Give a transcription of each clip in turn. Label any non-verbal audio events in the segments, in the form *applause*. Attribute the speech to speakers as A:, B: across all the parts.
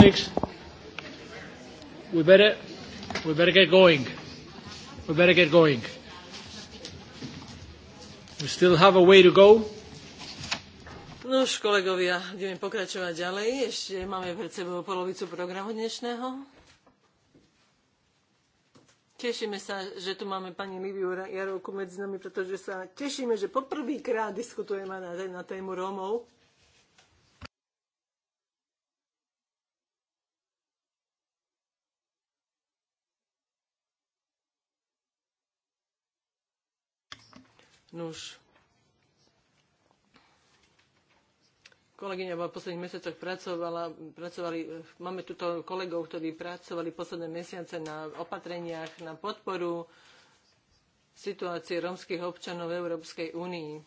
A: Colleagues, we better, we better get going. We better get going. We still have a way to go.
B: No už, kolegovia, ideme pokračovať ďalej. Ešte máme pred sebou polovicu programu dnešného. Tešíme sa, že tu máme pani Liviu Jarovku medzi nami, pretože sa tešíme, že poprvýkrát diskutujeme na, na tému Rómov Nuž, kolegyňa v posledných mesiacoch pracovala, pracovali, máme tuto kolegov, ktorí pracovali posledné mesiace na opatreniach na podporu situácie rómskych občanov v Európskej únii.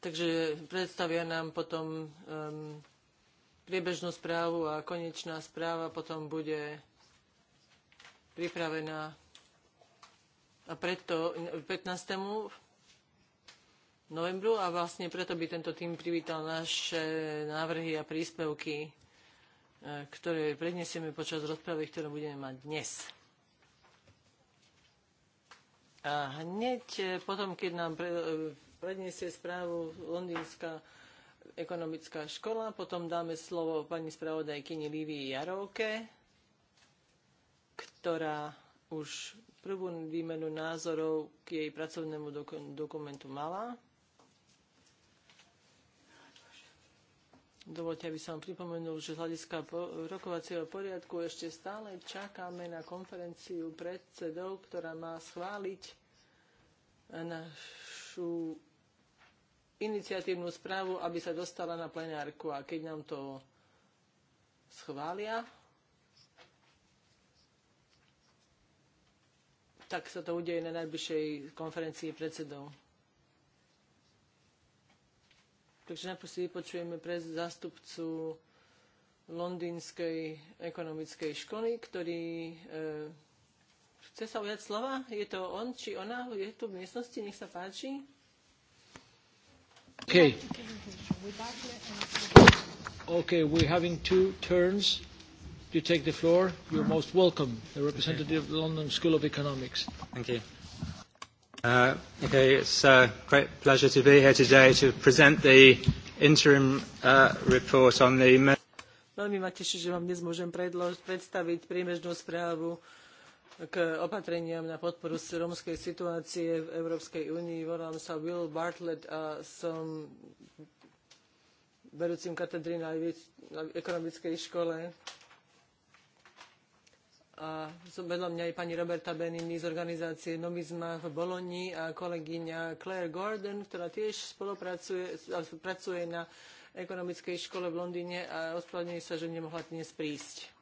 B: Takže predstavia nám potom um, priebežnú správu a konečná správa potom bude pripravená a preto 15. novembru a vlastne preto by tento tým privítal naše návrhy a príspevky, e, ktoré predniesieme počas rozpravy, ktorú budeme mať dnes. A hneď e, potom, keď nám e, predniesie správu Londýnska ekonomická škola, potom dáme slovo pani spravodajkyni Lívii Jarovke, ktorá už prvú výmenu názorov k jej pracovnému dok- dokumentu mala. Dovolte, aby som pripomenul, že z hľadiska po- rokovacieho poriadku ešte stále čakáme na konferenciu predsedov, ktorá má schváliť našu iniciatívnu správu, aby sa dostala na plenárku. A keď nám to schvália, tak sa to udeje na najbližšej konferencii predsedov. Takže najprv si vypočujeme pre zástupcu Londýnskej ekonomickej školy, ktorý e, chce sa ujať slova. Je to on či ona? Je tu v miestnosti? Nech sa páči.
A: Okay. Okay, we're having two turns you take the floor. You're most welcome, the representative of the London School of Economics. Thank you. Uh, okay, it's a uh, great pleasure to be here today to present the interim uh, report on the... Veľmi
B: ma teší, že vám dnes môžem predstaviť prímežnú správu k opatreniam na podporu rómskej situácie v Európskej únii. Volám sa Will Bartlett a som vedúcim katedry na ekonomickej škole a vedľa mňa je pani Roberta Benini z organizácie Novizma v Boloni a kolegyňa Claire Gordon, ktorá tiež spolupracuje pracuje na ekonomickej škole v Londýne a ospravedlňuje sa, že nemohla dnes prísť.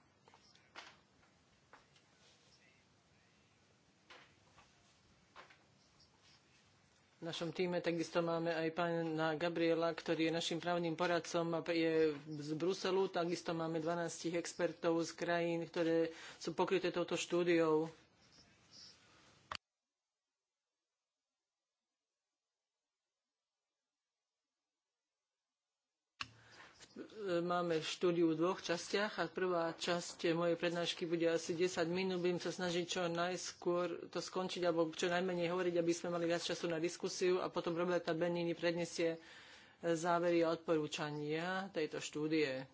B: V našom týme takisto máme aj pána Gabriela, ktorý je našim právnym poradcom a je z Bruselu. Takisto máme 12 expertov z krajín, ktoré sú pokryté touto štúdiou. máme štúdiu v dvoch častiach a prvá časť mojej prednášky bude asi 10 minút. Budem sa snažiť čo najskôr to skončiť alebo čo najmenej hovoriť, aby sme mali viac času na diskusiu a potom Roberta Benini predniesie závery a odporúčania tejto štúdie.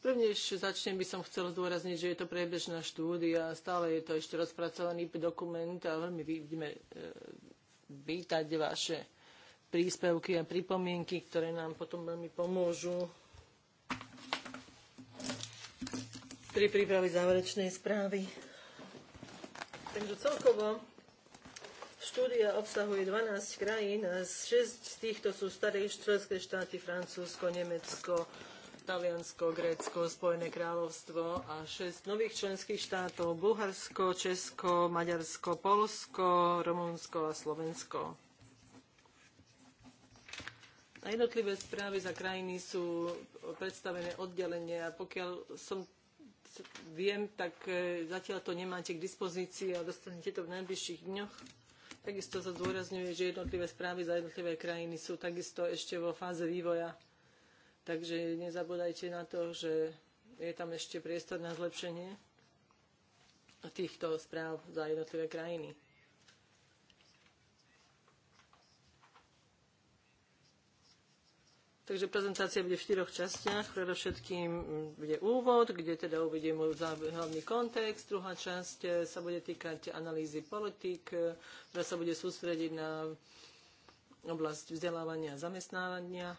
B: Prvnež začnem, by som chcel zdôrazniť, že je to priebežná štúdia, stále je to ešte rozpracovaný dokument a veľmi vidíme, e, vítať vaše príspevky a pripomienky, ktoré nám potom veľmi pomôžu pri príprave záverečnej správy. Takže celkovo štúdia obsahuje 12 krajín a 6 z týchto sú staré členské štáty Francúzsko, Nemecko, Taliansko, Grécko, Spojené kráľovstvo a 6 nových členských štátov Bulharsko, Česko, Maďarsko, Polsko, Rumunsko a Slovensko. A jednotlivé správy za krajiny sú predstavené oddelenie a pokiaľ som viem, tak e, zatiaľ to nemáte k dispozícii a dostanete to v najbližších dňoch. Takisto sa zdôrazňuje, že jednotlivé správy za jednotlivé krajiny sú takisto ešte vo fáze vývoja. Takže nezabúdajte na to, že je tam ešte priestor na zlepšenie týchto správ za jednotlivé krajiny. Takže prezentácia bude v štyroch častiach. Predovšetkým bude úvod, kde teda uvidím môj hlavný kontext. Druhá časť eh, sa bude týkať analýzy politik, eh, ktorá sa bude sústrediť na oblasť vzdelávania a zamestnávania.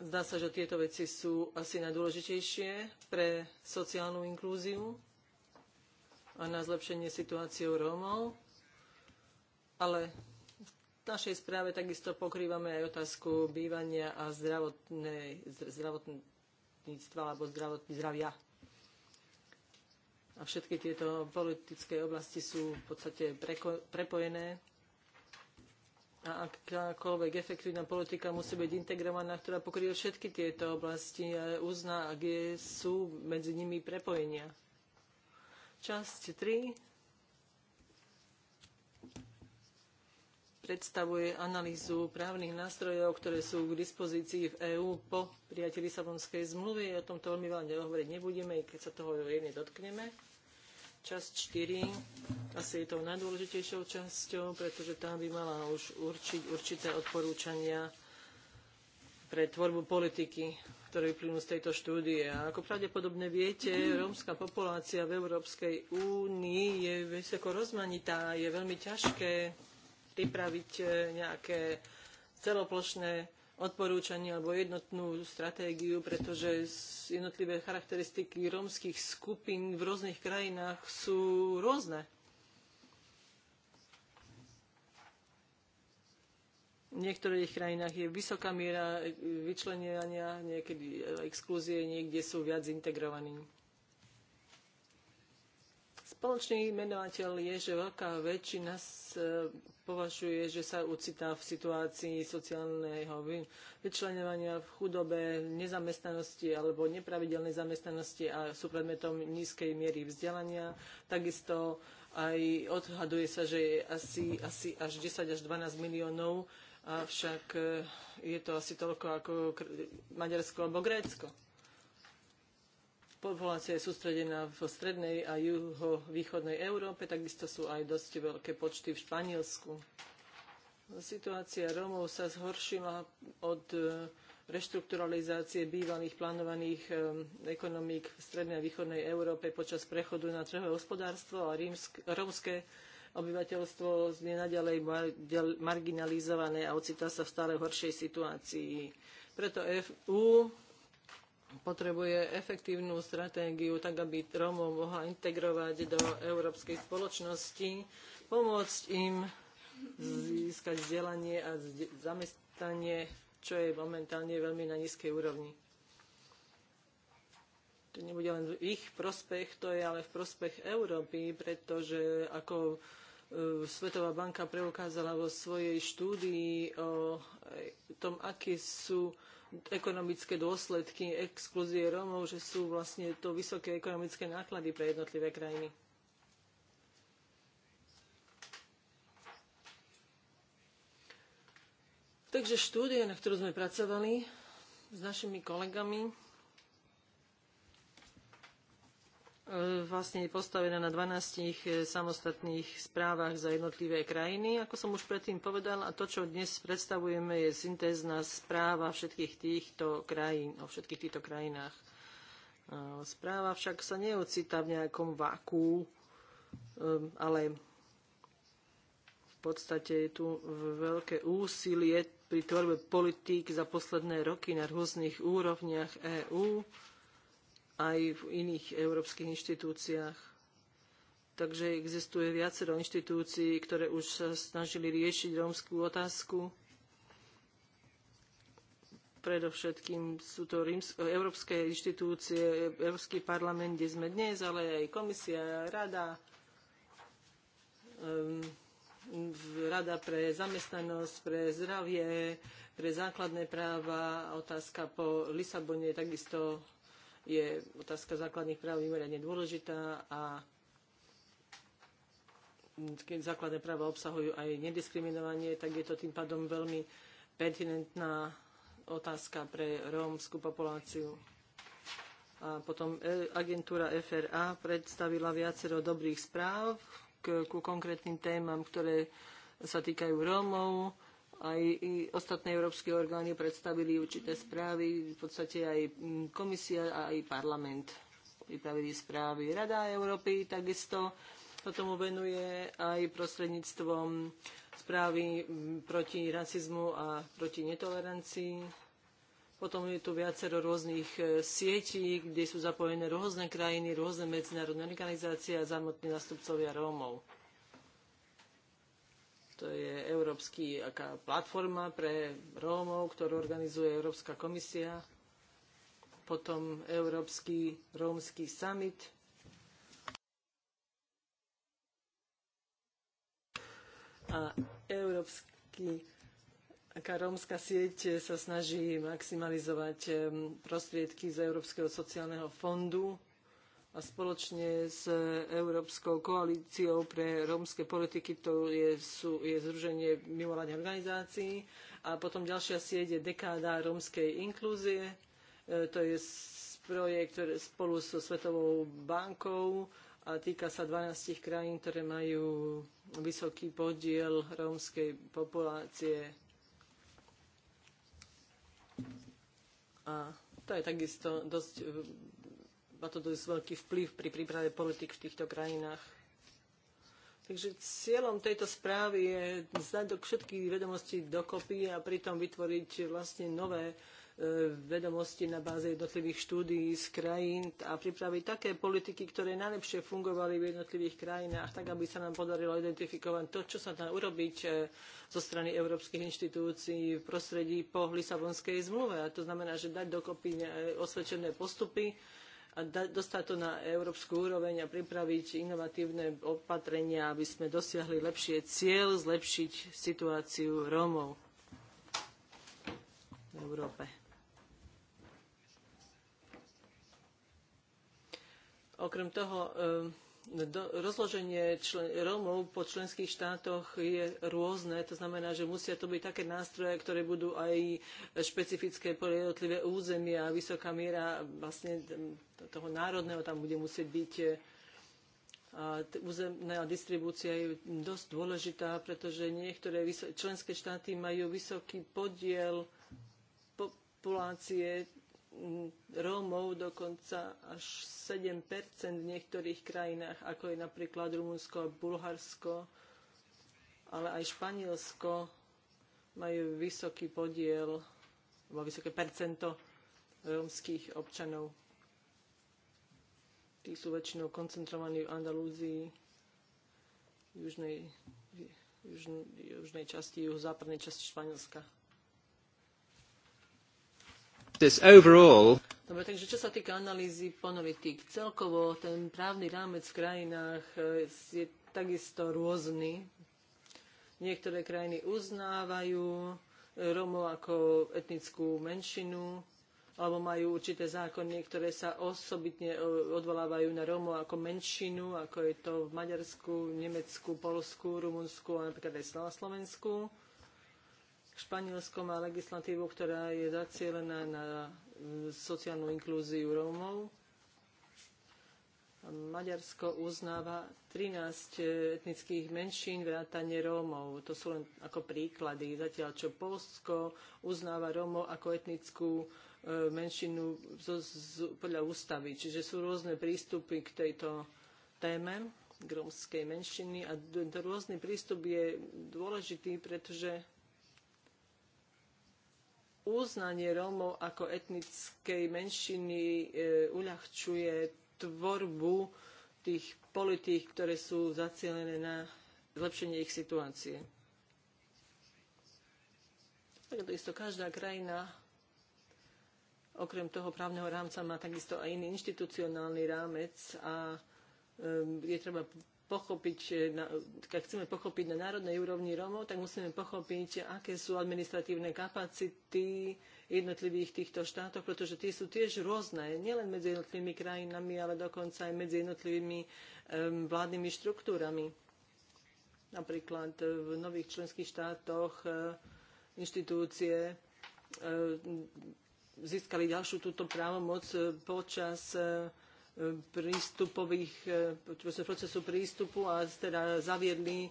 B: Zdá sa, že tieto veci sú asi najdôležitejšie pre sociálnu inklúziu a na zlepšenie situáciou Rómov, ale našej správe takisto pokrývame aj otázku bývania a zdravotnej, zdravotníctva alebo zdravot, zdravia. A všetky tieto politické oblasti sú v podstate preko, prepojené a akákoľvek efektívna politika musí byť integrovaná, ktorá pokrýva všetky tieto oblasti a uzná, ak je, sú medzi nimi prepojenia. Časť 3 predstavuje analýzu právnych nástrojov, ktoré sú k dispozícii v EÚ po prijatí Lisabonskej zmluvy. O tomto veľmi veľa hovoriť nebudeme, i keď sa toho jedne dotkneme. Časť 4 asi je tou najdôležitejšou časťou, pretože tá by mala už určiť určité odporúčania pre tvorbu politiky, ktoré vyplynú z tejto štúdie. A ako pravdepodobne viete, rómska populácia v Európskej únii je vysoko rozmanitá. Je veľmi ťažké pripraviť e, nejaké celoplošné odporúčanie alebo jednotnú stratégiu, pretože jednotlivé charakteristiky rómskych skupín v rôznych krajinách sú rôzne. V niektorých krajinách je vysoká miera e, vyčleniania, niekedy e, exkluzie, niekde sú viac integrovaní. Spoločný menovateľ je, že veľká väčšina e, považuje, že sa ucitá v situácii sociálneho vyčlenovania v chudobe, nezamestnanosti alebo nepravidelnej zamestnanosti a sú predmetom nízkej miery vzdelania. Takisto aj odhaduje sa, že je asi, asi až 10 až 12 miliónov, avšak e, je to asi toľko ako Maďarsko alebo Grécko populácia je sústredená v strednej a juhovýchodnej Európe, takisto sú aj dosť veľké počty v Španielsku. Situácia Rómov sa zhoršila od e, reštrukturalizácie bývalých plánovaných e, ekonomík v strednej a východnej Európe počas prechodu na trhové hospodárstvo a rímsk, rómske obyvateľstvo je naďalej marginalizované a ocitá sa v stále horšej situácii. Preto EÚ potrebuje efektívnu stratégiu, tak aby Rómov mohla integrovať do európskej spoločnosti, pomôcť im získať vzdelanie a zamestnanie, čo je momentálne veľmi na nízkej úrovni. To nebude len v ich prospech, to je ale v prospech Európy, pretože ako e, Svetová banka preukázala vo svojej štúdii o e, tom, aké sú ekonomické dôsledky exkluzie Rómov, že sú vlastne to vysoké ekonomické náklady pre jednotlivé krajiny. Takže štúdia, na ktorú sme pracovali s našimi kolegami, E, vlastne postavená na 12 e, samostatných správach za jednotlivé krajiny. Ako som už predtým povedal, a to, čo dnes predstavujeme, je syntézna správa všetkých týchto krajín, o všetkých týchto krajinách. E, správa však sa neocitá v nejakom váku, ale v podstate je tu veľké úsilie pri tvorbe politík za posledné roky na rôznych úrovniach EÚ. EU aj v iných európskych inštitúciách. Takže existuje viacero inštitúcií, ktoré už sa snažili riešiť rómskú otázku. Predovšetkým sú to rímsko, európske inštitúcie, Európsky parlament, kde sme dnes, ale aj komisia, rada, um, rada pre zamestnanosť, pre zdravie, pre základné práva. Otázka po Lisabone takisto je otázka základných práv vymerane dôležitá a keď základné práva obsahujú aj nediskriminovanie, tak je to tým pádom veľmi pertinentná otázka pre rómskú populáciu. A potom e, agentúra FRA predstavila viacero dobrých správ k, ku konkrétnym témam, ktoré sa týkajú Rómov aj ostatné európske orgány predstavili určité správy, v podstate aj mm, komisia a aj parlament pripravili správy. Rada Európy takisto sa tomu venuje aj prostredníctvom správy mm, proti rasizmu a proti netolerancii. Potom je tu viacero rôznych e, sietí, kde sú zapojené rôzne krajiny, rôzne medzinárodné organizácie a zamotní nástupcovia Rómov. To je aká platforma pre Rómov, ktorú organizuje Európska komisia. Potom Európsky rómsky summit. A Európsky aká rómska sieť sa snaží maximalizovať prostriedky z Európskeho sociálneho fondu a spoločne s Európskou koalíciou pre rómske politiky, to je, sú, je zruženie mimovládnych organizácií. A potom ďalšia sieť je Dekáda rómskej inklúzie. E, to je projekt spolu so Svetovou bankou a týka sa 12 krajín, ktoré majú vysoký podiel rómskej populácie. A to je takisto dosť má to dosť veľký vplyv pri príprave politik v týchto krajinách. Takže cieľom tejto správy je zdať všetky vedomosti dokopy a pritom vytvoriť vlastne nové e, vedomosti na báze jednotlivých štúdií z krajín a pripraviť také politiky, ktoré najlepšie fungovali v jednotlivých krajinách, tak aby sa nám podarilo identifikovať to, čo sa dá urobiť e, zo strany európskych inštitúcií v prostredí po Lisabonskej zmluve. A to znamená, že dať dokopy e, osvedčené postupy, a dostať to na európsku úroveň a pripraviť inovatívne opatrenia, aby sme dosiahli lepšie cieľ, zlepšiť situáciu Rómov v Európe. Okrem toho, do, rozloženie člen, Rómov po členských štátoch je rôzne. To znamená, že musia to byť také nástroje, ktoré budú aj špecifické pre jednotlivé územia a vysoká miera vlastne toho národného tam bude musieť byť. E, a územná distribúcia je dosť dôležitá, pretože niektoré členské štáty majú vysoký podiel populácie Mm, Rómov, dokonca až 7 v niektorých krajinách, ako je napríklad Rumunsko a Bulharsko, ale aj Španielsko majú vysoký podiel, alebo vysoké percento rómskych občanov. Tí sú väčšinou koncentrovaní v Andalúzii, južnej, južnej, južnej časti, juhozápadnej časti Španielska
A: this overall
B: Dobre, takže čo sa týka analýzy ponovitých, celkovo ten právny rámec v krajinách e, je takisto rôzny. Niektoré krajiny uznávajú e, Rómov ako etnickú menšinu, alebo majú určité zákony, ktoré sa osobitne e, odvolávajú na Rómov ako menšinu, ako je to v Maďarsku, Nemecku, Polsku, Rumunsku a napríklad aj na Slovensku. Španielsko má legislatívu, ktorá je zacielená na mm, sociálnu inklúziu Rómov. Maďarsko uznáva 13 e, etnických menšín vrátane Rómov. To sú len ako príklady. Zatiaľ, čo Polsko uznáva Rómov ako etnickú e, menšinu zo, z, podľa ústavy. Čiže sú rôzne prístupy k tejto téme, k rómskej menšiny. A rôzny prístup je dôležitý, pretože uznanie Rómov ako etnickej menšiny e, uľahčuje tvorbu tých politík, ktoré sú zacielené na zlepšenie ich situácie. Takisto každá krajina okrem toho právneho rámca má takisto aj iný inštitucionálny rámec a e, je treba pochopiť, eh, keď chceme pochopiť na národnej úrovni Rómov, tak musíme pochopiť, aké sú administratívne kapacity jednotlivých týchto štátov, pretože tie sú tiež rôzne, nielen medzi jednotlivými krajinami, ale dokonca aj medzi jednotlivými um, vládnymi štruktúrami. Napríklad eh, v nových členských štátoch uh, inštitúcie uh, získali ďalšiu túto právomoc počas uh, prístupových, e, procesu prístupu a teda zaviedli e,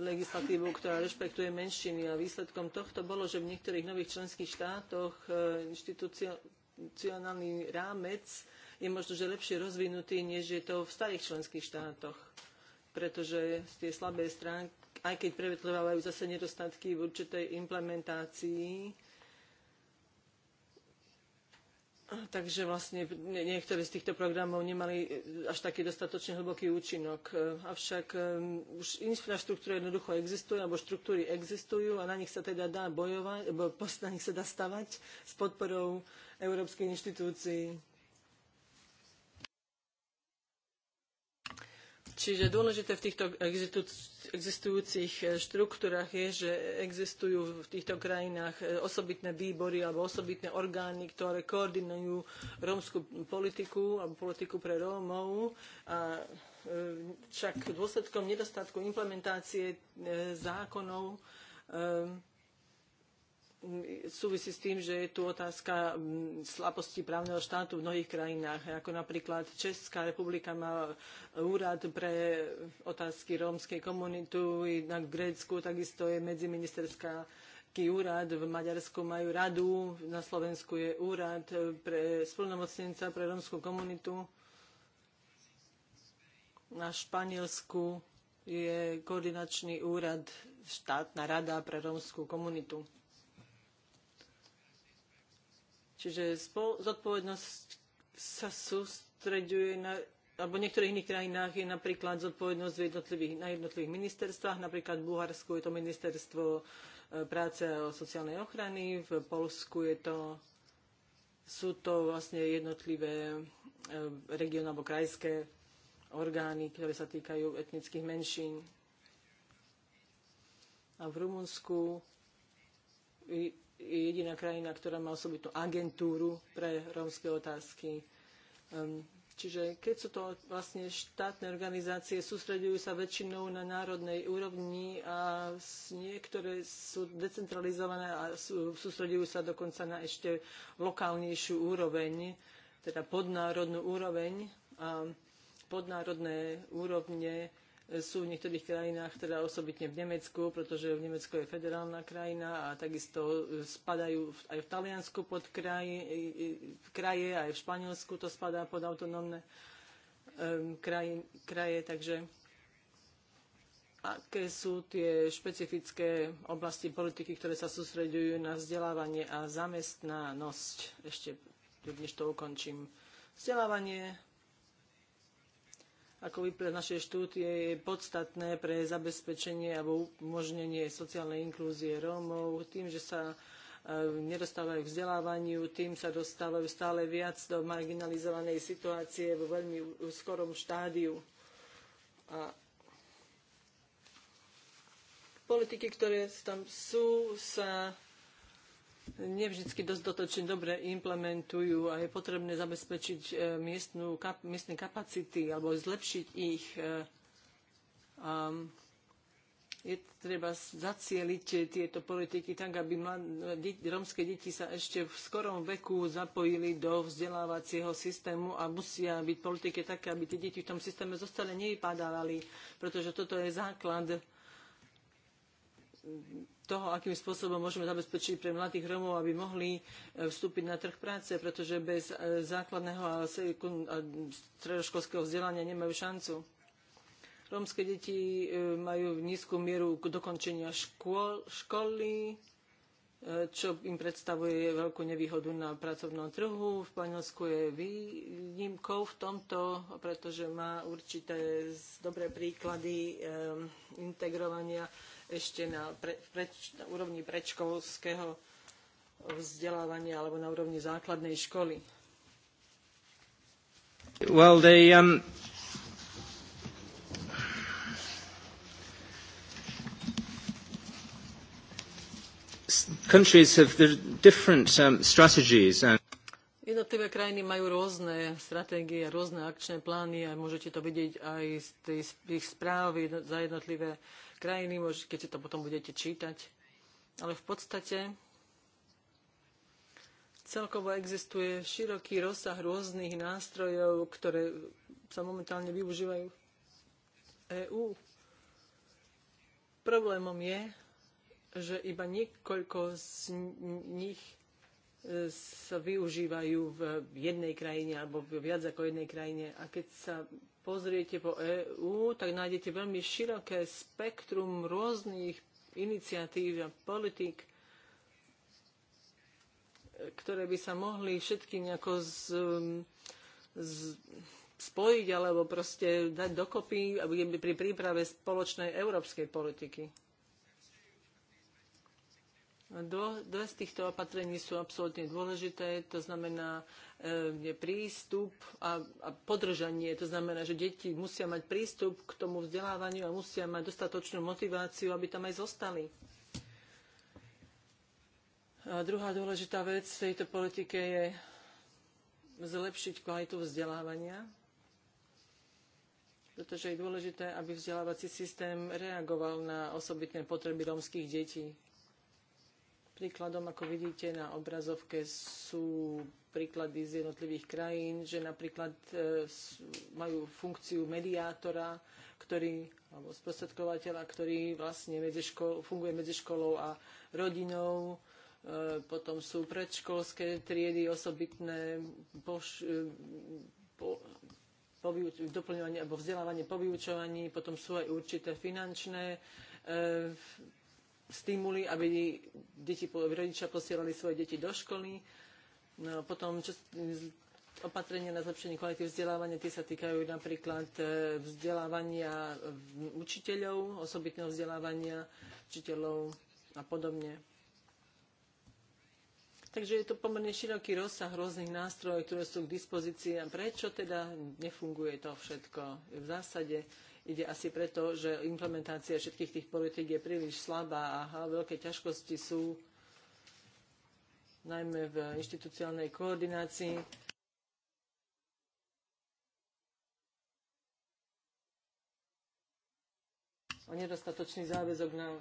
B: legislatívu, ktorá rešpektuje menšiny. A výsledkom tohto bolo, že v niektorých nových členských štátoch e, inštitucionálny rámec je možno, že lepšie rozvinutý, než je to v starých členských štátoch. Pretože tie slabé stránky, aj keď prevetľovávajú zase nedostatky v určitej implementácii, Takže vlastne niektoré z týchto programov nemali e, až taký dostatočne hlboký účinok. E, avšak e, už infraštruktúra jednoducho existuje, alebo štruktúry existujú a na nich sa teda dá bojovať, alebo *laughs* na nich sa dá stavať s podporou európskych inštitúcií. Čiže dôležité v týchto existujúcich e, štruktúrach je, že existujú v týchto krajinách e, osobitné výbory alebo osobitné orgány, ktoré koordinujú rómskú politiku alebo politiku pre Rómov. A e, však dôsledkom nedostatku implementácie zákonov súvisí s tým, že je tu otázka mm, slabosti právneho štátu v mnohých krajinách, ako napríklad Česká republika má úrad pre otázky rómskej komunitu, na Grécku takisto je medziministerská úrad, v Maďarsku majú radu, na Slovensku je úrad pre splnomocnenca pre rómskú komunitu, na Španielsku je koordinačný úrad, štátna rada pre rómskú komunitu. Čiže spol, zodpovednosť sa sústreďuje na alebo v niektorých iných krajinách je napríklad zodpovednosť jednotlivých, na jednotlivých ministerstvách, napríklad v Bulharsku je to ministerstvo e, práce a sociálnej ochrany, v Polsku je to, sú to vlastne jednotlivé e, region alebo krajské orgány, ktoré sa týkajú etnických menšín. A v Rumunsku je jediná krajina, ktorá má osobitnú agentúru pre rómske otázky. Ehm, čiže keď sú to vlastne štátne organizácie, sústredujú sa väčšinou na národnej úrovni a niektoré sú decentralizované a sústredujú sa dokonca na ešte lokálnejšiu úroveň, teda podnárodnú úroveň. A podnárodné úrovne sú v niektorých krajinách, teda osobitne v Nemecku, pretože v Nemecku je federálna krajina a takisto e, spadajú aj v Taliansku pod kraj, e, kraje, aj v Španielsku to spadá pod autonómne um, kraj, kraje, takže aké sú tie špecifické oblasti politiky, ktoré sa sústreďujú na vzdelávanie a zamestnanosť. Ešte než to ukončím. Vzdelávanie ako vyplýva naše našej štúdie, je podstatné pre zabezpečenie alebo umožnenie sociálnej inklúzie Rómov tým, že sa e, nedostávajú k vzdelávaniu, tým sa dostávajú stále viac do marginalizovanej situácie vo veľmi skorom štádiu. A politiky, ktoré tam sú, sa nevždy dosť dotočne dobre implementujú a je potrebné zabezpečiť e, miestnú, kap, miestne kapacity alebo zlepšiť ich. E, je treba zacieliť tieto politiky tak, aby rómske deti sa ešte v skorom veku zapojili do vzdelávacieho systému a musia byť politike také, aby tie deti v tom systéme zostali nevypadávali, pretože toto je základ toho, akým spôsobom môžeme zabezpečiť pre mladých Romov, aby mohli e, vstúpiť na trh práce, pretože bez e, základného a stredoškolského vzdelania nemajú šancu. Rómske deti e, majú nízku mieru dokončenia škôl, školy, čo im predstavuje veľkú nevýhodu na pracovnom trhu. V Španielsku je výnimkou v tomto, pretože má určité dobré príklady integrovania ešte na, pre, preč, na úrovni predškolského vzdelávania alebo na úrovni základnej školy?
A: Well, they, um, countries have different um, strategies and
B: Jednotlivé krajiny majú rôzne stratégie, rôzne akčné plány a môžete to vidieť aj z tej, ich správy za jednotlivé krajiny, keď si to potom budete čítať. Ale v podstate celkovo existuje široký rozsah rôznych nástrojov, ktoré sa momentálne využívajú v EÚ. Problémom je, že iba niekoľko z nich e, sa využívajú v jednej krajine alebo v viac ako jednej krajine. A keď sa pozriete po EÚ, tak nájdete veľmi široké spektrum rôznych iniciatív a politík, ktoré by sa mohli všetky nejako z, mm, z, spojiť alebo proste dať dokopy pri príprave spoločnej európskej politiky. Dve z týchto opatrení sú absolútne dôležité, to znamená e, prístup a, a podržanie. To znamená, že deti musia mať prístup k tomu vzdelávaniu a musia mať dostatočnú motiváciu, aby tam aj zostali. A druhá dôležitá vec v tejto politike je zlepšiť kvalitu vzdelávania, pretože je dôležité, aby vzdelávací systém reagoval na osobitné potreby rómskych detí. Príkladom, ako vidíte na obrazovke, sú príklady z jednotlivých krajín, že napríklad e, majú funkciu mediátora, ktorý, alebo sprostredkovateľa, ktorý vlastne medzi škol, funguje medzi školou a rodinou. E, potom sú predškolské triedy osobitné poš, e, po, po doplňovanie alebo vzdelávanie po vyučovaní. Potom sú aj určité finančné e, stimuly, aby deti, rodičia posielali svoje deti do školy. No, potom čo, opatrenia na zlepšenie kvality vzdelávania, tie sa týkajú napríklad e, vzdelávania učiteľov, osobitného vzdelávania učiteľov a podobne. Takže je to pomerne široký rozsah rôznych nástrojov, ktoré sú k dispozícii. A prečo teda nefunguje to všetko? V zásade Ide asi preto, že implementácia všetkých tých politik je príliš slabá a veľké ťažkosti sú najmä v inštitucionálnej koordinácii. A nedostatočný záväzok na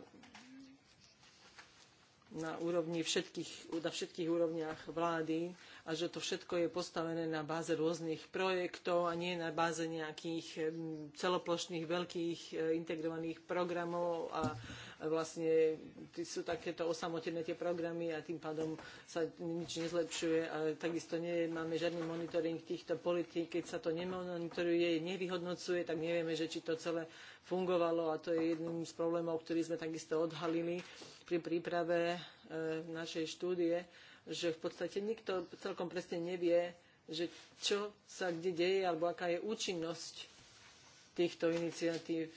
B: na úrovni všetkých, na všetkých úrovniach vlády a že to všetko je postavené na báze rôznych projektov a nie na báze nejakých celoplošných veľkých e, integrovaných programov a vlastne sú takéto osamotené tie programy a tým pádom sa nič nezlepšuje a takisto nemáme žiadny monitoring týchto politík. Keď sa to nemonitoruje, nevyhodnocuje, tak nevieme, že či to celé fungovalo a to je jedným z problémov, ktorý sme takisto odhalili pri príprave e, našej štúdie, že v podstate nikto celkom presne nevie, že čo sa kde deje alebo aká je účinnosť týchto iniciatív.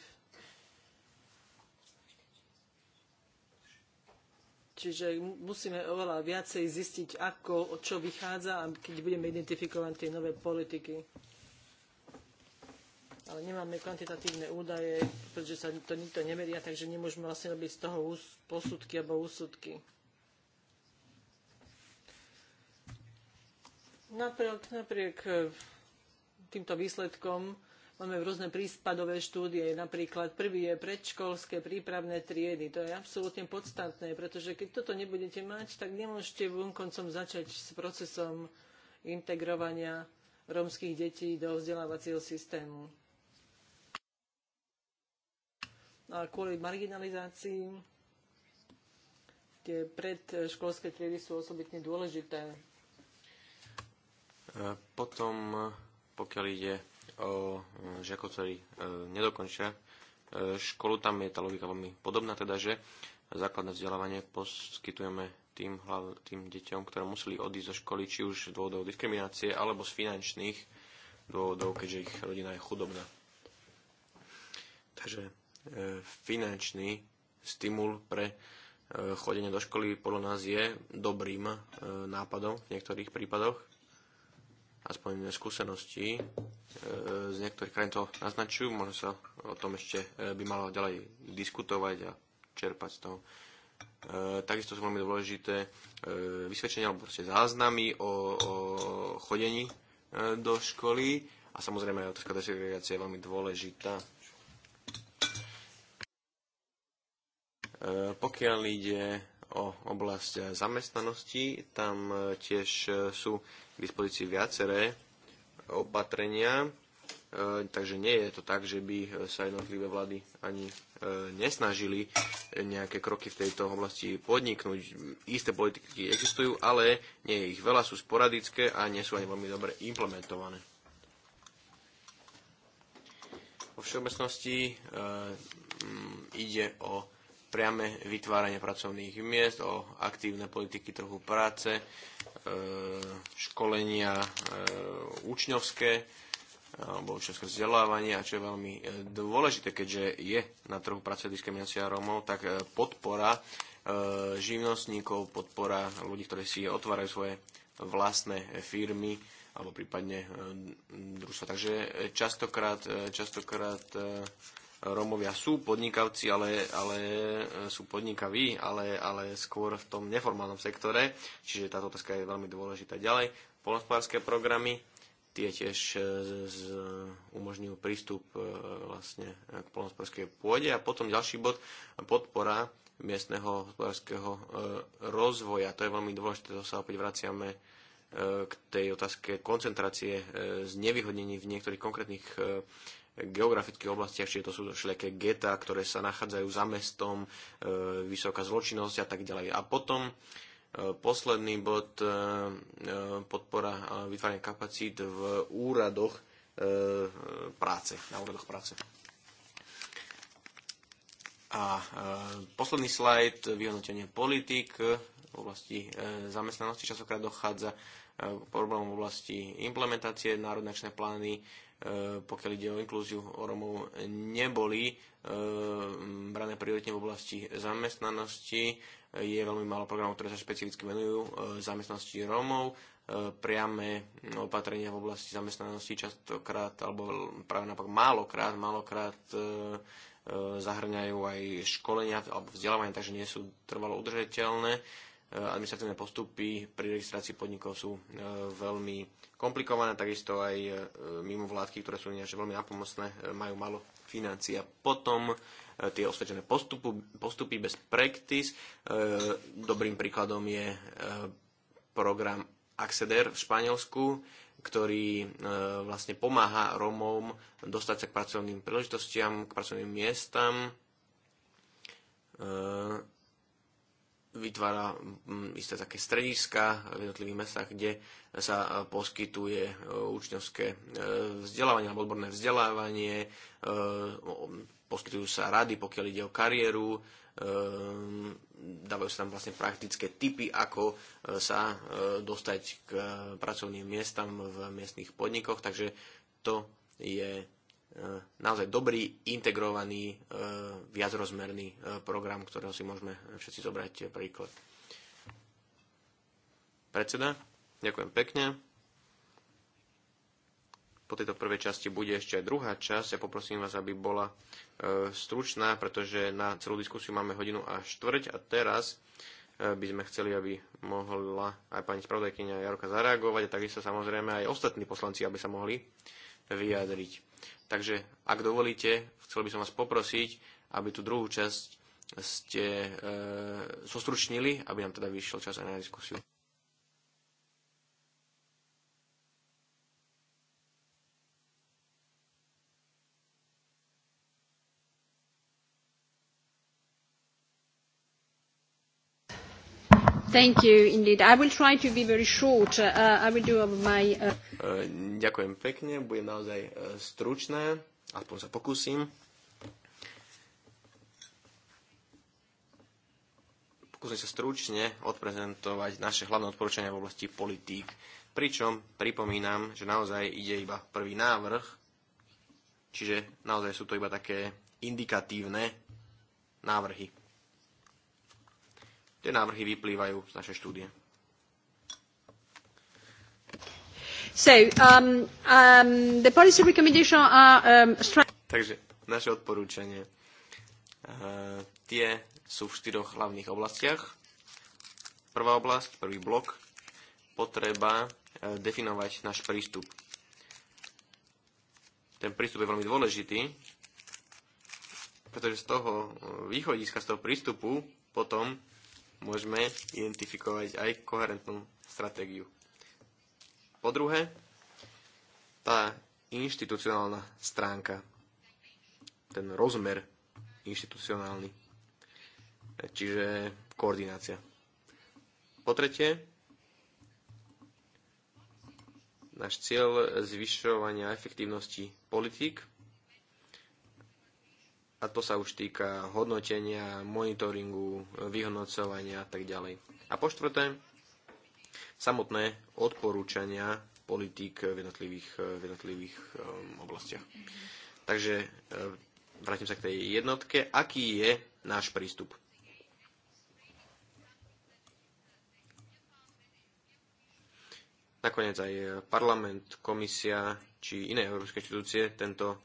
B: Čiže musíme oveľa viacej zistiť, ako, čo vychádza, keď budeme identifikovať tie nové politiky ale nemáme kvantitatívne údaje, pretože sa to nikto nemeria, takže nemôžeme vlastne robiť z toho posudky alebo úsudky. Napriek, napriek e, týmto výsledkom máme rôzne prípadové štúdie. Napríklad prvý je predškolské prípravné triedy. To je absolútne podstatné, pretože keď toto nebudete mať, tak nemôžete vonkoncom začať s procesom integrovania rómskych detí do vzdelávacieho systému kvôli marginalizácii tie predškolské triedy sú osobitne dôležité. E,
C: potom, pokiaľ ide o e, žiakov, ktorí e, nedokončia školu, tam je tá logika veľmi podobná, teda že základné vzdelávanie poskytujeme tým, hlav, tým deťom, ktoré museli odísť zo školy, či už z dôvodov diskriminácie, alebo z finančných dôvodov, keďže ich rodina je chudobná. Takže finančný stimul pre e, chodenie do školy podľa nás je dobrým e, nápadom v niektorých prípadoch. Aspoň skúsenosti e, z niektorých krajín to naznačujú, možno sa o tom ešte by malo ďalej diskutovať a čerpať z toho. Takisto sú veľmi dôležité vysvedčenia alebo proste záznamy o, o chodení do školy a samozrejme aj otázka desegregácie je veľmi dôležitá E, pokiaľ ide o oblasť zamestnanosti, tam e, tiež e, sú k dispozícii viaceré opatrenia, takže nie je to tak, že by sa jednotlivé vlády ani nesnažili nejaké kroky v tejto oblasti podniknúť. Isté politiky existujú, ale nie je ich veľa, sú sporadické a nie sú ani veľmi dobre implementované. Vo všeobecnosti ide o priame vytváranie pracovných miest, o aktívne politiky trhu práce, e, školenia e, učňovské e, alebo učňovské vzdelávanie a čo je veľmi dôležité, keďže je na trhu práce diskriminácia Rómov, tak podpora živnostníkov, podpora ľudí, ktorí si otvárajú svoje vlastné firmy alebo prípadne družstva. Takže častokrát, častokrát Rómovia sú podnikavci, ale, ale e, sú podnikaví, ale, ale skôr v tom neformálnom sektore, čiže táto otázka je veľmi dôležitá. Ďalej, polnospodárske programy, tie tiež e, z, umožňujú prístup e, vlastne k polnospodárskej pôde a potom ďalší bod, podpora miestneho hospodárskeho rozvoja. To je veľmi dôležité, to sa opäť vraciame k tej otázke koncentrácie nevyhodnení v niektorých konkrétnych geografických oblastiach, čiže to sú všelijaké geta, ktoré sa nachádzajú za mestom, e, vysoká zločinnosť a tak ďalej. A potom e, posledný bod e, podpora vytvárania kapacít v úradoch práce, na úradoch práce. A posledný slajd, vyhodnotenie politik v oblasti zamestnanosti. časokrát dochádza problémom v oblasti implementácie národnáčnej plány E, pokiaľ ide o inklúziu o Romov, neboli e, brané prioritne v oblasti zamestnanosti. Je veľmi málo programov, ktoré sa špecificky venujú e, zamestnanosti Romov. Priame opatrenia v oblasti zamestnanosti častokrát, alebo práve naopak málokrát, málokrát zahrňajú aj školenia alebo vzdelávanie, takže nie sú trvalo udržateľné Eh, administratívne postupy pri registrácii podnikov sú eh, veľmi komplikované, takisto aj eh, mimo vládky, ktoré sú nejaké veľmi napomocné, majú málo financií. A potom tie osvedčené postupy, postupy bez practice. Dobrým príkladom je program Acceder v Španielsku, ktorý vlastne pomáha Romom dostať sa k pracovným príležitostiam, k pracovným miestam vytvára mm, isté také strediska v jednotlivých mestách, kde sa e, poskytuje e, učňovské e, vzdelávanie alebo odborné vzdelávanie, poskytujú sa rady, pokiaľ ide o kariéru, dávajú sa tam vlastne praktické typy, ako sa dostať k pracovným miestam v miestnych podnikoch, takže to je E, naozaj dobrý, integrovaný, e, viacrozmerný e, program, ktorého si môžeme všetci zobrať príklad. Predseda, ďakujem pekne. Po tejto prvej časti bude ešte aj druhá časť. Ja poprosím vás, aby bola stručná, pretože na celú diskusiu máme hodinu a štvrť a teraz by sme chceli, aby mohla aj pani spravodajkynia Jaroka zareagovať a takisto samozrejme aj ostatní poslanci, aby sa mohli vyjadriť. Takže ak dovolíte, chcel by som vás poprosiť, aby tú druhú časť ste e, sostručnili, aby nám teda vyšiel čas aj na diskusiu.
A: Thank you indeed. I will try to be very short. Uh, I will do my... Uh,
C: uh... Ďakujem pekne, budem naozaj uh, stručné, aspoň sa pokúsim. Pokúsim sa stručne odprezentovať naše hlavné odporúčania v oblasti politík. Pričom pripomínam, že naozaj ide iba prvý návrh, čiže naozaj sú to iba také indikatívne návrhy. Tie návrhy vyplývajú z našej štúdie.
A: So, um, um, the policy recommendation are, um,
C: Takže naše odporúčanie. Uh, tie sú v štyroch hlavných oblastiach. Prvá oblasť, prvý blok, potreba uh, definovať náš prístup. Ten prístup je veľmi dôležitý, pretože z toho uh, východiska, z toho prístupu potom môžeme identifikovať aj koherentnú stratégiu. Po druhé, tá inštitucionálna stránka, ten rozmer inštitucionálny, čiže koordinácia. Po tretie, náš cieľ zvyšovania efektívnosti politík a to sa už týka hodnotenia, monitoringu, vyhodnocovania a tak ďalej. A po štvrté, samotné odporúčania politík v jednotlivých, v jednotlivých um, oblastiach. Takže e, vrátim sa k tej jednotke. Aký je náš prístup? Nakoniec aj parlament, komisia či iné európske inštitúcie tento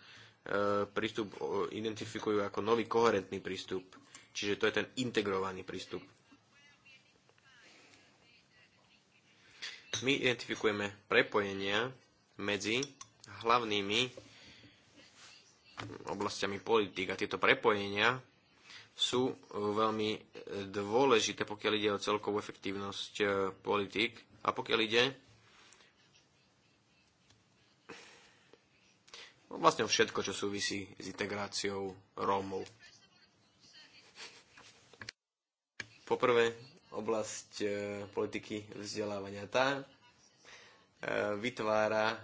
C: E, prístup identifikujú ako nový koherentný prístup. Čiže to je ten integrovaný prístup. My identifikujeme prepojenia medzi hlavnými oblastiami politik a tieto prepojenia sú e, veľmi e, dôležité, pokiaľ ide o celkovú efektívnosť politik a pokiaľ ide vlastne všetko, čo súvisí s integráciou Rómov. Poprvé, oblasť e, politiky vzdelávania. Tá e, vytvára e,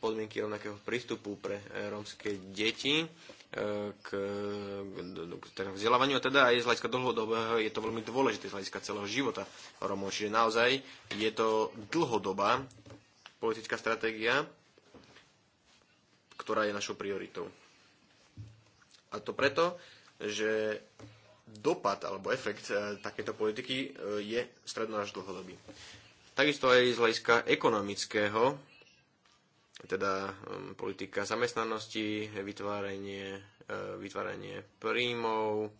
C: podmienky rovnakého prístupu pre e, rómske deti e, k, k teda vzdelávaniu a teda aj z hľadiska dlhodobého je to veľmi dôležité z hľadiska celého života Rómov. Čiže naozaj je to dlhodobá politická stratégia ktorá je našou prioritou. A to preto, že dopad alebo efekt e, takéto politiky e, je stredno až dlhodobý. Takisto aj z hľadiska ekonomického, teda um, politika zamestnanosti, vytváranie, e, vytváranie príjmov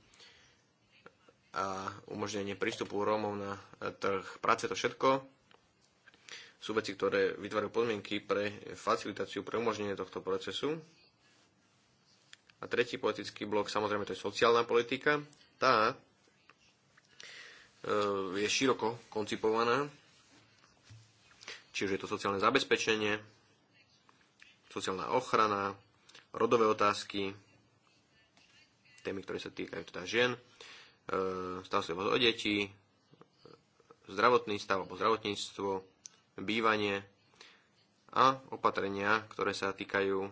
C: a umožnenie prístupu Rómov na trh práce, to všetko sú veci, ktoré vytvárajú podmienky pre facilitáciu, pre umožnenie tohto procesu. A tretí politický blok, samozrejme, to je sociálna politika. Tá e, je široko koncipovaná, čiže je to sociálne zabezpečenie, sociálna ochrana, rodové otázky, témy, ktoré sa týkajú teda žien, e, stav o deti, e, zdravotný stav alebo zdravotníctvo, bývanie a opatrenia, ktoré sa týkajú e,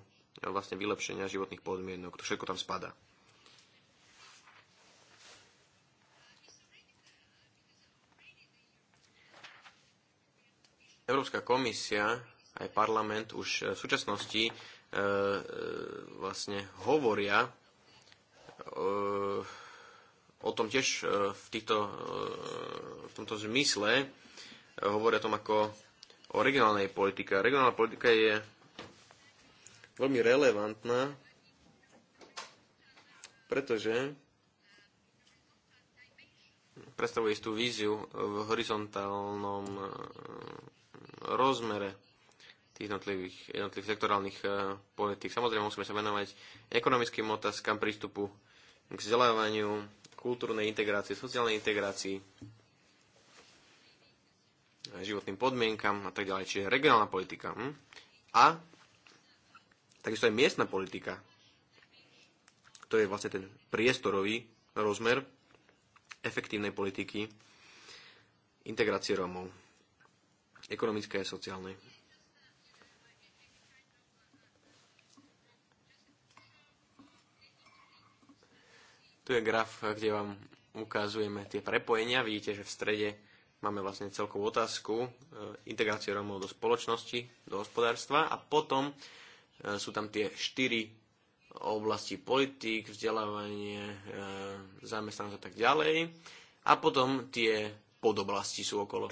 C: vlastne vylepšenia životných podmienok. To všetko tam spadá. Európska komisia aj parlament už e, v súčasnosti e, e, vlastne hovoria e, o tom tiež e, v, týchto, v tomto zmysle. Hovoria o tom, ako o regionálnej politike. Regionálna politika je veľmi relevantná, pretože predstavuje istú víziu v horizontálnom eh, rozmere tých jednotlivých, jednotlivých sektorálnych eh, politik. Samozrejme musíme sa venovať ekonomickým otázkam prístupu k vzdelávaniu, kultúrnej integrácii, sociálnej integrácii, Eh, životným podmienkam a tak ďalej. Čiže regionálna politika. Hm? A takisto aj miestna politika. To je vlastne ten priestorový rozmer efektívnej politiky integrácie Rómov. Ekonomické a sociálnej. Tu je graf, kde vám ukazujeme tie prepojenia. Vidíte, že v strede Máme vlastne celkovú otázku e, integrácie Rómov do spoločnosti, do hospodárstva a potom e, sú tam tie štyri oblasti politik, vzdelávanie, e, zamestnanosť a tak ďalej. A potom tie podoblasti sú okolo.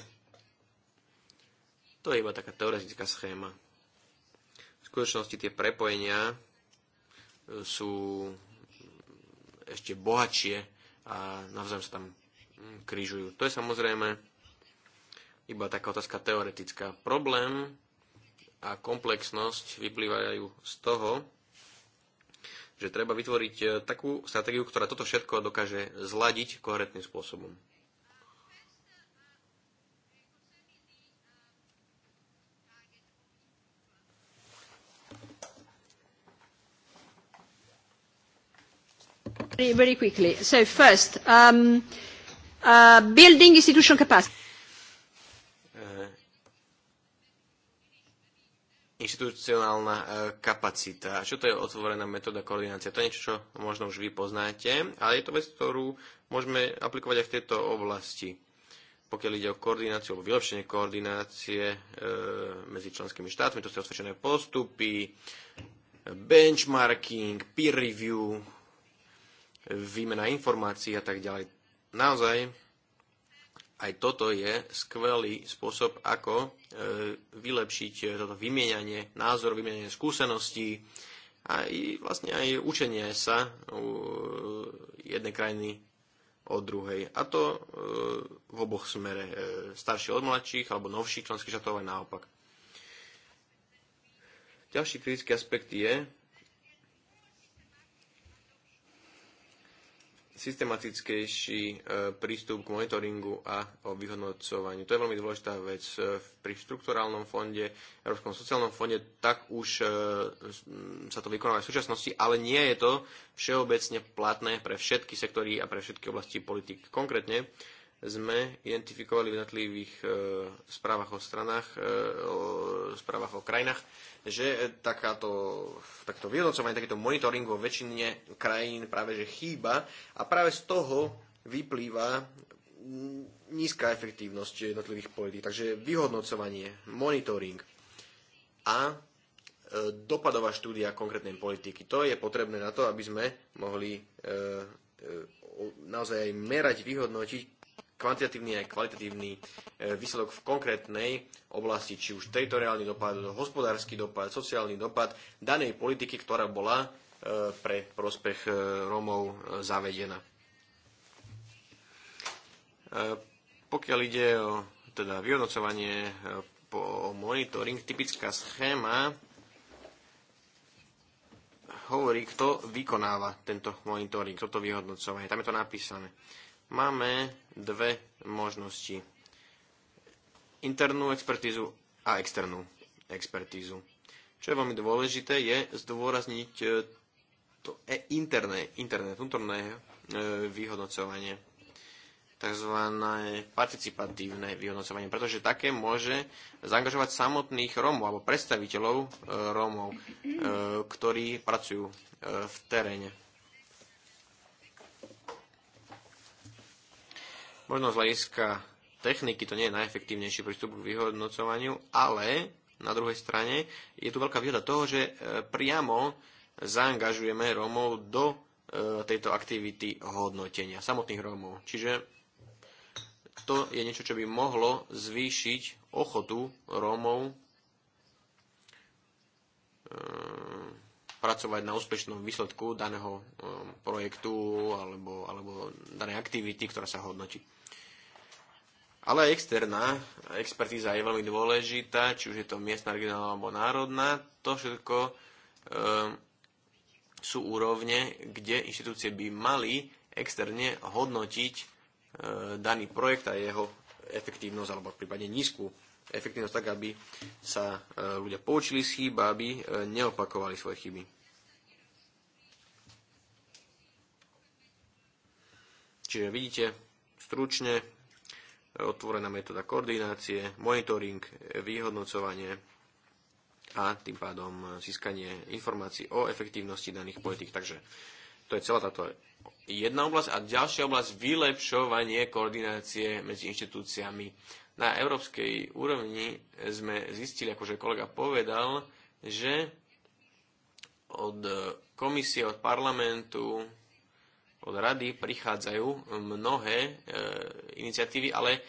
C: To je iba taká teoretická schéma. V skutočnosti tie prepojenia sú ešte bohatšie a navzájom sa tam mm, križujú. To je samozrejme iba taká otázka teoretická. Problém a komplexnosť vyplývajú z toho, že treba vytvoriť eh, takú stratégiu, ktorá toto všetko dokáže zladiť koherentným spôsobom.
A: Very, very quickly. So first, um, uh, building institutional capacity.
C: Eh, inštitucionálna eh, kapacita. Čo to je otvorená metóda koordinácia, To je niečo, čo možno už vy poznáte, ale je to vec, ktorú môžeme aplikovať aj v tejto oblasti. Pokiaľ ide o koordináciu alebo vylepšenie koordinácie eh, medzi členskými štátmi, to sú osvedčené postupy, benchmarking, peer review, výmena informácií a tak ďalej. Naozaj aj toto je skvelý spôsob, ako e, vylepšiť e, toto vymieňanie názor, vymieňanie skúseností a vlastne aj učenie sa e, jednej krajiny od druhej. A to v oboch smere starších od mladších alebo novších členských štátov aj naopak. Ďalší kritický aspekt je, systematickejší e, prístup k monitoringu a o vyhodnocovaniu. To je veľmi dôležitá vec. E, pri štrukturálnom fonde, Európskom sociálnom fonde, tak už e, sa to vykonáva v súčasnosti, ale nie je to všeobecne platné pre všetky sektory a pre všetky oblasti politik. Konkrétne sme identifikovali v jednotlivých e, správach o stranách, e, o správach o krajinách, že e, takáto, takto vyhodnocovanie, takýto monitoring vo väčšine krajín práve že chýba a práve z toho vyplýva mm, nízka efektívnosť jednotlivých politík. Takže vyhodnocovanie, monitoring a e, dopadová štúdia konkrétnej politiky. To je potrebné na to, aby sme mohli e, naozaj aj merať, vyhodnotiť, kvantitatívny aj kvalitatívny e, výsledok v konkrétnej oblasti, či už teritoriálny dopad, hospodársky dopad, sociálny dopad danej politiky, ktorá bola e, pre prospech e, Rómov zavedená. Pokiaľ ide o teda vyhodnocovanie po monitoring, typická schéma hovorí, kto vykonáva tento monitoring, toto vyhodnocovanie. Tam je to napísané. Máme dve možnosti. Internú expertízu a externú expertízu. Čo je veľmi dôležité, je zdôrazniť e, to e, interné, interné, vnútorné e, vyhodnocovanie tzv. participatívne vyhodnocovanie, pretože také môže zaangažovať samotných Rómov alebo predstaviteľov Rómov, ktorí pracujú v teréne. Možno z hľadiska techniky to nie je najefektívnejší prístup k vyhodnocovaniu, ale na druhej strane je tu veľká výhoda toho, že e, priamo zaangažujeme Rómov do e, tejto aktivity hodnotenia, samotných Rómov. Čiže to je niečo, čo by mohlo zvýšiť ochotu Rómov e, pracovať na úspešnom výsledku daného um, projektu alebo, alebo danej aktivity, ktorá sa hodnotí. Ale aj externá expertíza je veľmi dôležitá, či už je to miestna, regionálna alebo národná. To všetko e, sú úrovne, kde inštitúcie by mali externe hodnotiť e, daný projekt a jeho efektívnosť alebo prípadne nízku efektívnosť tak, aby sa uh, ľudia poučili z chýb, aby uh, neopakovali svoje chyby. Čiže vidíte, stručne, otvorená metóda koordinácie, monitoring, vyhodnocovanie a tým pádom získanie informácií o efektívnosti daných politik. Takže to je celá táto jedna oblasť. A ďalšia oblasť, vylepšovanie koordinácie medzi inštitúciami. Na európskej úrovni sme zistili, akože kolega povedal, že od komisie, od parlamentu, od rady prichádzajú mnohé e, iniciatívy, ale, e,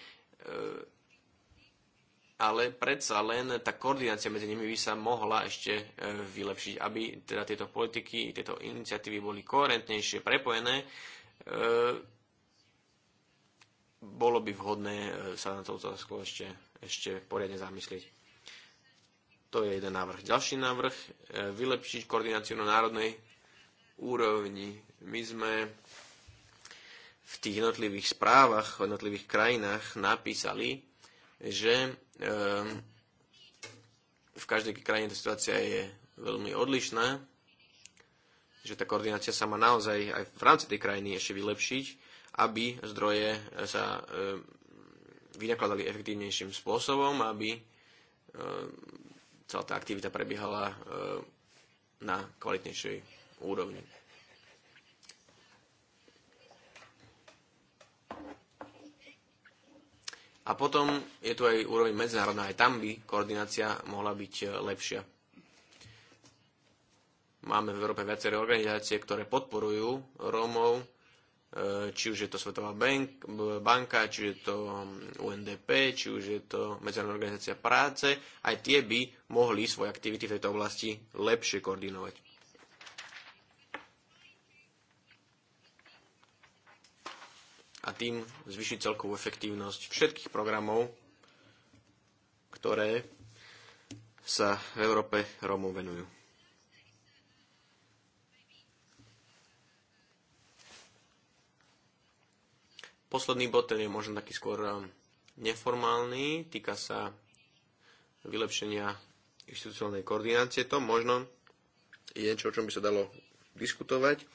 C: ale predsa len tá koordinácia medzi nimi by sa mohla ešte e, vylepšiť, aby teda tieto politiky, tieto iniciatívy boli koherentnejšie prepojené. E, bolo by vhodné e, sa na toto otázku ešte, ešte poriadne zamyslieť. To je jeden návrh. Ďalší návrh, e, vylepšiť koordináciu na národnej úrovni. My sme v tých jednotlivých správach v jednotlivých krajinách napísali, že ehm, v každej krajine tá situácia je veľmi odlišná, že tá koordinácia sa má naozaj aj v rámci tej krajiny ešte vylepšiť, aby zdroje sa ehm, vynakladali efektívnejším spôsobom, aby ehm, celá tá aktivita prebiehala na kvalitnejšej úrovni. A potom je tu aj úroveň medzinárodná, aj tam by koordinácia mohla byť e, lepšia. Máme v Európe viaceré organizácie, ktoré podporujú Rómov, e, či už je to Svetová banka, či už je to UNDP, či už je to Medzinárodná organizácia práce, aj tie by mohli svoje aktivity v tejto oblasti lepšie koordinovať. a tým zvyšiť celkovú efektívnosť všetkých programov, ktoré sa v Európe Rómom venujú. Posledný bod, ten je možno taký skôr um, neformálny, týka sa vylepšenia inštitucionálnej koordinácie. To možno je niečo, o čom by sa dalo diskutovať.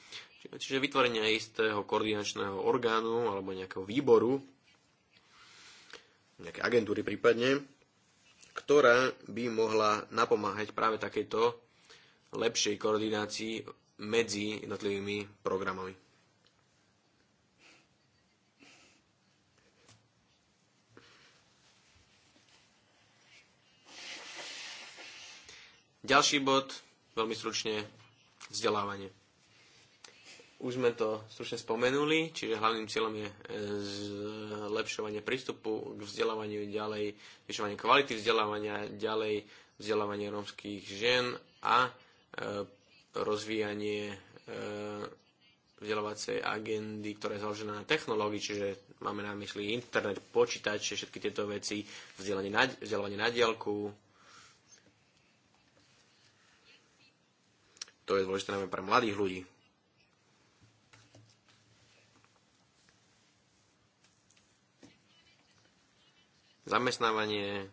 C: Čiže vytvorenie istého koordinačného orgánu alebo nejakého výboru, nejaké agentúry prípadne, ktorá by mohla napomáhať práve takejto lepšej koordinácii medzi jednotlivými programami. Ďalší bod, veľmi stručne, vzdelávanie. Už sme to stručne spomenuli, čiže hlavným cieľom je e, zlepšovanie prístupu k vzdelávaniu, ďalej zvyšovanie kvality vzdelávania, ďalej vzdelávanie rómskych žien a e, rozvíjanie e, vzdelávacej agendy, ktorá je založená na technológii, čiže máme na mysli internet, počítače, všetky tieto veci, vzdelávanie na, vzdelávanie na diálku. To je dôležité najmä pre mladých ľudí. zamestnávanie,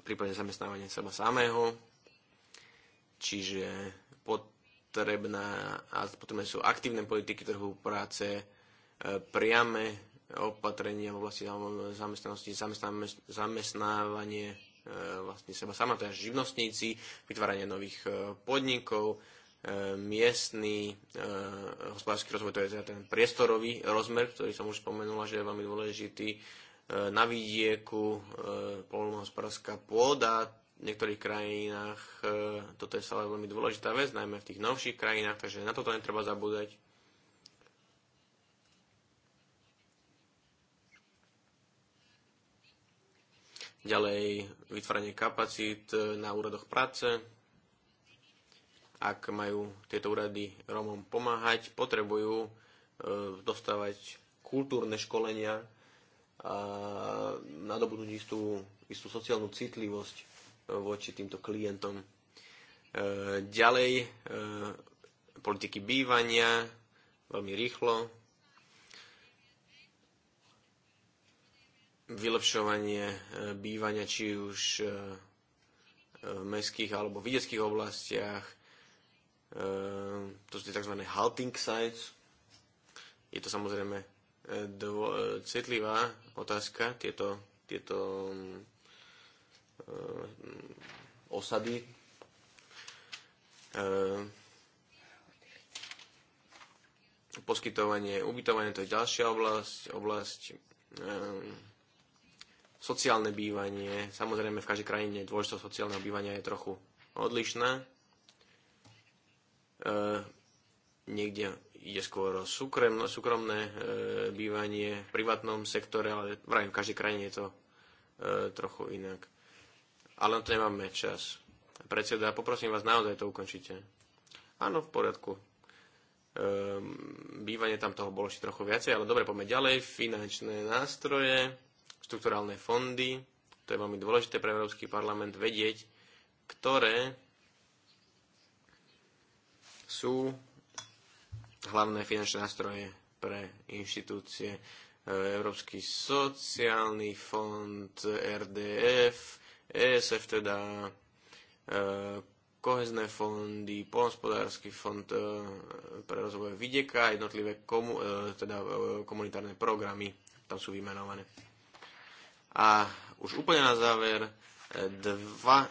C: prípadne zamestnávanie seba samého, čiže potrebná, a potrebné sú aktívne politiky trhu práce, e, priame opatrenia v oblasti zamestnanosti, zamestnávanie e, vlastne seba sama, je živnostníci, vytváranie nových e, podnikov, E, miestný e, hospodársky rozvoj, to je teda ten priestorový rozmer, ktorý som už spomenula, že je veľmi dôležitý e, na vidieku, polnohospodárska pôda, v niektorých krajinách toto je stále veľmi dôležitá vec, najmä v tých novších krajinách, takže na toto netreba zabúdať. Ďalej vytváranie kapacít na úradoch práce, ak majú tieto úrady Rómom pomáhať, potrebujú e, dostávať kultúrne školenia a nadobudnúť istú, istú sociálnu citlivosť e, voči týmto klientom. E, ďalej, politiky bývania, veľmi rýchlo, vylepšovanie bývania či už v mestských alebo v oblastiach, Ehm, to sú tie tzv. halting sites. Je to samozrejme e, dvo, e, citlivá otázka, tieto, tieto mm, e, osady. Ehm, poskytovanie, ubytovanie, to je ďalšia oblasť, oblasť ehm, sociálne bývanie. Samozrejme, v každej krajine dôležitosť sociálneho bývania je trochu odlišná E, niekde ide skôr o súkromné, súkromné e, bývanie v privátnom sektore, ale vrajím, v každej krajine je to e, trochu inak. Ale na to nemáme čas. Predseda, poprosím vás, naozaj to ukončite. Áno, v poriadku. E, bývanie tam toho bolo ešte trochu viacej, ale dobre, poďme ďalej. Finančné nástroje, strukturálne fondy, to je veľmi dôležité pre Európsky parlament vedieť, ktoré sú hlavné finančné nástroje pre inštitúcie e, Európsky sociálny fond, RDF, ESF teda, e, kohezné fondy, polnospodársky fond e, pre rozvoj vidieka, jednotlivé komu, teda komunitárne programy, tam sú vymenované. A už úplne na záver dva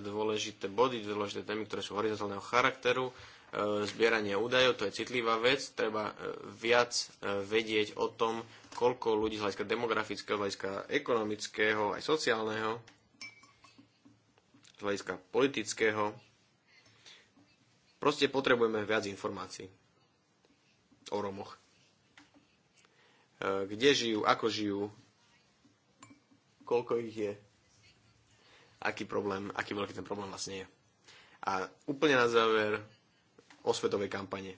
C: dôležité body, dôležité témy, ktoré sú horizontálneho charakteru E, zbieranie údajov, to je citlivá vec, treba e, viac e, vedieť o tom, koľko ľudí z hľadiska demografického, z hľadiska ekonomického, aj sociálneho, z hľadiska politického. Proste potrebujeme viac informácií o Romoch. Kde žijú, ako žijú, koľko ich je, aký problém, aký veľký ten problém vlastne je. A úplne na záver osvetovej kampane.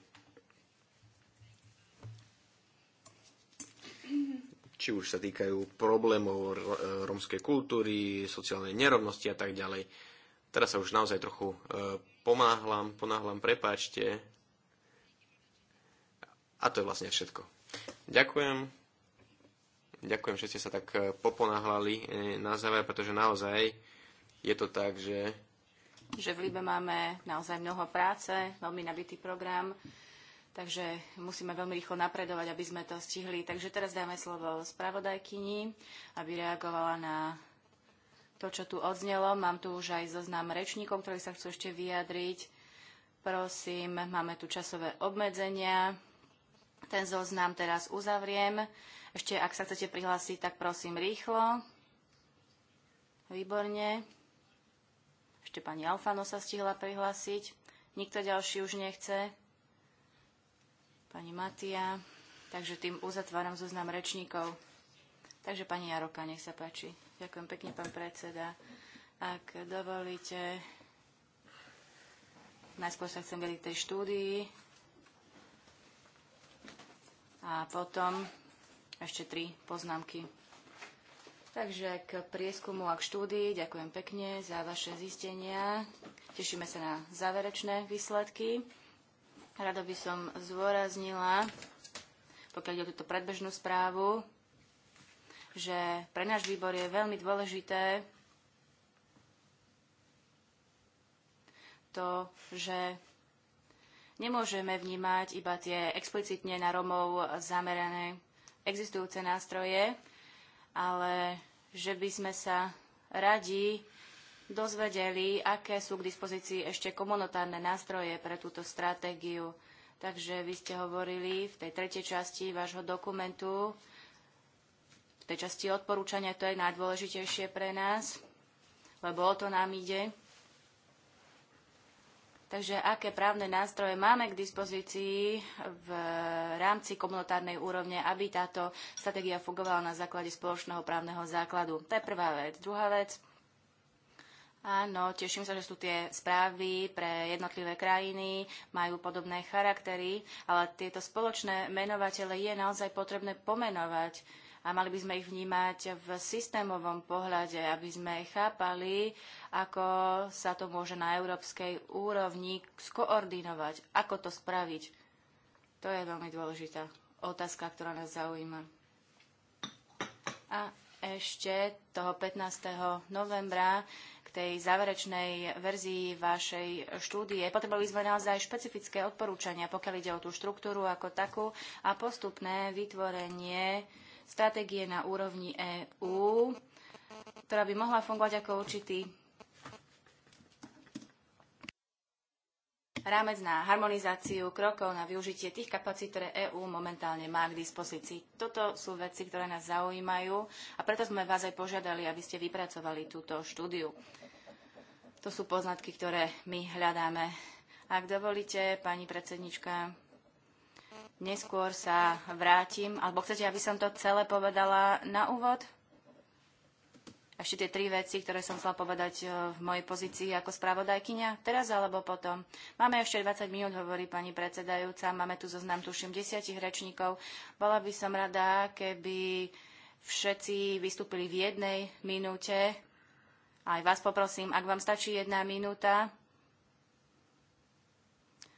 C: Či už sa týkajú problémov romskej e, kultúry, sociálnej nerovnosti a tak ďalej. Teraz sa už naozaj trochu e, pomáhlam, ponáhlam, prepáčte. A to je vlastne všetko. Ďakujem. Ďakujem, že ste sa tak e, poponáhlali na záver, pretože naozaj je to tak, že
D: že v Libe máme naozaj mnoho práce, veľmi nabitý program, takže musíme veľmi rýchlo napredovať, aby sme to stihli. Takže teraz dáme slovo spravodajkyni, aby reagovala na to, čo tu odznelo. Mám tu už aj zoznam rečníkov, ktorí sa chcú ešte vyjadriť. Prosím, máme tu časové obmedzenia. Ten zoznam teraz uzavriem. Ešte, ak sa chcete prihlásiť, tak prosím rýchlo. Výborne. Ešte pani Alfano sa stihla prihlásiť. Nikto ďalší už nechce. Pani Matia. Takže tým uzatváram zoznam rečníkov. Takže pani Jaroka, nech sa páči. Ďakujem pekne, pán predseda. Ak dovolíte, najskôr sa chcem vedieť tej štúdii a potom ešte tri poznámky. Takže k prieskumu a k štúdii ďakujem pekne za vaše zistenia. Tešíme sa na záverečné výsledky. Rada by som zdôraznila, pokiaľ ide o túto predbežnú správu, že pre náš výbor je veľmi dôležité to, že nemôžeme vnímať iba tie explicitne na Romov zamerané existujúce nástroje, ale že by sme sa radi dozvedeli, aké sú k dispozícii ešte komunitárne nástroje pre túto stratégiu. Takže vy ste hovorili v tej tretej časti vášho dokumentu, v tej časti odporúčania, to je najdôležitejšie pre nás, lebo o to nám ide. Takže aké právne nástroje máme k dispozícii v rámci komunitárnej úrovne, aby táto stratégia fungovala na základe spoločného právneho základu. To je prvá vec. Druhá vec, Áno, teším sa, že sú tie správy pre jednotlivé krajiny, majú podobné charaktery, ale tieto spoločné menovatele je naozaj potrebné pomenovať a mali by sme ich vnímať v systémovom pohľade, aby sme chápali, ako sa to môže na európskej úrovni skoordinovať, ako to spraviť. To je veľmi dôležitá otázka, ktorá nás zaujíma. A ešte toho 15. novembra k tej záverečnej verzii vašej štúdie. Potrebovali sme naozaj špecifické odporúčania, pokiaľ ide o tú štruktúru ako takú a postupné vytvorenie stratégie na úrovni EÚ, ktorá by mohla fungovať ako určitý rámec na harmonizáciu krokov na využitie tých kapacít, ktoré EÚ momentálne má k dispozícii. Toto sú veci, ktoré nás zaujímajú a preto sme vás aj požiadali, aby ste vypracovali túto štúdiu. To sú poznatky, ktoré my hľadáme. Ak dovolíte, pani predsednička, neskôr sa vrátim. Alebo chcete, aby som to celé povedala na úvod? ešte tie tri veci, ktoré som chcela povedať e, v mojej pozícii ako spravodajkyňa, teraz alebo potom. Máme ešte 20 minút, hovorí pani predsedajúca, máme tu zoznam, tuším, desiatich rečníkov. Bola by som rada, keby všetci vystúpili v jednej minúte. Aj vás poprosím, ak vám stačí jedna minúta.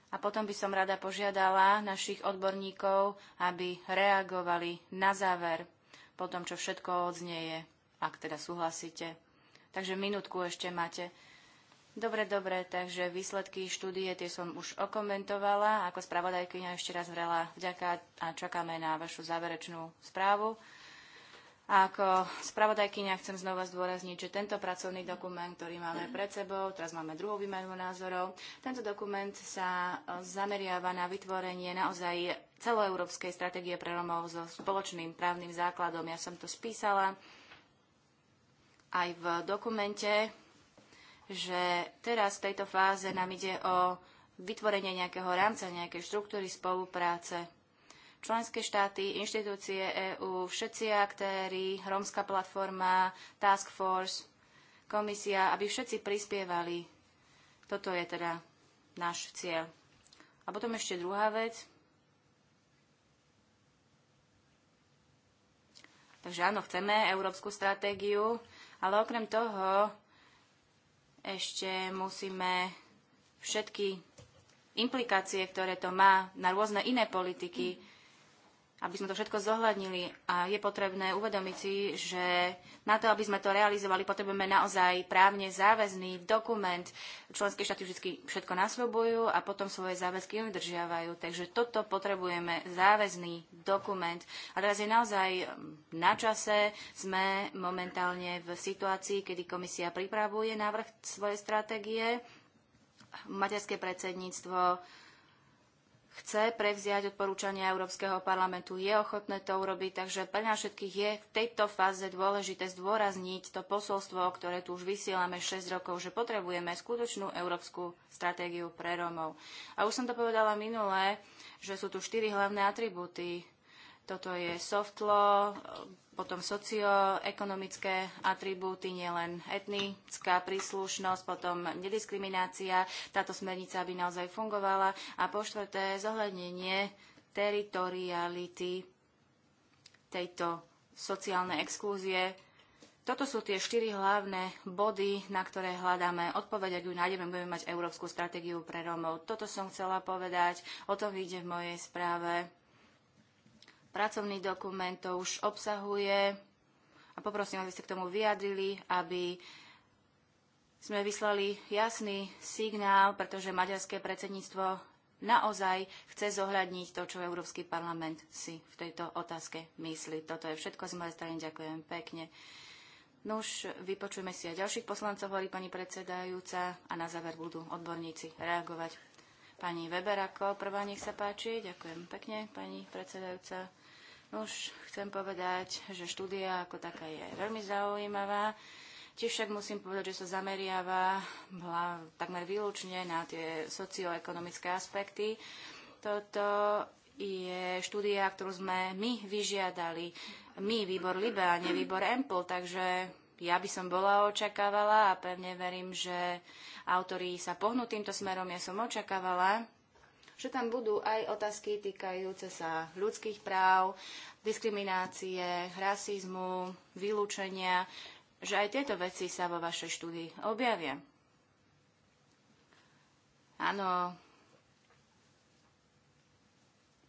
D: A potom by som rada požiadala našich odborníkov, aby reagovali na záver po tom, čo všetko odznieje ak teda súhlasíte. Takže minútku ešte máte. Dobre, dobre, takže výsledky štúdie tie som už okomentovala. Ako spravodajkyňa ešte raz vrela vďaka a čakáme na vašu záverečnú správu. A ako spravodajkyňa chcem znova zdôrazniť, že tento pracovný dokument, ktorý máme pred sebou, teraz máme druhú výmenu názorov, tento dokument sa e, zameriava na vytvorenie naozaj celoeurópskej stratégie pre Romov so spoločným právnym základom. Ja som to spísala aj v dokumente, že teraz v tejto fáze nám ide o vytvorenie nejakého rámca, nejakej štruktúry spolupráce. Členské štáty, inštitúcie EÚ, všetci aktéry, rómska platforma, task force, komisia, aby všetci prispievali. Toto je teda náš cieľ. A potom ešte druhá vec. Takže áno, chceme európsku stratégiu, ale okrem toho ešte musíme všetky implikácie, ktoré to má na rôzne iné politiky, aby sme to všetko zohľadnili a je potrebné uvedomiť si, že na to, aby sme to realizovali, potrebujeme naozaj právne záväzný dokument. Členské štáty vždy všetko nasľubujú a potom svoje záväzky udržiavajú. Takže toto potrebujeme, záväzný dokument. A teraz je naozaj na čase. Sme momentálne v situácii, kedy komisia pripravuje návrh svojej stratégie. materské predsedníctvo chce prevziať odporúčania Európskeho parlamentu, je ochotné to urobiť, takže pre nás všetkých je v tejto fáze dôležité zdôrazniť to posolstvo, ktoré tu už vysielame 6 rokov, že potrebujeme skutočnú európsku stratégiu pre Rómov. A už som to povedala minulé, že sú tu štyri hlavné atribúty toto je soft law, potom socioekonomické atribúty, nielen etnická príslušnosť, potom nediskriminácia. Táto smernica by naozaj fungovala. A po štvrté, zohľadnenie teritoriality tejto sociálnej exklúzie. Toto sú tie štyri hlavné body, na ktoré hľadáme odpoveď. Ak ju nájdeme, budeme mať európsku stratégiu pre Rómov. Toto som chcela povedať, o tom vyjde v mojej správe pracovný dokument to už obsahuje a poprosím, aby ste k tomu vyjadrili, aby sme vyslali jasný signál, pretože maďarské predsedníctvo naozaj chce zohľadniť to, čo Európsky parlament si v tejto otázke myslí. Toto je všetko z mojej strany. Ďakujem pekne. No už vypočujeme si aj ďalších poslancov, hovorí pani predsedajúca, a na záver budú odborníci reagovať. Pani Weber ako prvá, nech sa páči. Ďakujem pekne, pani predsedajúca. Už chcem povedať, že štúdia ako taká je veľmi zaujímavá. Tiež však musím povedať, že sa zameriava takmer výlučne na tie socioekonomické aspekty. Toto je štúdia, ktorú sme my vyžiadali. My, výbor Libe a nie výbor Empl, takže ja by som bola očakávala a pevne verím, že autori sa pohnú týmto smerom. Ja som očakávala, že tam budú aj otázky týkajúce sa ľudských práv, diskriminácie, rasizmu, vylúčenia, že aj tieto veci sa vo vašej štúdii objavia. Áno,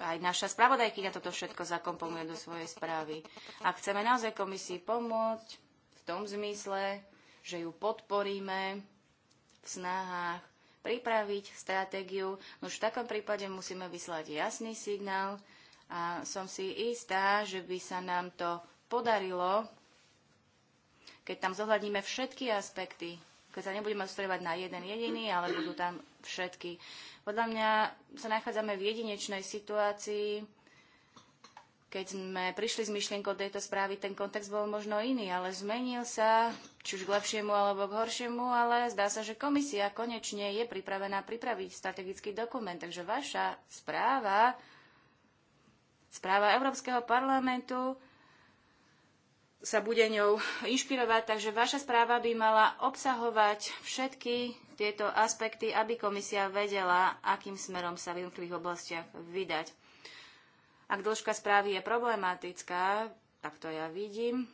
D: aj naša spravodajkyňa toto všetko zakomponuje do svojej správy. A chceme naozaj komisii pomôcť v tom zmysle, že ju podporíme v snahách pripraviť stratégiu. No už v takom prípade musíme vyslať jasný signál a som si istá, že by sa nám to podarilo, keď tam zohľadníme všetky aspekty, keď sa nebudeme sústredovať na jeden jediný, ale budú tam všetky. Podľa mňa sa nachádzame v jedinečnej situácii, keď sme prišli s myšlienkou tejto správy, ten kontext bol možno iný, ale zmenil sa, či už k lepšiemu alebo k horšiemu, ale zdá sa, že komisia konečne je pripravená pripraviť strategický dokument. Takže vaša správa, správa Európskeho parlamentu sa bude ňou inšpirovať, takže vaša správa by mala obsahovať všetky tieto aspekty, aby komisia vedela, akým smerom sa v jednotlivých oblastiach vydať. Ak dĺžka správy je problematická, tak to ja vidím,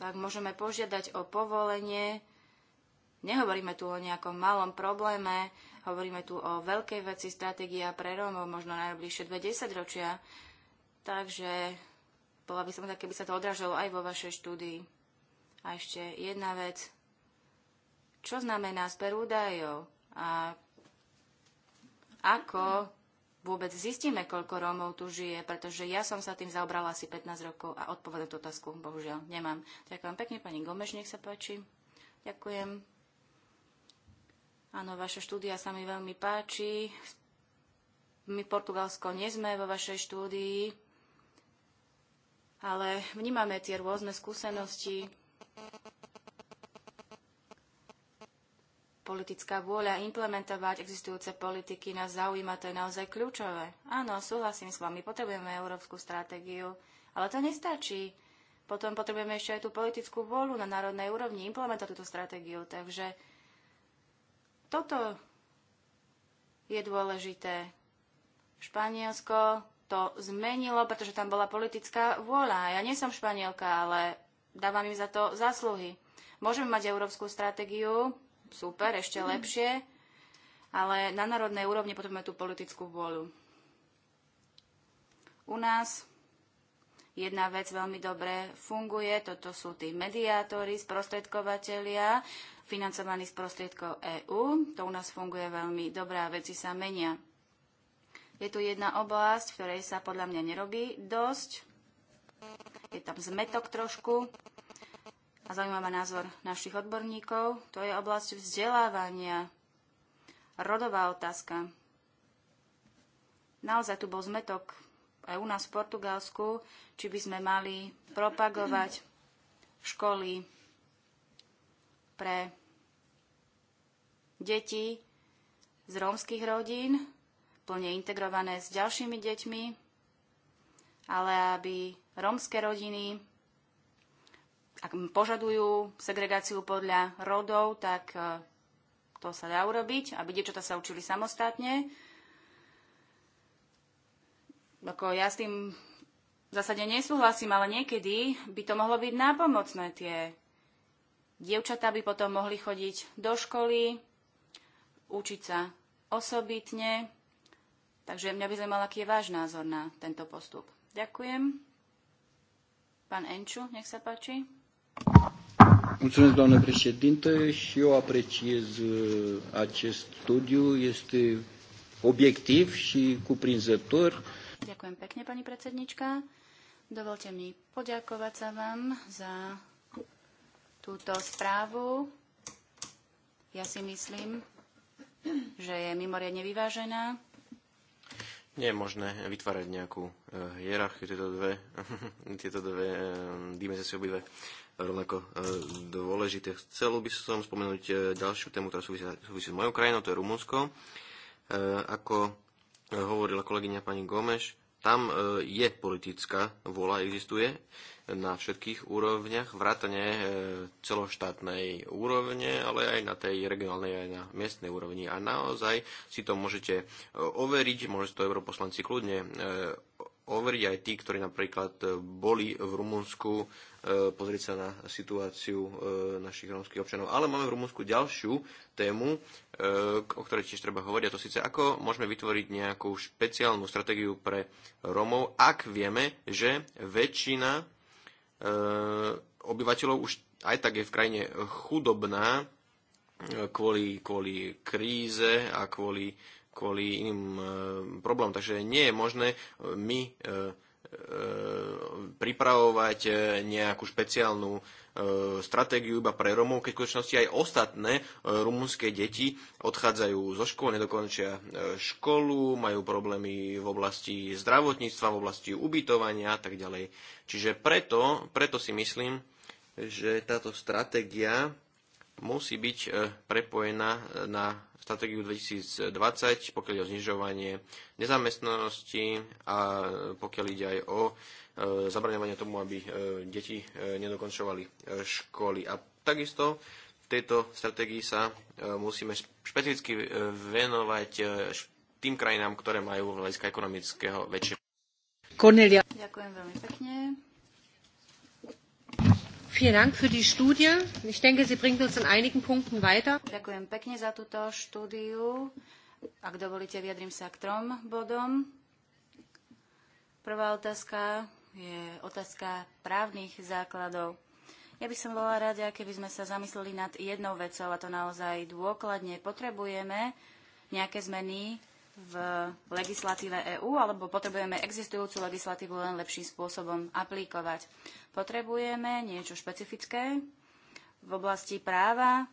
D: tak môžeme požiadať o povolenie. Nehovoríme tu o nejakom malom probléme, hovoríme tu o veľkej veci, stratégia pre Rómov, možno najbližšie 20 ročia. Takže bola by som tak, keby sa to odrážalo aj vo vašej štúdii. A ešte jedna vec. Čo znamená zber údajov? A ako vôbec zistíme, koľko Rómov tu žije, pretože ja som sa tým zaobrala asi 15 rokov a odpovedať tú otázku bohužiaľ nemám. Ďakujem pekne, pani Gomeš, nech sa páči. Ďakujem. Áno, vaša štúdia sa mi veľmi páči. My Portugalsko nie sme vo vašej štúdii, ale vnímame tie rôzne skúsenosti politická vôľa implementovať existujúce politiky nás zaujíma, to je naozaj kľúčové. Áno, súhlasím s vami, potrebujeme európsku stratégiu, ale to nestačí. Potom potrebujeme ešte aj tú politickú vôľu na národnej úrovni implementovať túto stratégiu. Takže toto je dôležité. Španielsko to zmenilo, pretože tam bola politická vôľa. Ja nie som Španielka, ale dávam im za to zásluhy. Môžeme mať európsku stratégiu, super, ešte lepšie, ale na národnej úrovni potrebujeme tú politickú vôľu. U nás jedna vec veľmi dobre funguje, toto sú tí mediátori, sprostredkovateľia, financovaní z prostriedkov EÚ. To u nás funguje veľmi dobre a veci sa menia. Je tu jedna oblasť, v ktorej sa podľa mňa nerobí dosť. Je tam zmetok trošku a zaujímavá názor našich odborníkov. To je oblasť vzdelávania, rodová otázka. Naozaj tu bol zmetok aj u nás v Portugalsku, či by sme mali propagovať školy pre deti z rómskych rodín, plne integrované s ďalšími deťmi, ale aby rómske rodiny ak požadujú segregáciu podľa rodov, tak e, to sa dá urobiť, aby dievčatá sa učili samostatne. Ako ja s tým v zásade nesúhlasím, ale niekedy by to mohlo byť nápomocné. Tie dievčatá by potom mohli chodiť do školy, učiť sa osobitne. Takže mňa by zaujímalo, aký je váš názor na tento postup. Ďakujem. Pán Enču, nech sa páči.
C: Mulțumesc, doamnă președintă, și eu apreciez uh, acest studiu. Este obiectiv și cuprinzător.
D: Ďakujem pekne, pani predsednička. Dovolte mi poďakovať sa vám za túto správu. Ja si myslím, že je mimoriadne vyvážená.
C: Nie je možné vytvárať nejakú eh, hierarchiu tieto dve, *laughs* tieto dve eh, dimenzie sú obidve rovnako e, dôležité. Chcel by som spomenúť e, ďalšiu tému, ktorá súvisí, súvisí s mojou krajinou, to je Rumunsko. E, ako hovorila kolegyňa pani Gomeš, tam je politická vôľa, existuje na všetkých úrovniach, vrátane celoštátnej úrovne, ale aj na tej regionálnej, aj na miestnej úrovni. A naozaj si to môžete overiť, môžete to europoslanci kľudne overiť aj tí, ktorí napríklad boli v Rumunsku E, pozrieť sa na situáciu e, našich rómskych občanov. Ale máme v Rumunsku ďalšiu tému, e, o ktorej tiež treba hovoriť, a to síce ako môžeme vytvoriť nejakú špeciálnu stratégiu pre Rómov, ak vieme, že väčšina obyvateľov už aj tak je v krajine chudobná kvôli, kvôli kríze a kvôli, kvôli iným problémom. Takže nie je možné my E, pripravovať e, nejakú špeciálnu e, stratégiu iba pre Romov, keď v skutočnosti aj ostatné rumunské deti odchádzajú zo školy, nedokončia školu, majú problémy v oblasti zdravotníctva, v oblasti ubytovania a tak ďalej. Čiže preto, preto si myslím, že táto stratégia musí byť e, prepojená e, na stratégiu 2020, pokiaľ ide o znižovanie nezamestnanosti a e, pokiaľ ide aj o zabraňovanie tomu, aby deti nedokončovali školy. A takisto v tejto stratégii sa musíme špecificky venovať tým krajinám, ktoré majú hľadiska ekonomického
D: väčšie. Cornelia. Ďakujem veľmi pekne.
A: Vielen Dank für die Studie. Ich denke, sie bringt uns in einigen Punkten weiter.
D: Ďakujem pekne za túto štúdiu. Ak dovolíte, vyjadrím sa k trom bodom. Prvá otázka je otázka právnych základov. Ja by som bola rada, keby sme sa zamysleli nad jednou vecou, a to naozaj dôkladne potrebujeme nejaké zmeny v legislatíve EÚ, alebo potrebujeme existujúcu legislatívu len lepším spôsobom aplikovať. Potrebujeme niečo špecifické v oblasti práva,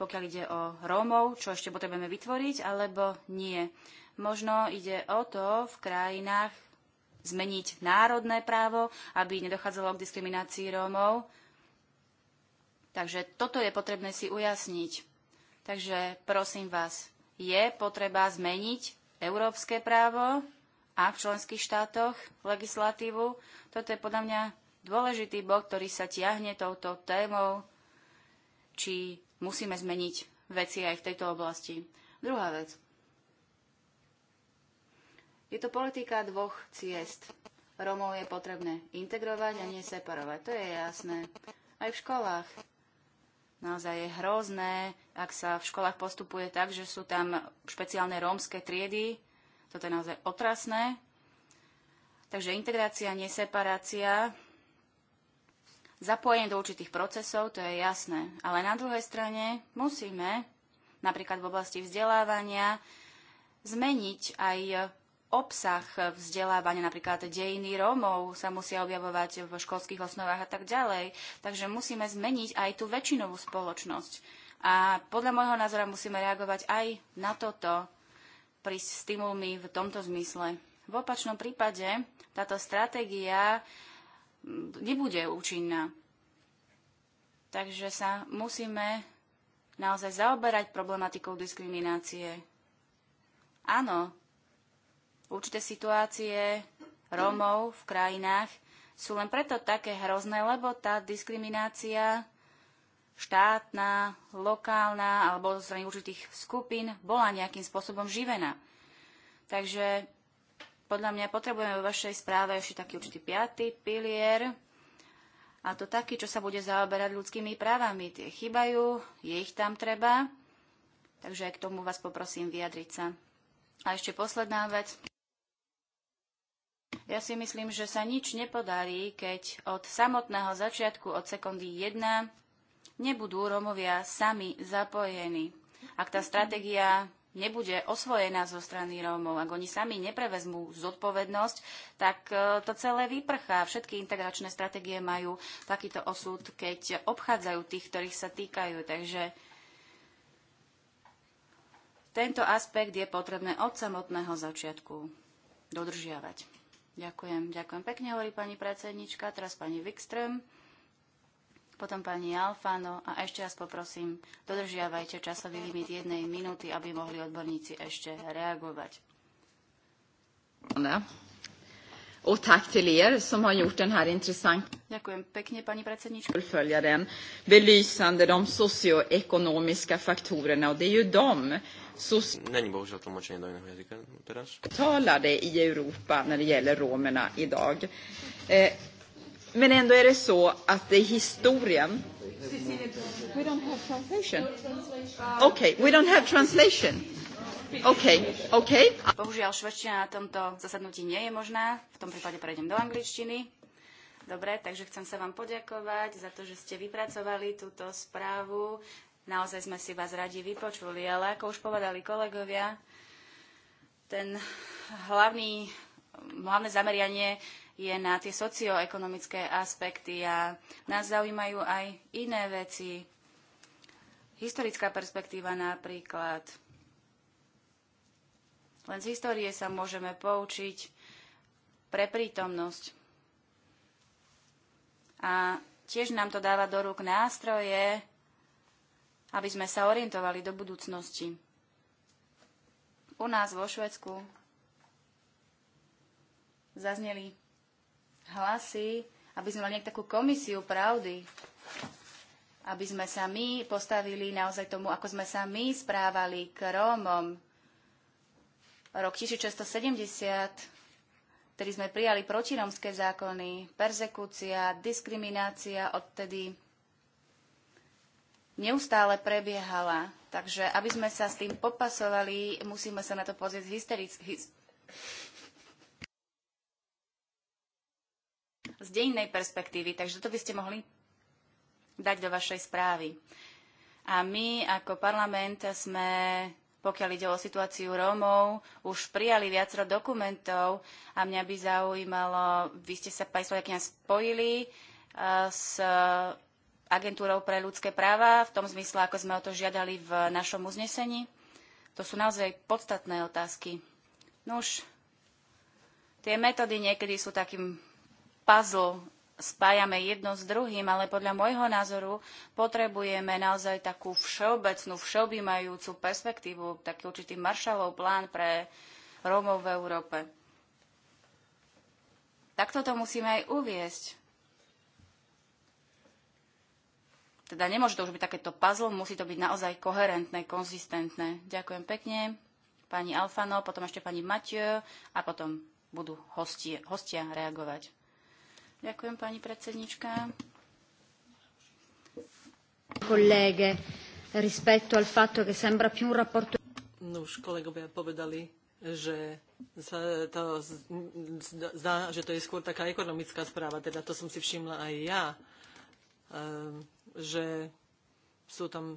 D: pokiaľ ide o Rómov, čo ešte potrebujeme vytvoriť, alebo nie. Možno ide o to v krajinách zmeniť národné právo, aby nedochádzalo k diskriminácii Rómov. Takže toto je potrebné si ujasniť. Takže prosím vás, je potreba zmeniť európske právo a v členských štátoch legislatívu. Toto je podľa mňa dôležitý bod, ktorý sa tiahne touto témou, či musíme zmeniť veci aj v tejto oblasti. Druhá vec. Je to politika dvoch ciest. Romov je potrebné integrovať a nie separovať. To je jasné. Aj v školách Naozaj je hrozné, ak sa v školách postupuje tak, že sú tam špeciálne rómske triedy. Toto je naozaj otrasné. Takže integrácia, neseparácia, zapojenie do určitých procesov, to je jasné. Ale na druhej strane musíme, napríklad v oblasti vzdelávania, zmeniť aj obsah vzdelávania, napríklad dejiny Rómov sa musia objavovať v školských osnovách a tak ďalej. Takže musíme zmeniť aj tú väčšinovú spoločnosť. A podľa môjho názora musíme reagovať aj na toto, prísť stimulmi v tomto zmysle. V opačnom prípade táto stratégia mm, nebude účinná. Takže sa musíme naozaj zaoberať problematikou diskriminácie. Áno, určité situácie
A: Rómov
D: v krajinách sú len preto také hrozné, lebo tá diskriminácia štátna, lokálna alebo zo strany určitých skupín bola nejakým spôsobom živená. Takže podľa mňa potrebujeme vo vašej správe ešte taký určitý piatý pilier, a to taký, čo sa bude zaoberať ľudskými právami. Tie chýbajú, je ich tam treba, takže aj k tomu vás poprosím vyjadriť sa. A ešte posledná vec. Ja si myslím, že sa nič nepodarí, keď od samotného začiatku, od sekundy 1, nebudú Rómovia sami zapojení. Ak tá stratégia nebude osvojená zo strany Rómov, ak oni sami neprevezmú zodpovednosť, tak e, to celé vyprchá. Všetky integračné stratégie majú takýto osud, keď obchádzajú tých, ktorých sa týkajú. Takže tento aspekt je potrebné od samotného začiatku dodržiavať. Ďakujem, ďakujem pekne, hovorí pani predsednička, teraz pani Wikström, potom pani Alfano a ešte raz poprosím, dodržiavajte časový limit jednej minúty, aby mohli odborníci ešte reagovať. No. Och tack till er som har gjort den här intressanta Ďakujem den pani
A: belysande de socioekonomiska faktorerna. Och det är ju de som talade i Europa när det gäller romerna idag. Eh, men ändå är det så att det är historien...
D: We don't have translation. okay, we don't have
A: translation. Bohužiaľ,
D: švedčina na tomto zasadnutí nie je možná. V tom prípade prejdem do angličtiny. Dobre, takže chcem sa vám poďakovať za to, že ste vypracovali túto správu. Naozaj sme si vás radi vypočuli, ale ako už povedali kolegovia, ten hlavný, hlavné zamerianie je na tie socioekonomické aspekty a nás zaujímajú aj iné veci. Historická perspektíva napríklad len z histórie sa môžeme poučiť pre prítomnosť. A tiež nám to dáva do rúk nástroje, aby sme sa orientovali do budúcnosti. U nás vo Švedsku zazneli hlasy, aby sme mali nejakú komisiu pravdy, aby sme sa my postavili naozaj tomu, ako sme sa my správali k Rómom, rok 1670, ktorý sme prijali protiromské zákony, persekúcia, diskriminácia odtedy neustále prebiehala. Takže aby sme sa s tým popasovali, musíme sa na to pozrieť hystericky. z dejnej perspektívy, takže to by ste mohli dať do vašej správy. A my ako parlament sme pokiaľ ide o situáciu Rómov, už prijali viacero dokumentov a mňa by zaujímalo, vy ste sa, pani Slovakia, spojili e, s agentúrou pre ľudské práva v tom zmysle, ako sme o to žiadali v našom uznesení? To sú naozaj podstatné otázky. Nuž, no tie metódy niekedy sú takým puzzle spájame jedno s druhým, ale podľa môjho názoru potrebujeme naozaj takú všeobecnú, všeobjímajúcu perspektívu, taký určitý maršalov plán pre Rómov v Európe. Takto to musíme aj uviesť. Teda nemôže to už byť takéto puzzle, musí to byť naozaj koherentné, konzistentné. Ďakujem pekne. Pani Alfano, potom ešte pani Matiu a potom budú hostie, hostia reagovať. Ďakujem, pani predsednička. Kolege, rispetto al fatto che sembra più un rapporto...
B: No už kolegovia povedali, že sa to zdá, že to je skôr taká ekonomická správa, teda to som si všimla aj ja, ehm, že sú tam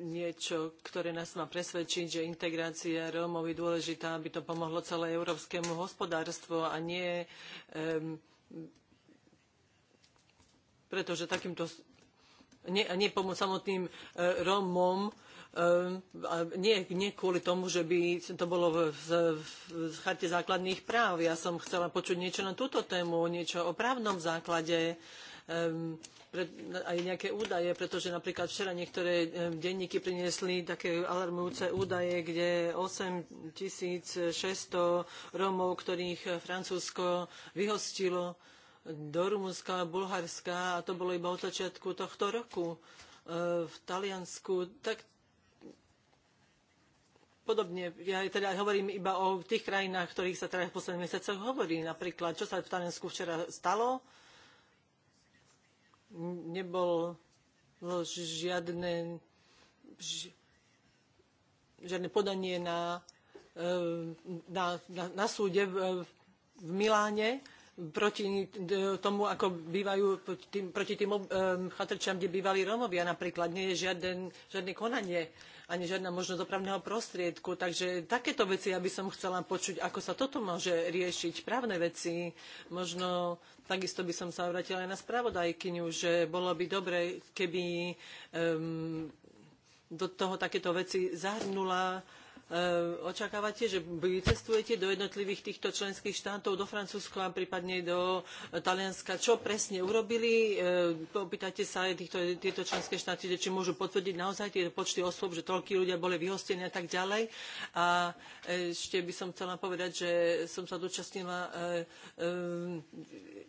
B: niečo, ktoré nás má presvedčiť, že integrácia Rómov je dôležitá, aby to pomohlo celé európskemu hospodárstvu a nie um, pretože takýmto nie, nie samotným e, Rómom, e, nie, nie kvôli tomu, že by to bolo v, v, v charte základných práv. Ja som chcela počuť niečo na túto tému, niečo o právnom základe aj nejaké údaje, pretože napríklad včera niektoré denníky priniesli také alarmujúce údaje, kde 8600 Romov, ktorých Francúzsko vyhostilo do Rumunska a Bulharska, a to bolo iba od začiatku tohto roku v Taliansku, tak podobne. Ja teda hovorím iba o tých krajinách, ktorých sa teda v posledných mesiacoch hovorí. Napríklad, čo sa v Taliansku včera stalo, nebolo žiadne, žiadne podanie na, eh, na, na, na súde v, v Miláne proti tomu, ako bývajú tým, proti tým um, kde bývali Rómovia napríklad. Nie je žiaden, žiadne konanie. Uh, ani žiadna možnosť dopravného prostriedku. Takže takéto veci ja by som chcela počuť, ako sa toto môže riešiť, právne veci. Možno takisto by som sa obratila aj na spravodajkyňu, že bolo by dobre, keby um, do toho takéto veci zahrnula E, očakávate, že vycestujete do jednotlivých týchto členských štátov, do Francúzska, prípadne do e, Talianska, čo presne urobili? Popýtate e, sa aj týchto, tieto členské štáty, že či môžu potvrdiť naozaj tie počty osôb, že toľkí ľudia boli vyhostení a tak ďalej. A ešte by som chcela povedať, že som sa dočastnila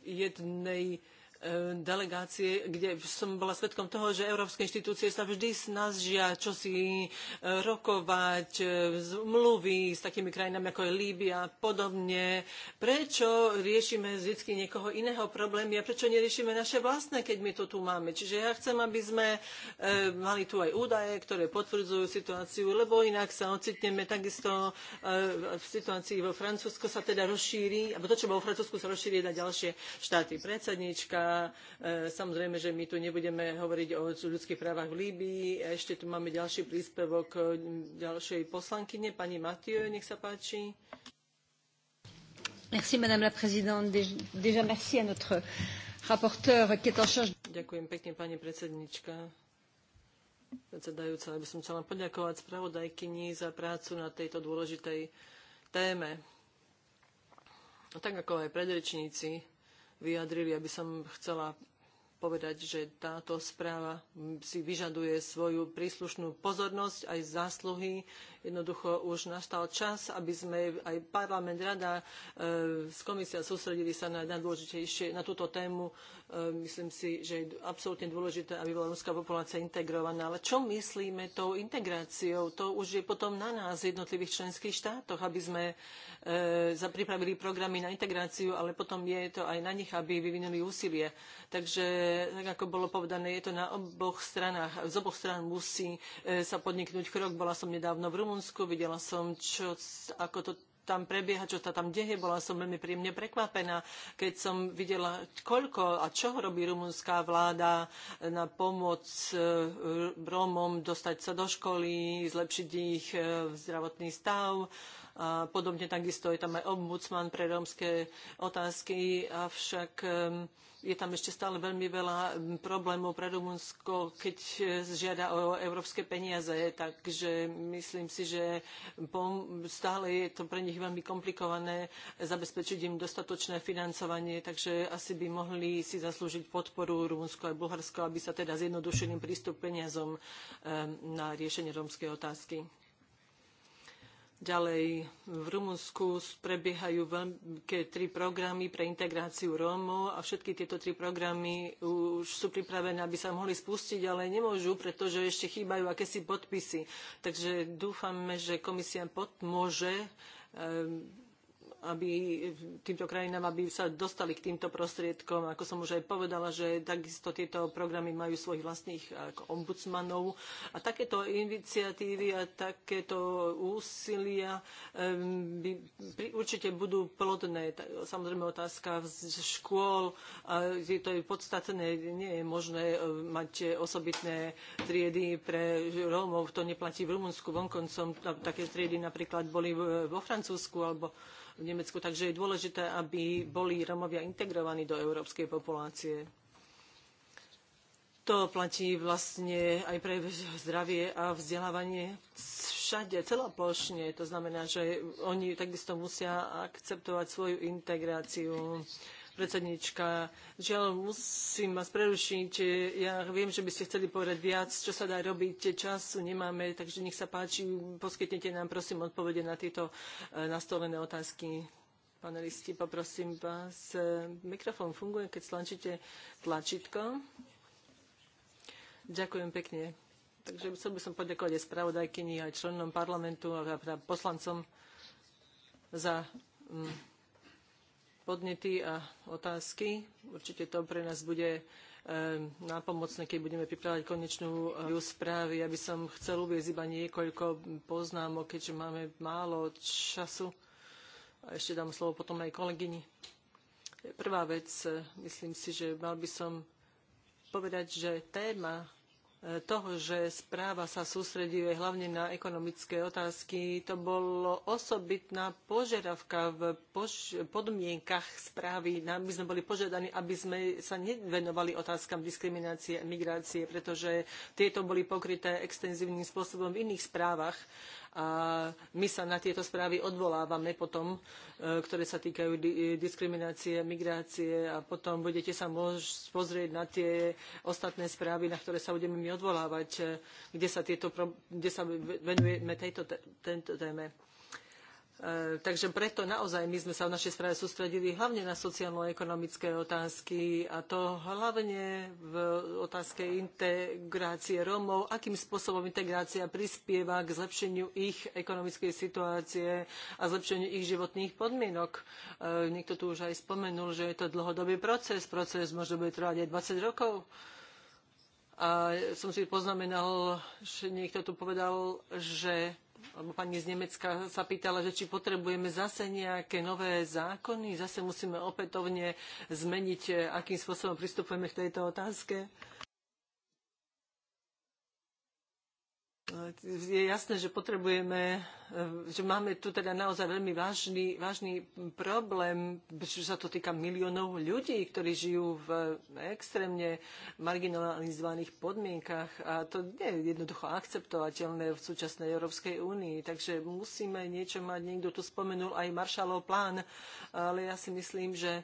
B: jednej Eh, delegácie, kde som bola svetkom toho, že európske inštitúcie sa vždy snažia čosi eh, rokovať, eh, zmluvy s takými krajinami ako je Líbia a podobne. Prečo riešime vždy niekoho iného problémy a prečo neriešime naše vlastné, keď my to tu máme? Čiže ja chcem, aby sme mali tu aj údaje, ktoré potvrdzujú situáciu, lebo inak sa ocitneme takisto v situácii vo Francúzsku sa teda rozšíri, alebo to, čo bolo vo Francúzsku, sa rozšíri na ďalšie štáty. Predsedníčka a e, samozrejme, že my tu nebudeme hovoriť o ľudských právach v Líbii. Ešte tu máme ďalší príspevok e, ďalšej poslankyne, pani Matiu, nech sa páči.
A: Merci, madame la présidente. Déjà merci à notre rapporteur qui est en charge.
B: Ďakujem pekne, pani predsednička predsedajúca, aby som chcela poďakovať spravodajkyni za prácu na tejto dôležitej téme. A tak ako aj predrečníci, vyjadrili. Ja by som chcela povedať, že táto správa si vyžaduje svoju príslušnú pozornosť aj zásluhy. Jednoducho už nastal čas, aby sme aj parlament, rada, z e, komisia sústredili sa na najdôležitejšie, na túto tému. E, myslím si, že je absolútne dôležité, aby bola ruská populácia integrovaná. Ale čo myslíme tou integráciou? To už je potom na nás, jednotlivých členských štátoch, aby sme e, pripravili programy na integráciu, ale potom je to aj na nich, aby vyvinuli úsilie. Takže, tak ako bolo povedané, je to na oboch stranách. Z oboch strán musí sa podniknúť krok. Bola som nedávno v Rumunsku Rumunsku, videla som, čo, ako to tam prebieha, čo sa tam deje. Bola som veľmi príjemne prekvapená, keď som videla, koľko a čo robí rumunská vláda na pomoc e, Rómom dostať sa do školy, zlepšiť ich e, zdravotný stav a podobne takisto je tam aj ombudsman pre rómske otázky, avšak je tam ešte stále veľmi veľa problémov pre Rumunsko, keď eh, žiada o európske peniaze. Takže myslím si, že stále je to pre nich veľmi komplikované zabezpečiť im dostatočné financovanie, takže asi by mohli si zaslúžiť podporu Rumunsko a Bulharsko, aby sa teda zjednodušeným prístup peniazom na riešenie rómskej otázky. Ďalej, v Rumunsku prebiehajú veľké tri programy pre integráciu Rómov a všetky tieto tri programy už sú pripravené, aby sa mohli spustiť, ale nemôžu, pretože ešte chýbajú akési podpisy. Takže dúfame, že komisia pomôže aby týmto krajinám, aby sa dostali k týmto prostriedkom. Ako som už aj povedala, že takisto tieto programy majú svojich vlastných eh, ombudsmanov. A takéto iniciatívy a takéto úsilia by, pri, určite budú plodné. Samozrejme otázka z škôl, je to je podstatné, nie je možné eh, mať osobitné triedy pre Rómov, to neplatí v Rumunsku, vonkoncom také triedy napríklad boli vo Francúzsku alebo v Nemecku. Takže je dôležité, aby boli Romovia integrovaní do európskej populácie. To platí vlastne aj pre zdravie a vzdelávanie všade, celoplošne. To znamená, že oni takisto musia akceptovať svoju integráciu predsednička. Žiaľ, musím vás prerušiť. Ja viem, že by ste chceli povedať viac, čo sa dá robiť. Času nemáme, takže nech sa páči, poskytnite nám prosím odpovede na tieto e, nastolené otázky. Panelisti, poprosím vás. E, mikrofón funguje, keď stlačíte tlačítko. Ďakujem pekne. Takže chcel by som poďakovať aj spravodajkyni, aj členom parlamentu a poslancom za mm, podnety a otázky. Určite to pre nás bude eh, nápomocné, keď budeme pripravať konečnú eh, správy. Ja by som chcel uvieť iba niekoľko poznámok, keďže máme málo času. A ešte dám slovo potom aj kolegyni. Prvá vec, eh, myslím si, že mal by som povedať, že téma toho, že správa sa sústreduje hlavne na ekonomické otázky, to bolo osobitná požiadavka v pož podmienkach správy. My sme boli požiadaní, aby sme sa nevenovali otázkam diskriminácie a migrácie, pretože tieto boli pokryté extenzívnym spôsobom v iných správach a my sa na tieto správy odvolávame potom, e, ktoré sa týkajú e, diskriminácie, migrácie a potom budete sa môcť pozrieť na tie ostatné správy, na ktoré sa budeme my odvolávať, e, kde sa, tieto, kde sa venujeme tejto, tento téme. E, takže preto naozaj my sme sa v našej správe sústredili hlavne na sociálno-ekonomické otázky a to hlavne v otázke integrácie Rómov, akým spôsobom integrácia prispieva k zlepšeniu ich ekonomickej situácie a zlepšeniu ich životných podmienok. E, niekto tu už aj spomenul, že je to dlhodobý proces. Proces možno bude trvať aj 20 rokov. A som si poznamenal, že niekto tu povedal, že alebo pani z Nemecka sa pýtala, že či potrebujeme zase nejaké nové zákony, zase musíme opätovne zmeniť, akým spôsobom pristupujeme k tejto otázke. je jasné, že potrebujeme, e, že máme tu teda naozaj veľmi vážny, vážny problém, čo sa to týka miliónov ľudí, ktorí žijú v extrémne marginalizovaných podmienkach a to nie je jednoducho akceptovateľné v súčasnej Európskej únii, takže musíme niečo mať. Niekto tu spomenul aj Maršalov plán, ale ja si myslím, že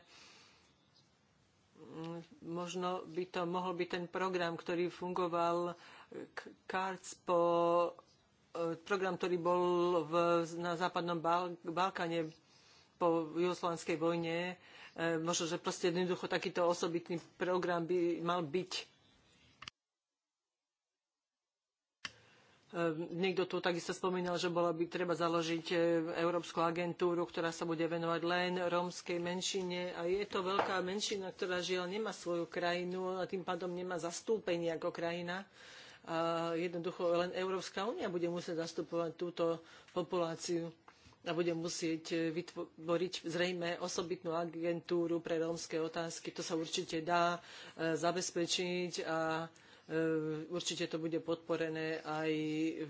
B: mm, možno by to mohol byť ten program, ktorý fungoval Cards po e, program, ktorý bol v, na západnom Balkáne po jugoslovanskej vojne. E, možno, že proste jednoducho takýto osobitný program by mal byť. E, niekto tu takisto spomínal, že bola by treba založiť e, Európsku agentúru, ktorá sa bude venovať len rómskej menšine. A je to veľká menšina, ktorá žiaľ nemá svoju krajinu a tým pádom nemá zastúpenie ako krajina a jednoducho len Európska únia bude musieť zastupovať túto populáciu a bude musieť vytvoriť zrejme osobitnú agentúru pre rómske otázky. To sa určite dá e, zabezpečiť a e, určite to bude podporené aj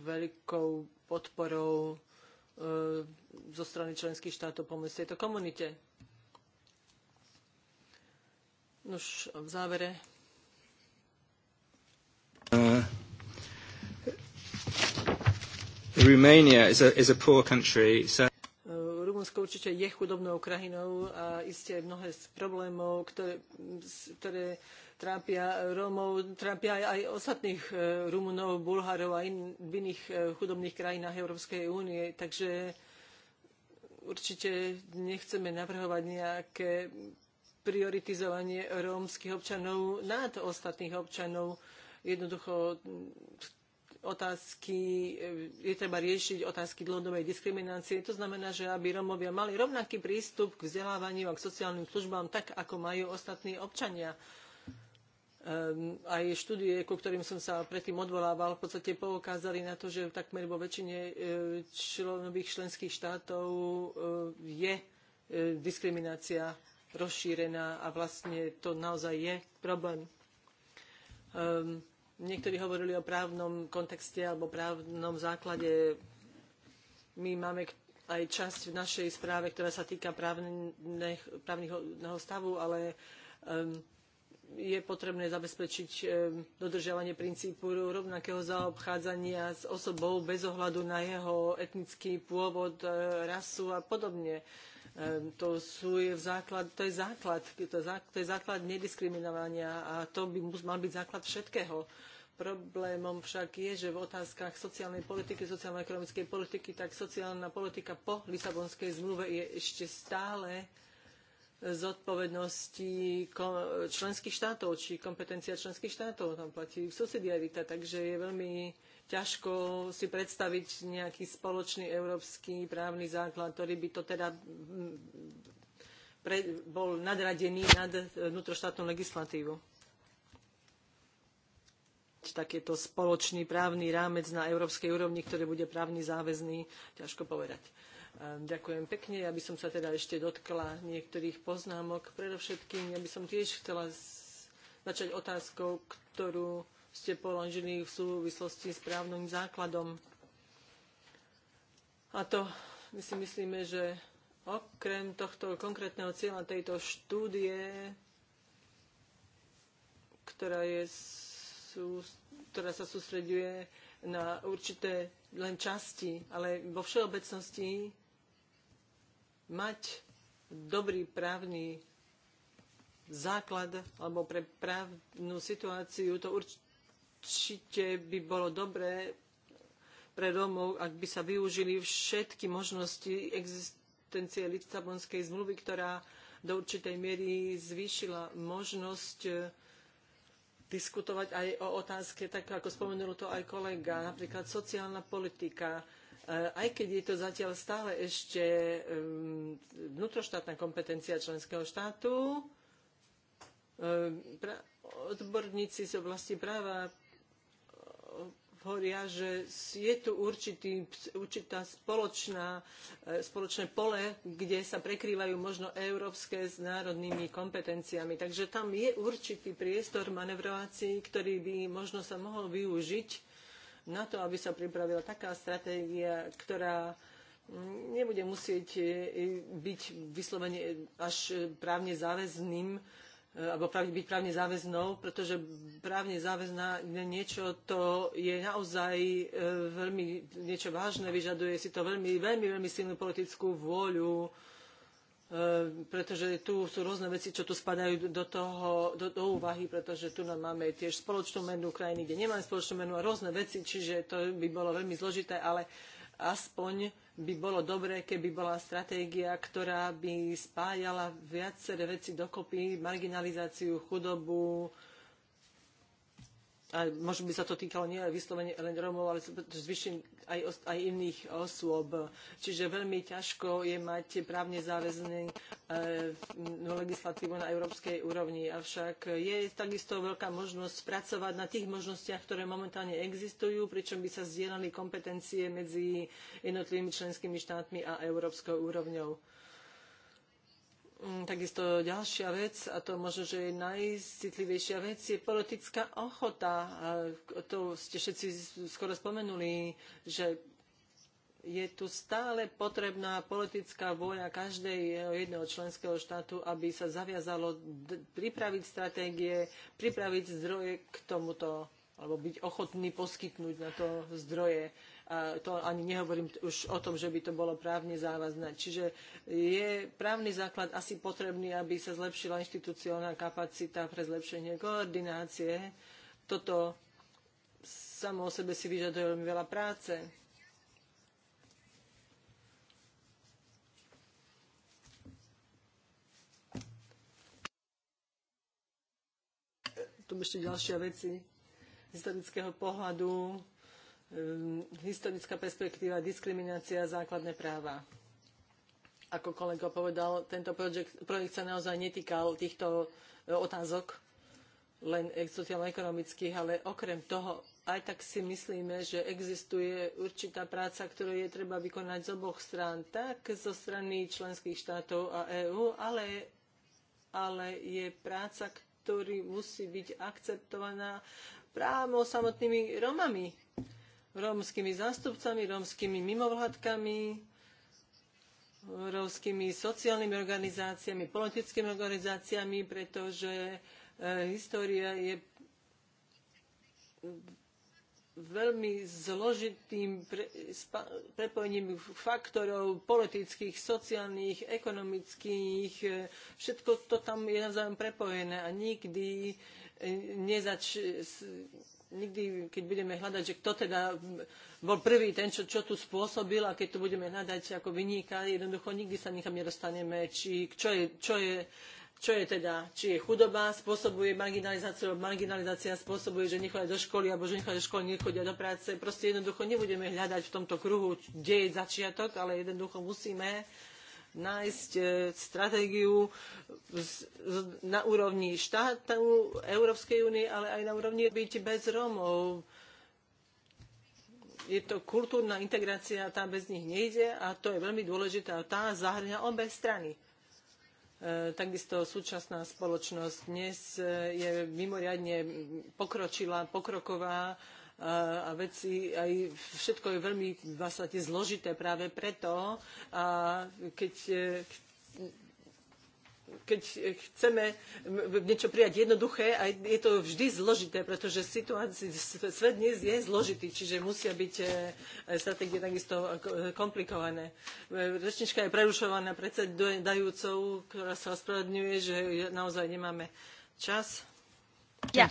B: veľkou podporou e, zo strany členských štátov pomôcť tejto komunite. Nož v závere.
A: Romania is a, is a poor country, so...
B: Eh, Rumunsko určite je chudobnou krajinou a isté mnohé z problémov, ktoré, ktoré trápia Rómov, trápia aj ostatných eh, Rumunov, Bulharov a in, v iných eh, chudobných krajinách Európskej únie. Takže určite nechceme navrhovať nejaké prioritizovanie rómskych občanov nad ostatných občanov. Jednoducho otázky, e, je treba riešiť otázky dlhodobej diskriminácie. To znamená, že aby Romovia mali rovnaký prístup k vzdelávaniu a k sociálnym službám, tak ako majú ostatní občania ehm, aj štúdie, ku ktorým som sa predtým odvolával, v podstate poukázali na to, že takmer vo väčšine e, nových členských štátov e, je diskriminácia rozšírená a vlastne to naozaj je problém. Um, Niektorí hovorili o právnom kontexte alebo právnom základe. My máme aj časť v našej správe, ktorá sa týka právneho, právneho stavu, ale um, je potrebné zabezpečiť e, dodržiavanie princípu rovnakého zaobchádzania s osobou bez ohľadu na jeho etnický pôvod, e, rasu a podobne. E, to, sú, je základ, to je základ, to, to je základ nediskriminovania a to by mal byť základ všetkého. Problémom však je, že v otázkach sociálnej politiky, sociálno-ekonomickej politiky, tak sociálna politika po Lisabonskej zmluve je ešte stále zodpovednosti členských štátov, či kompetencia členských štátov tam platí subsidiarita, takže je veľmi ťažko si predstaviť nejaký spoločný európsky právny základ, ktorý by to teda mm, pre, bol nadradený nad vnútroštátnu legislatívu. Takýto spoločný právny rámec na európskej úrovni, ktorý bude právne záväzný, ťažko povedať. Ehm, ďakujem pekne. Ja by som sa teda ešte dotkla niektorých poznámok. Predovšetkým ja by som tiež chcela začať otázkou, ktorú ste položili v súvislosti s právnym základom. A to my si myslíme, že okrem tohto konkrétneho cieľa tejto štúdie, ktorá, je, sú, ktorá sa sústreďuje na určité len časti, ale vo všeobecnosti mať dobrý právny základ alebo pre právnu situáciu, to určite by bolo dobré pre Rómov, ak by sa využili všetky možnosti existencie Lisabonskej zmluvy, ktorá do určitej miery zvýšila možnosť eh, diskutovať aj o otázke, tak ako spomenul to aj kolega, napríklad sociálna politika, E, aj keď je to zatiaľ stále ešte vnútroštátna kompetencia členského štátu, odborníci z oblasti práva e, hovoria, že je tu určitý, určitá spoločná, e, spoločné pole, kde sa prekrývajú možno európske s národnými kompetenciami. Takže tam je určitý priestor manevrovací, ktorý by možno sa mohol využiť na to, aby sa pripravila taká stratégia, ktorá nebude musieť e, byť vyslovene až právne záväzným, e, alebo byť právne záväznou, pretože právne záväzná niečo to je naozaj e, veľmi niečo vážne, vyžaduje si to veľmi, veľmi, veľmi silnú politickú vôľu, Ehm, pretože tu sú rôzne veci, čo tu spadajú do, toho, do, do úvahy, pretože tu nám máme tiež spoločnú menu krajiny, kde nemáme spoločnú menu a rôzne veci, čiže to by bolo veľmi zložité, ale aspoň by bolo dobré, keby bola stratégia, ktorá by spájala viaceré veci dokopy, marginalizáciu, chudobu, a možno by sa to týkalo nie vyslovene len Rómov, ale zvyšen aj, aj iných osôb. Čiže veľmi ťažko je mať právne záväzné e, eh, legislatívu na európskej úrovni. Avšak je takisto veľká možnosť pracovať na tých možnostiach, ktoré momentálne existujú, pričom by sa zdieľali kompetencie medzi jednotlivými členskými štátmi a európskou úrovňou. Mm, takisto ďalšia vec, a to možno, že je najcitlivejšia vec, je politická ochota. A to ste všetci skoro spomenuli, že je tu stále potrebná politická vôľa každej jedného členského štátu, aby sa zaviazalo pripraviť stratégie, pripraviť zdroje k tomuto, alebo byť ochotný poskytnúť na to zdroje to ani nehovorím už o tom, že by to bolo právne závazné. Čiže je právny základ asi potrebný, aby sa zlepšila inštitúciálna kapacita pre zlepšenie koordinácie. Toto samo o sebe si vyžaduje veľmi veľa práce. Tu ešte ďalšia veci z historického pohľadu. Ehm, historická perspektíva, diskriminácia, základné práva. Ako kolega povedal, tento projekt, projekt sa naozaj netýkal týchto e, otázok, len e, sociálno-ekonomických, ale okrem toho aj tak si myslíme, že existuje určitá práca, ktorú je treba vykonať z oboch strán, tak zo strany členských štátov a EÚ, ale, ale je práca, ktorá musí byť akceptovaná právo samotnými Romami, rómskymi zástupcami, rómskymi mimovládkami, rómskymi sociálnymi organizáciami, politickými organizáciami, pretože e, história je veľmi zložitým prepojením faktorov politických, sociálnych, ekonomických. E, všetko to tam je navzájom prepojené a nikdy e, nezač, nikdy, keď budeme hľadať, že kto teda bol prvý ten, čo, čo tu spôsobil a keď to budeme hľadať ako vyníka, jednoducho nikdy sa nikam nedostaneme, či čo je, čo je čo je teda, či je chudoba, spôsobuje marginalizáciu, marginalizácia spôsobuje, že nechodia do školy, alebo že nechodia do školy, nechodia do práce. Proste jednoducho nebudeme hľadať v tomto kruhu, kde je začiatok, ale jednoducho musíme nájsť e, stratégiu na úrovni štátov Európskej únie, ale aj na úrovni byť bez Rómov je to kultúrna integrácia, tá bez nich nejde a to je veľmi dôležité a tá zahrňa obe strany. E, takisto súčasná spoločnosť dnes e, je mimoriadne pokročila, pokroková a veci, aj všetko je veľmi v vlastne zložité práve preto. A keď, e, keď chceme niečo prijať jednoduché, aj je to vždy zložité, pretože situácia, svet dnes je zložitý, čiže musia byť e, stratégie takisto komplikované. E, rečnička je prerušovaná predsedajúcou, ktorá sa ospravedlňuje, že naozaj nemáme čas. Uh, ja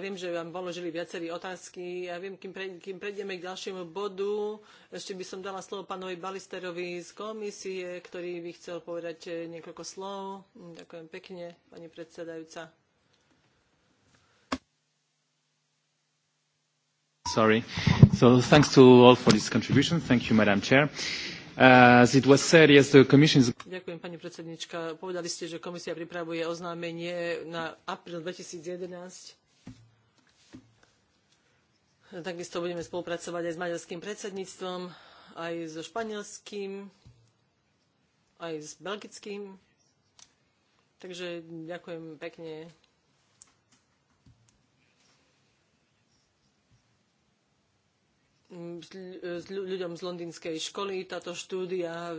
B: viem, že vám položili viacerí otázky. Ja viem, kým, prejdeme k ďalšiemu bodu, ešte by som dala slovo pánovi Balisterovi z komisie, ktorý by chcel povedať eh, niekoľko slov. Ďakujem pekne, pani predsedajúca.
A: Sorry. So thanks to all for this contribution. Thank you, Madam Chair. As it was said, yes, the commission's...
B: Ďakujem, pani predsednička. Povedali ste, že komisia pripravuje oznámenie na apríl 2011. Takisto budeme spolupracovať aj s maďarským predsedníctvom, aj so španielským, aj s belgickým. Takže ďakujem pekne E, ľuďom z londýnskej školy. Táto štúdia e,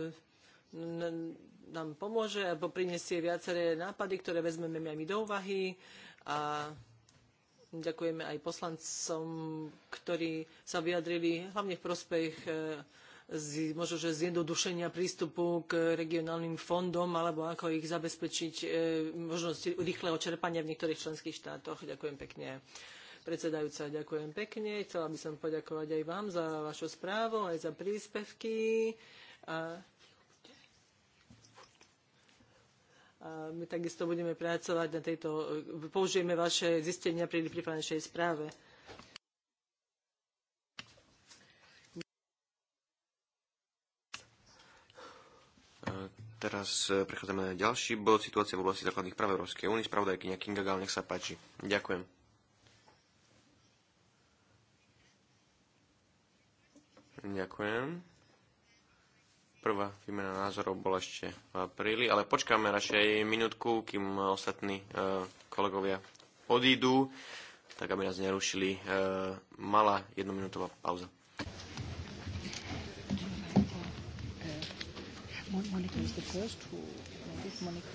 B: nám pomôže alebo prinesie viaceré nápady, ktoré vezmeme aj my do úvahy. A ďakujeme aj poslancom, ktorí sa vyjadrili hlavne v prospech e, z, možno, že zjednodušenia prístupu k regionálnym fondom alebo ako ich zabezpečiť možnosti rýchleho čerpania v niektorých členských štátoch. Ďakujem pekne predsedajúca. Ďakujem pekne. Chcela by som poďakovať aj vám za vašu správu, aj za príspevky. A my takisto budeme pracovať na tejto, použijeme vaše zistenia pri prípadnejšej správe.
C: Teraz e, prechádzame na ďalší bod, situácia v oblasti základných práv Európskej únie. Spravodajkyňa Kinga Gál, nech sa páči. Ďakujem. Ďakujem. Prvá výmena názorov bola ešte v apríli, ale počkáme radšej minútku, kým ostatní e, kolegovia odídu, tak aby nás nerušili. E, malá jednominútová pauza.
A: Monika, is the first who, this Monica.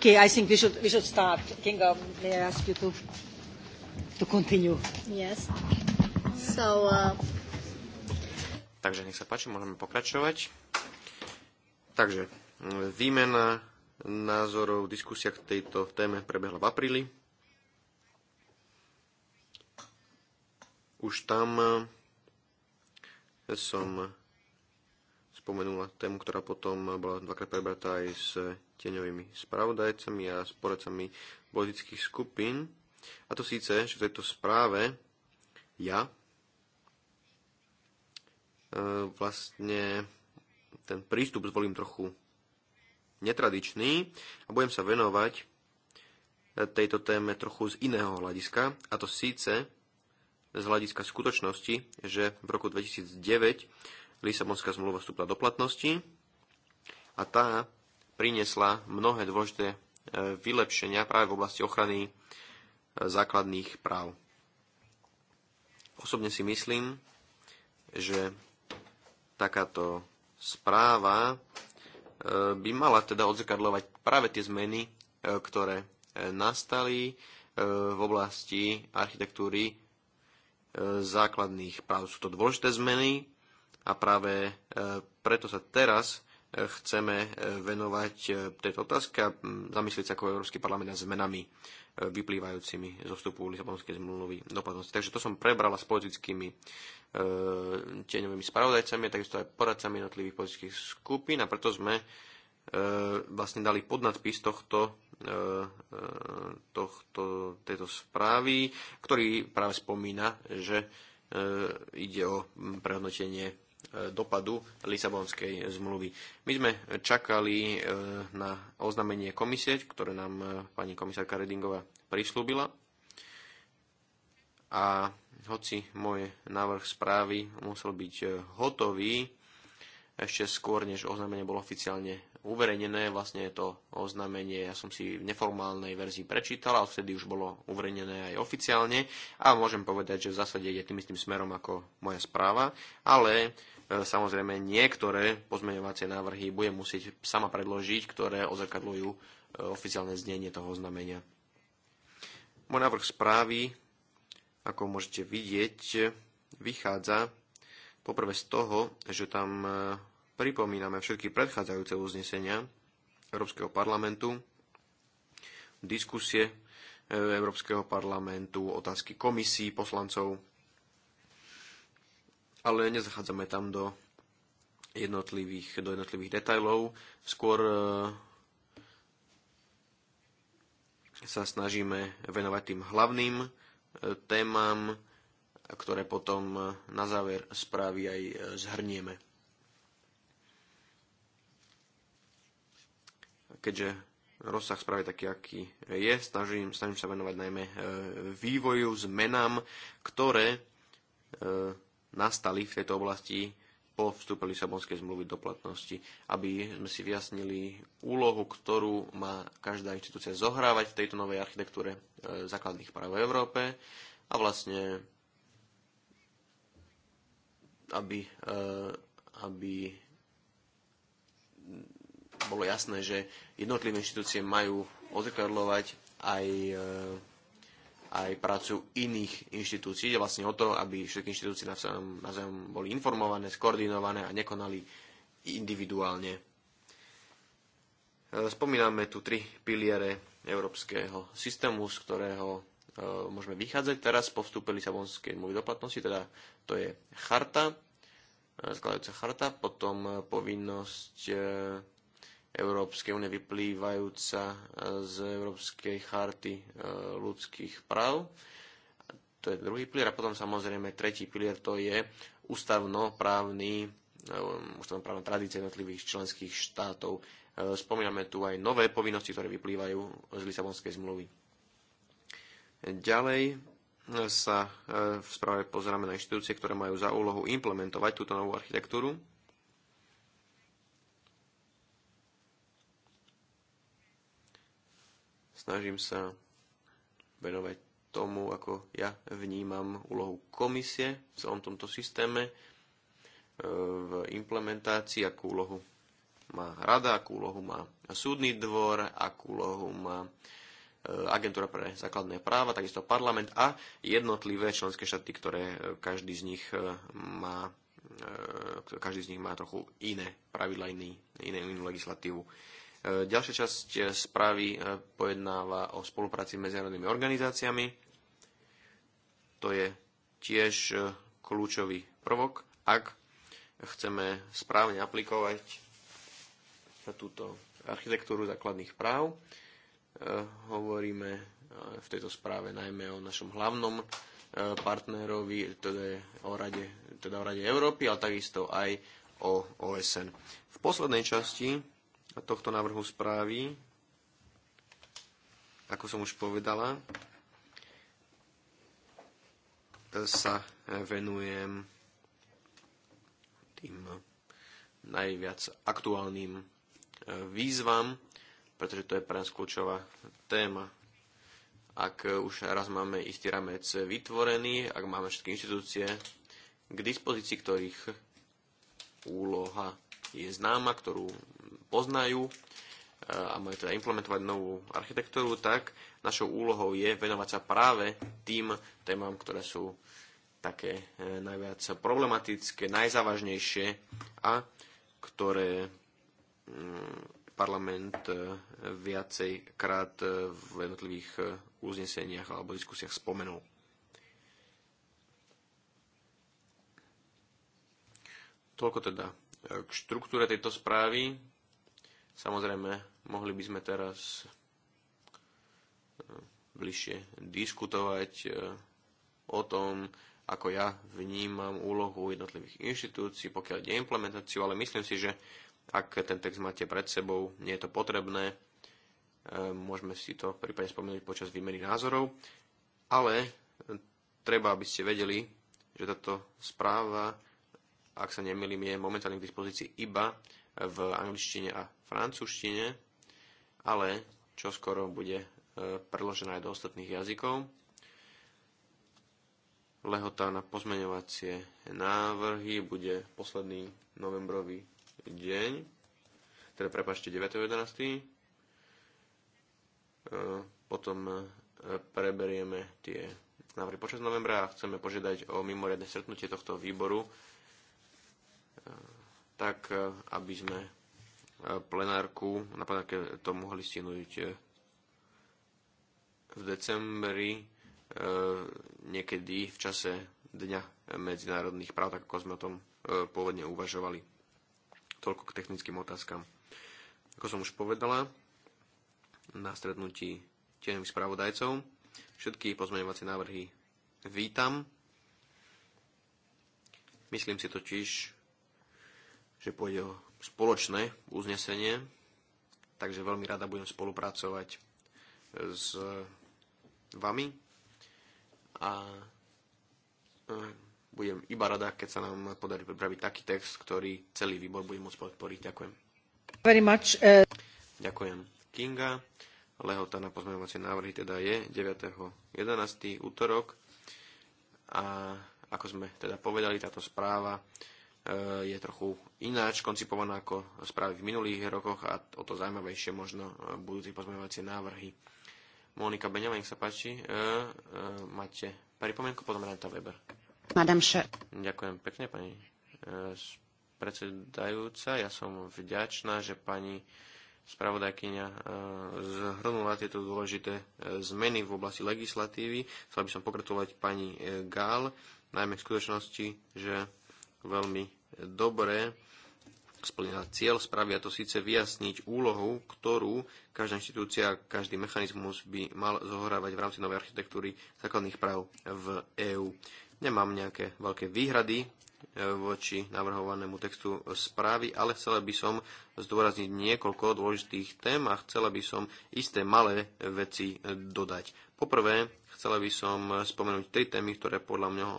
A: Okay, I think we should, we should start. Kinga, may I ask you to, to continue?
D: Yes. So, uh...
C: Takže nech sa páči, môžeme pokračovať. Takže výmena názorov, diskusia k tejto téme prebehla v apríli. Už tam eh, som spomenula tému, ktorá potom bola dvakrát prebratá aj s tieňovými spravodajcami a sporecami politických skupín. A to síce, že v tejto správe ja e, vlastne ten prístup zvolím trochu netradičný a budem sa venovať e, tejto téme trochu z iného hľadiska, a to síce z hľadiska skutočnosti, že v roku 2009 Lisabonská zmluva vstúpla do platnosti a tá priniesla mnohé dôležité e, vylepšenia práve v oblasti ochrany e, základných práv. Osobne si myslím, že takáto správa e, by mala teda odzrkadľovať práve tie zmeny, ktoré nastali v oblasti architektúry základných práv. Sú to dôležité zmeny a práve preto sa teraz chceme eh, venovať eh, tejto otázke a mm, zamyslieť sa ako Európsky parlament nad zmenami eh, vyplývajúcimi zo vstupu Lisabonskej zmluvy do platnosti. Takže to som prebrala s politickými e, tieňovými spravodajcami a takisto aj poradcami jednotlivých politických skupín a preto sme e, vlastne dali podnadpis tohto, e, tohto, tejto správy, ktorý práve spomína, že e, ide o mm, prehodnotenie E, dopadu Lisabonskej zmluvy. My sme čakali e, na oznámenie komisie, ktoré nám e, pani komisárka Redingová prislúbila. A hoci môj návrh správy musel byť hotový ešte skôr, než oznámenie bolo oficiálne uverejnené, vlastne je to oznámenie, ja som si v neformálnej verzii prečítal, ale vtedy už bolo uverejnené aj oficiálne a môžem povedať, že v zásade ide tým istým smerom ako moja správa, ale e, samozrejme niektoré pozmeňovacie návrhy budem musieť sama predložiť, ktoré ozakadľujú e, oficiálne znenie toho oznámenia. Môj návrh správy, ako môžete vidieť, vychádza poprvé z toho, že tam e, pripomíname všetky predchádzajúce uznesenia Európskeho parlamentu, diskusie e, Európskeho parlamentu, otázky komisí, poslancov, ale nezachádzame tam do jednotlivých, do jednotlivých detajlov. Skôr e, sa snažíme venovať tým hlavným e, témam, ktoré potom na záver správy aj zhrnieme. keďže rozsah správy taký, aký je, snažím, snažím sa venovať najmä e, vývoju, zmenám, ktoré e, nastali v tejto oblasti po vstupe Lisabonskej zmluvy do platnosti, aby sme si vyjasnili úlohu, ktorú má každá inštitúcia zohrávať v tejto novej architektúre e, základných práv v Európe a vlastne aby, aby bolo jasné, že jednotlivé inštitúcie majú odzrkadľovať aj, e, aj prácu iných inštitúcií. Ide vlastne o to, aby všetky inštitúcie navzájom, navzájom boli informované, skoordinované a nekonali individuálne. E, spomíname tu tri piliere európskeho systému, z ktorého e, môžeme vychádzať teraz po vstupe Lisabonskej zmluvy do platnosti, teda to je charta, skladajúca charta, potom povinnosť Európskej únie vyplývajúca e, z Európskej charty e, ľudských práv. To je druhý pilier. A potom samozrejme tretí pilier to je ústavnoprávny, e, ústavnoprávna tradícia jednotlivých členských štátov. Spomíname tu aj nové povinnosti, ktoré vyplývajú z Lisabonskej zmluvy. Ďalej sa v správe pozeráme na inštitúcie, ktoré majú za úlohu implementovať túto novú architektúru Snažím sa venovať tomu, ako ja vnímam úlohu komisie v celom tomto systéme, e, v implementácii, akú úlohu má rada, akú úlohu má súdny dvor, akú úlohu má e, agentúra pre základné práva, takisto parlament a jednotlivé členské štáty, ktoré e, každý z nich má každý z nich má trochu iné pravidla, iné, inú legislatívu. E, ďalšia časť e, správy e, pojednáva o spolupráci s medzinárodnými organizáciami. To je tiež kľúčový prvok, ak chceme správne aplikovať túto architektúru základných práv. Hovoríme v tejto správe najmä o našom hlavnom partnerovi, teda o Rade, teda o Rade Európy, ale takisto aj o OSN. V poslednej časti tohto návrhu správy, ako som už povedala, sa venujem tým najviac aktuálnym e, výzvam, pretože to je pre nás kľúčová téma. Ak už raz máme istý ramec vytvorený, ak máme všetky inštitúcie k dispozícii, ktorých úloha je známa, ktorú poznajú e, a majú teda implementovať novú architektúru, tak našou úlohou je venovať sa práve tým témam, ktoré sú také e, najviac problematické, najzávažnejšie a ktoré mm, parlament e, viacejkrát v jednotlivých uzneseniach alebo diskusiách spomenul. Toľko teda k štruktúre tejto správy Samozrejme, mohli by sme teraz eh, bližšie diskutovať eh, o tom, ako ja vnímam úlohu jednotlivých inštitúcií, pokiaľ ide implementáciu, ale myslím si, že ak ten text máte pred sebou, nie je to potrebné, eh, môžeme si to prípadne spomenúť počas výmeny názorov, ale treba, aby ste vedeli, že táto správa, ak sa nemýlim, je momentálne k dispozícii iba v angličtine a francúzštine, ale čo skoro bude e, preložená aj do ostatných jazykov. Lehota na pozmeňovacie návrhy bude posledný novembrový deň, teda prepašte 9.11. E, potom e, preberieme tie návrhy počas novembra a chceme požiadať o mimoriadne stretnutie tohto výboru, tak aby sme plenárku, na plenárke to mohli stihnúť e, v decembri, e, niekedy v čase Dňa medzinárodných práv, tak ako sme o tom e, pôvodne uvažovali. Toľko k technickým otázkam. Ako som už povedala, na stretnutí tieňových správodajcov všetky pozmeňovacie návrhy vítam. Myslím si totiž, že pôjde o spoločné uznesenie, takže veľmi rada budem spolupracovať s vami a e, budem iba rada, keď sa nám podarí pripraviť taký text, ktorý celý výbor bude môcť podporiť. Ďakujem.
A: Very much, uh...
C: Ďakujem Kinga. Lehota na pozmeňovacie návrhy teda je 9.11. útorok a ako sme teda povedali, táto správa E, je trochu ináč koncipovaná ako správy v minulých rokoch a o to zaujímavejšie možno e, budúci pozmeňovacie návrhy. Monika Beňová, nech sa páči. E, e, máte pripomienku, potom Renata Weber. Madame Š. Ďakujem pekne, pani e, predsedajúca. Ja som vďačná, že pani e, zhrnula tieto dôležité e, zmeny v oblasti legislatívy. Chcel by som pokratulovať pani Gál, najmä v skutočnosti, že veľmi dobre splnila cieľ Spravia to síce vyjasniť úlohu, ktorú každá inštitúcia, každý mechanizmus by mal zohrávať v rámci novej architektúry základných práv v EÚ. Nemám nejaké veľké výhrady eh, voči navrhovanému textu správy, ale chcela by som zdôrazniť niekoľko dôležitých tém a chcela by som isté malé veci dodať. Poprvé, Chcela by som eh, spomenúť tri témy, ktoré podľa mňa, eh,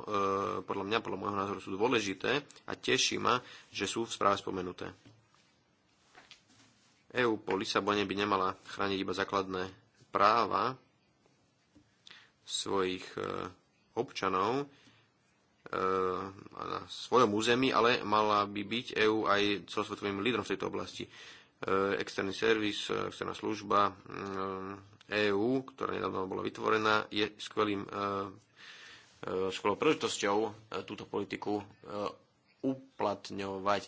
C: podľa mňa, podľa môjho názoru sú dôležité a teší ma, že sú v správe spomenuté. EU po Lisabone by nemala chrániť iba základné práva svojich eh, občanov na svojom území, ale mala by byť EU aj celosvetovým lídrom v tejto oblasti externý servis, externá služba, mm, EÚ, ktorá nedávno bola vytvorená, je skvelým, e, e, skvelou príležitosťou e, túto politiku uplatňovať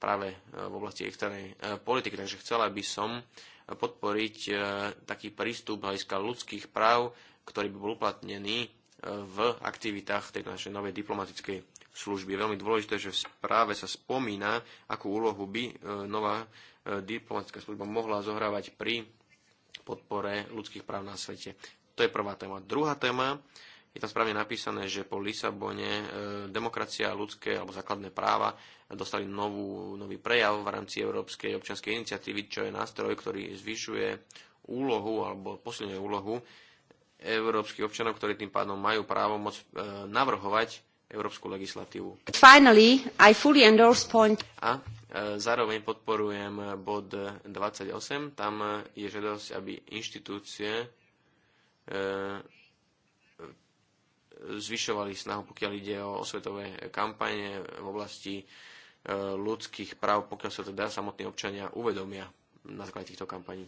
C: práve v oblasti externej politiky. Takže chcela by som podporiť taký prístup hľadiska ľudských práv, ktorý by bol uplatnený v aktivitách tej našej novej diplomatickej služby. Je veľmi dôležité, že v správe sa spomína, akú úlohu by nová diplomatická služba mohla zohrávať pri podpore ľudských práv na svete. To je prvá téma. Druhá téma, je tam správne napísané, že po Lisabone e, demokracia, ľudské alebo základné práva dostali novú, nový prejav v rámci Európskej občianskej iniciatívy, čo je nástroj, ktorý zvyšuje úlohu alebo posilňuje úlohu európskych občanov, ktorí tým pádom majú právo moc e, navrhovať európsku legislatívu.
A: Finally, I fully endorse point...
C: A e, zároveň podporujem bod 28. Tam e, je žiadosť, aby inštitúcie e, zvyšovali snahu, pokiaľ ide o osvetové kampane v oblasti ľudských práv, pokiaľ sa teda samotní občania uvedomia na základe týchto kampaní.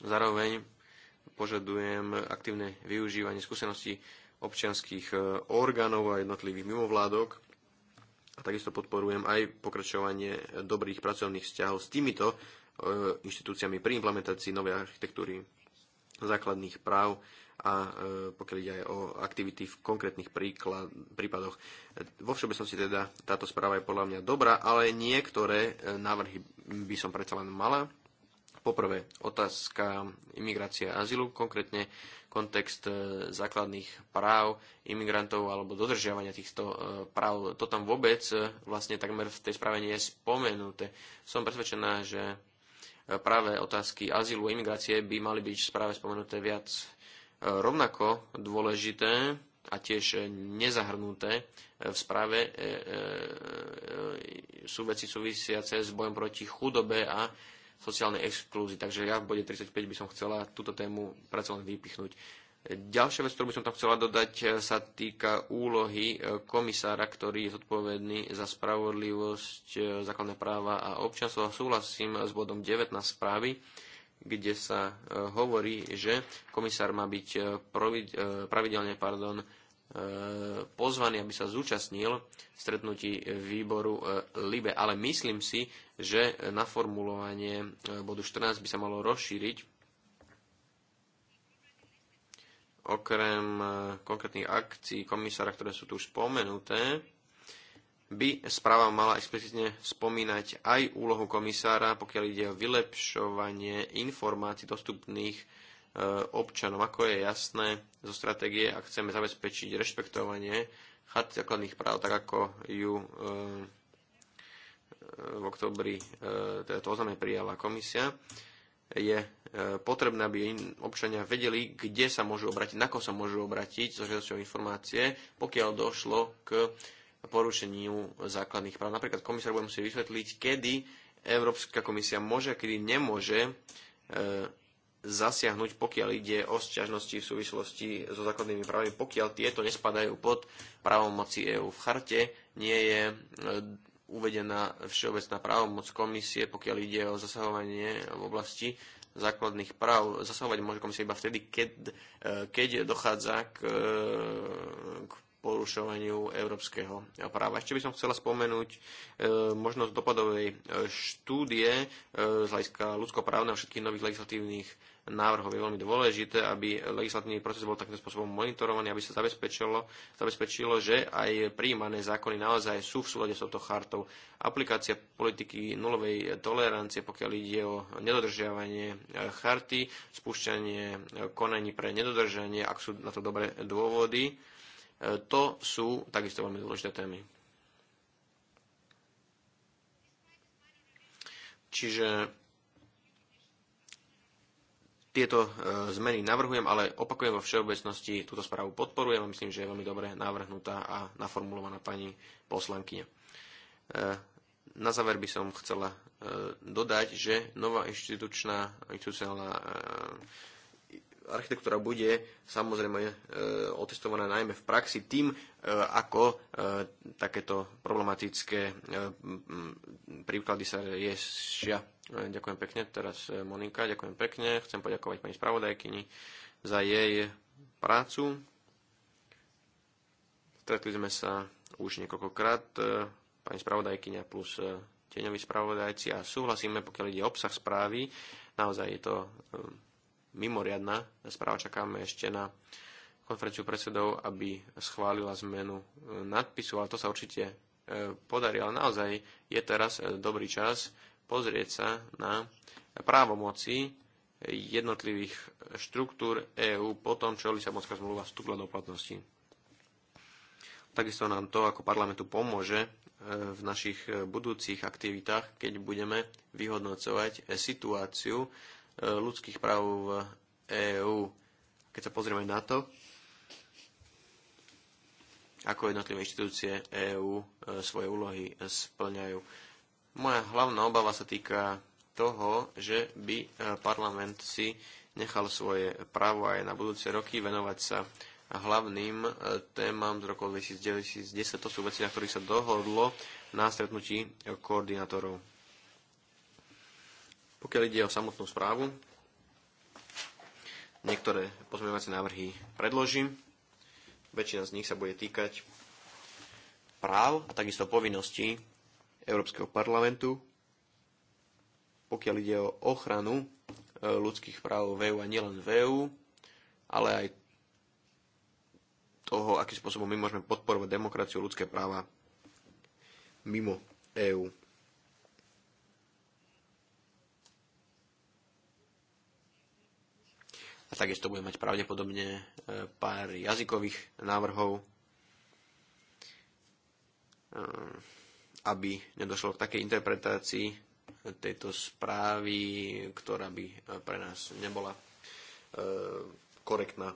C: Zároveň požadujem aktívne využívanie skúseností občianských e, orgánov a jednotlivých mimovládok. A takisto podporujem aj pokračovanie dobrých pracovných vzťahov s týmito e, inštitúciami pri implementácii novej architektúry základných práv a e, pokiaľ ide aj o aktivity v konkrétnych príklad, prípadoch. Vo všeobecnosti teda táto správa je podľa mňa dobrá, ale niektoré návrhy by som predsa len mala Poprvé, otázka imigrácie a azylu, konkrétne kontext e, základných práv imigrantov alebo dodržiavania týchto e, práv. To tam vôbec e, vlastne takmer v tej správe nie je spomenuté. Som presvedčená, že práve otázky azylu a imigrácie by mali byť v správe spomenuté viac rovnako dôležité a tiež nezahrnuté v správe sú veci súvisiace s bojom proti chudobe a sociálnej exklúzii. Takže ja v bode 35 by som chcela túto tému pracovne vypichnúť. Ďalšia vec, ktorú by som tam chcela dodať, e, sa týka úlohy e, komisára, ktorý je zodpovedný za spravodlivosť, e, základné práva a občanstvo. Súhlasím s bodom 19 správy, kde sa hovorí, že komisár má byť pravidelne pardon, E, pozvaný, aby sa zúčastnil v stretnutí výboru e, LIBE. Ale myslím si, že na formulovanie e, bodu 14 by sa malo rozšíriť okrem konkrétnych akcií komisára, ktoré sú tu už spomenuté, by správa mala explicitne spomínať aj úlohu komisára, pokiaľ ide o vylepšovanie informácií dostupných Eh, občanom. Ako je jasné zo stratégie, ak chceme zabezpečiť rešpektovanie charty základných práv, tak ako ju eh, v oktobri eh, teda to oznámenie prijala komisia, je potrebné, aby občania vedeli, kde sa môžu obrátiť, na koho sa môžu obrátiť so žiadosťou informácie, pokiaľ došlo k porušeniu základných práv. Napríklad komisár bude musieť vysvetliť, kedy Európska komisia môže a kedy nemôže zasiahnuť, pokiaľ ide o sťažnosti v súvislosti so základnými právami, pokiaľ tieto nespadajú pod právomoci EÚ. V charte nie je e, uvedená všeobecná právomoc komisie, pokiaľ ide o zasahovanie v oblasti základných práv. Zasahovať môže komisia iba vtedy, keď, e, keď dochádza k, e, k porušovaniu európskeho práva. Ešte by som chcela spomenúť e, možnosť dopadovej e, štúdie e, z hľadiska ľudskoprávneho všetkých nových legislatívnych návrhov. Je veľmi dôležité, aby legislatívny proces bol takýmto spôsobom monitorovaný, aby sa zabezpečilo, zabezpečilo že aj príjmané zákony naozaj sú v súlade s touto chartou. Aplikácia politiky nulovej tolerancie, pokiaľ ide o nedodržiavanie e, charty, spúšťanie e, konaní pre nedodržanie, ak sú na to dobré dôvody, to sú takisto veľmi dôležité témy. Čiže tieto e, zmeny navrhujem, ale opakujem vo všeobecnosti, túto správu podporujem a myslím, že je veľmi dobre navrhnutá a naformulovaná pani poslankyňa. E, na záver by som chcela e, dodať, že nová inštitučná, inštitucionálna architektúra bude samozrejme e, otestovaná najmä v praxi tým, e, ako e, takéto problematické príklady sa riešia. ďakujem pekne. Teraz Monika, ďakujem pekne. Chcem poďakovať pani spravodajkyni za jej prácu. Stretli sme sa už niekoľkokrát, pani spravodajkyňa plus tieňoví spravodajci a súhlasíme, pokiaľ ide obsah správy. Naozaj je to mimoriadná správa. Čakáme ešte na konferenciu predsedov, aby schválila zmenu e, nadpisu, ale to sa určite e, podarí. Ale naozaj je teraz e, dobrý čas pozrieť sa na právomoci jednotlivých štruktúr EÚ po tom, čo Lisabonská zmluva vstúpila do platnosti. Takisto nám to ako parlamentu pomôže v našich budúcich aktivitách, keď budeme vyhodnocovať situáciu Eh, ľudských práv v EÚ. Keď sa pozrieme na to, ako jednotlivé inštitúcie EÚ eh, svoje úlohy splňajú. Moja hlavná obava sa týka toho, že by eh, parlament si nechal svoje právo aj na budúce roky venovať sa hlavným témam z roku 2010. To sú veci, na ktorých sa dohodlo na stretnutí koordinátorov. Pokiaľ ide o samotnú správu, niektoré pozmeňovacie návrhy predložím. Väčšina z nich sa bude týkať práv a takisto povinností Európskeho parlamentu, pokiaľ ide o ochranu e, ľudských práv v EU a nielen v EU, ale aj toho, akým spôsobom my môžeme podporovať demokraciu, ľudské práva mimo EÚ. a takisto bude mať pravdepodobne e, pár jazykových návrhov, e, aby nedošlo k takej interpretácii tejto správy, ktorá by e, pre nás nebola korektná.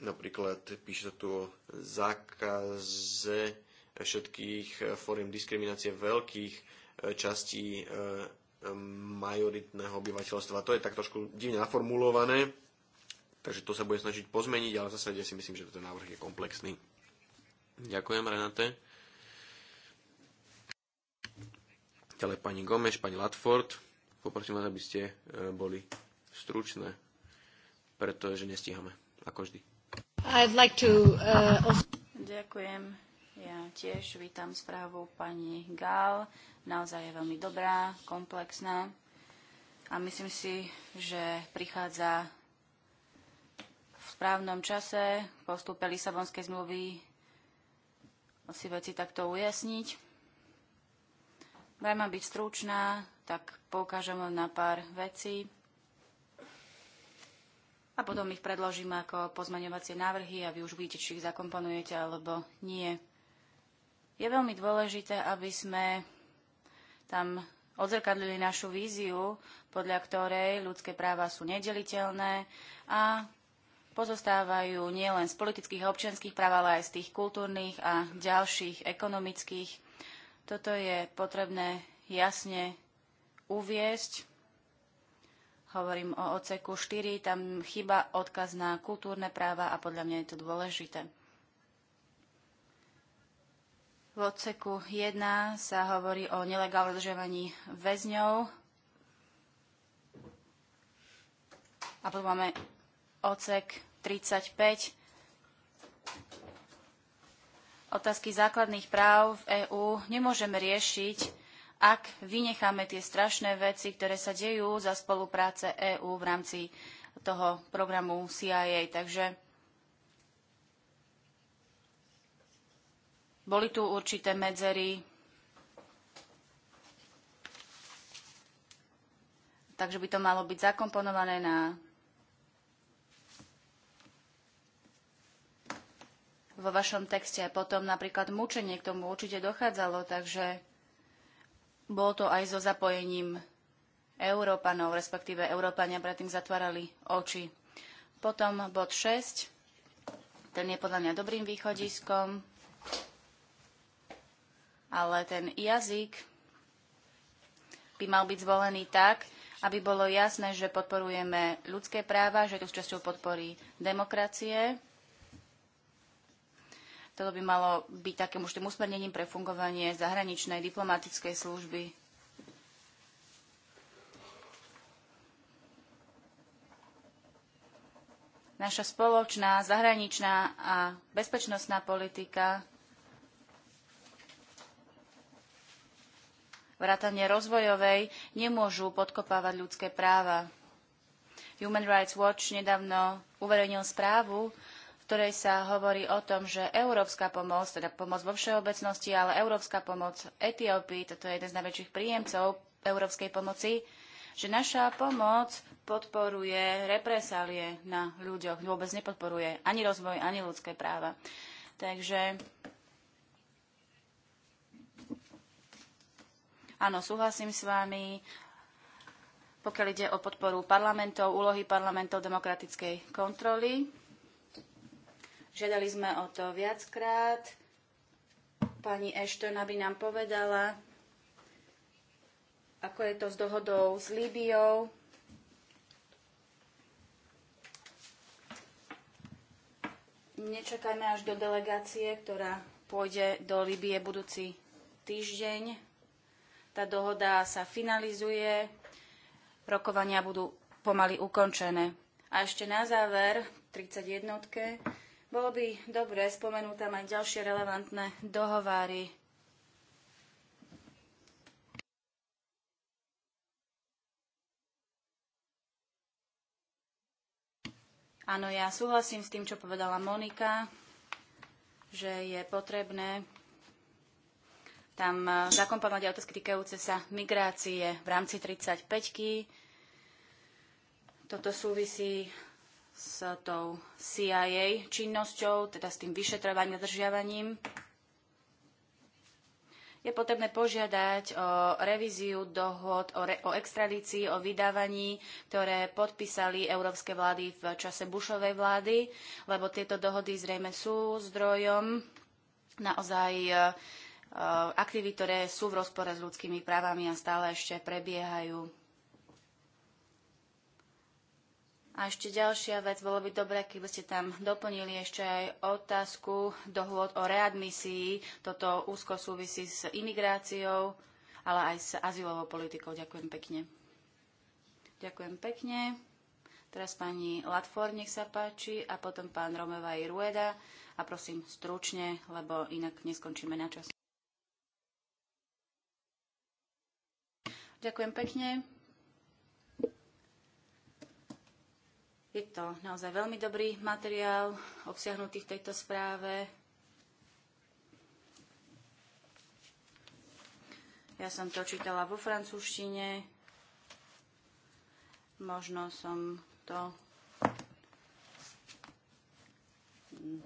C: Napríklad píše sa tu o zákaze všetkých fóriem diskriminácie veľkých častí majoritného obyvateľstva. To je tak trošku divne naformulované, takže to sa bude snažiť pozmeniť, ale v zásade si myslím, že ten návrh je komplexný. Ďakujem, Renate. Ďalej pani Gomeš, pani Latford. Poprosím vás, aby ste e, boli stručné, pretože nestíhame,
D: ako vždy. I'd like to, uh... Ďakujem. Ja tiež vítam správu pani Gál. Naozaj je veľmi dobrá, komplexná a myslím si, že prichádza v správnom čase. Po vstupe Lisabonskej zmluvy si veci takto ujasniť. Daj byť stručná, tak poukážem na pár vecí a potom ich predložím ako pozmaňovacie návrhy a vy už vidíte, či ich zakomponujete alebo nie. Je veľmi dôležité, aby sme tam odzrkadlili našu víziu, podľa ktorej ľudské práva sú nedeliteľné a pozostávajú nielen z politických a občianských práv, ale aj z tých kultúrnych a ďalších ekonomických. Toto je potrebné jasne uviesť. Hovorím o oceku 4, tam chyba odkaz na kultúrne práva a podľa mňa je to dôležité. V odseku 1 sa hovorí o nelegálnom držovaní väzňov. A potom máme odsek 35. Otázky základných práv v EÚ nemôžeme riešiť, ak vynecháme tie strašné veci, ktoré sa dejú za spolupráce EÚ v rámci toho programu CIA. Takže Boli tu určité medzery, takže by to malo byť zakomponované na vo vašom texte. Potom napríklad mučenie k tomu určite dochádzalo, takže bolo to aj so zapojením Európanov, respektíve Európania predtým zatvárali oči. Potom bod 6, ten je podľa mňa dobrým východiskom ale ten jazyk by mal byť zvolený tak, aby bolo jasné, že podporujeme ľudské práva, že je to s časťou podporí demokracie. Toto by malo byť takým už tým usmernením pre fungovanie zahraničnej diplomatickej služby. Naša spoločná zahraničná a bezpečnostná politika vrátane rozvojovej, nemôžu podkopávať ľudské práva. Human Rights Watch nedávno uverejnil správu, v ktorej sa hovorí o tom, že európska pomoc, teda pomoc vo všeobecnosti, ale európska pomoc Etiópii, toto je jeden z najväčších príjemcov európskej pomoci, že naša pomoc podporuje represálie na ľuďoch, vôbec nepodporuje ani rozvoj, ani ľudské práva. Takže Áno, súhlasím s vami. Pokiaľ ide o podporu parlamentov, úlohy parlamentov demokratickej kontroly, žiadali sme o to viackrát. Pani Ešton, aby nám povedala, ako je to s dohodou s Líbiou, nečakajme až do delegácie, ktorá pôjde do Líbie budúci týždeň. Tá dohoda sa finalizuje, rokovania budú pomaly ukončené. A ešte na záver, 31. Bolo by dobre spomenúť tam aj ďalšie relevantné dohováry. Áno, ja súhlasím s tým, čo povedala Monika, že je potrebné tam e, zakomponovať aj otázky týkajúce sa migrácie v rámci 35 Toto súvisí s tou CIA činnosťou, teda s tým vyšetrovaním a držiavaním je potrebné požiadať o revíziu dohod o, re, o extradícii, o vydávaní, ktoré podpísali európske vlády v čase bušovej vlády, lebo tieto dohody zrejme sú zdrojom naozaj e, Eh, aktivít, ktoré sú v rozpore s ľudskými právami a stále ešte prebiehajú. A ešte ďalšia vec, bolo by dobré, keby ste tam doplnili ešte aj otázku dohôd o readmisii. Toto úzko súvisí s imigráciou, ale aj s azylovou politikou. Ďakujem pekne. Ďakujem pekne. Teraz pani Latfor, nech sa páči, a potom pán Romeva i Rueda. A prosím stručne, lebo inak neskončíme na čas. Ďakujem pekne. Je to naozaj veľmi dobrý materiál obsiahnutý v tejto správe. Ja som to čítala vo francúzštine. Možno som to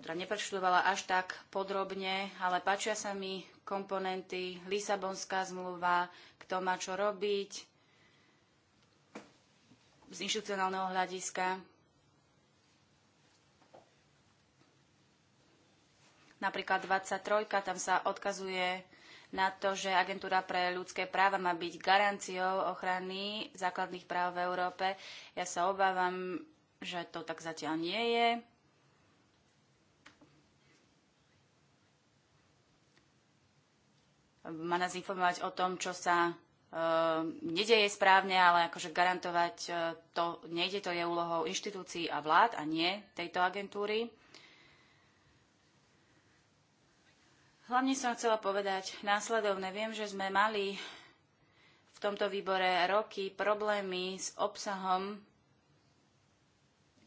D: teda neprečtovala až tak podrobne, ale páčia sa mi komponenty Lisabonská zmluva, kto má čo robiť z inštitucionálneho hľadiska. Napríklad 23, tam sa odkazuje na to, že agentúra pre ľudské práva má byť garanciou ochrany základných práv v Európe. Ja sa obávam, že to tak zatiaľ nie je. má nás informovať o tom, čo sa e, nedeje správne, ale akože garantovať e, to nejde, to je úlohou inštitúcií a vlád a nie tejto agentúry. Hlavne som chcela povedať následovne. Viem, že sme mali v tomto výbore roky problémy s obsahom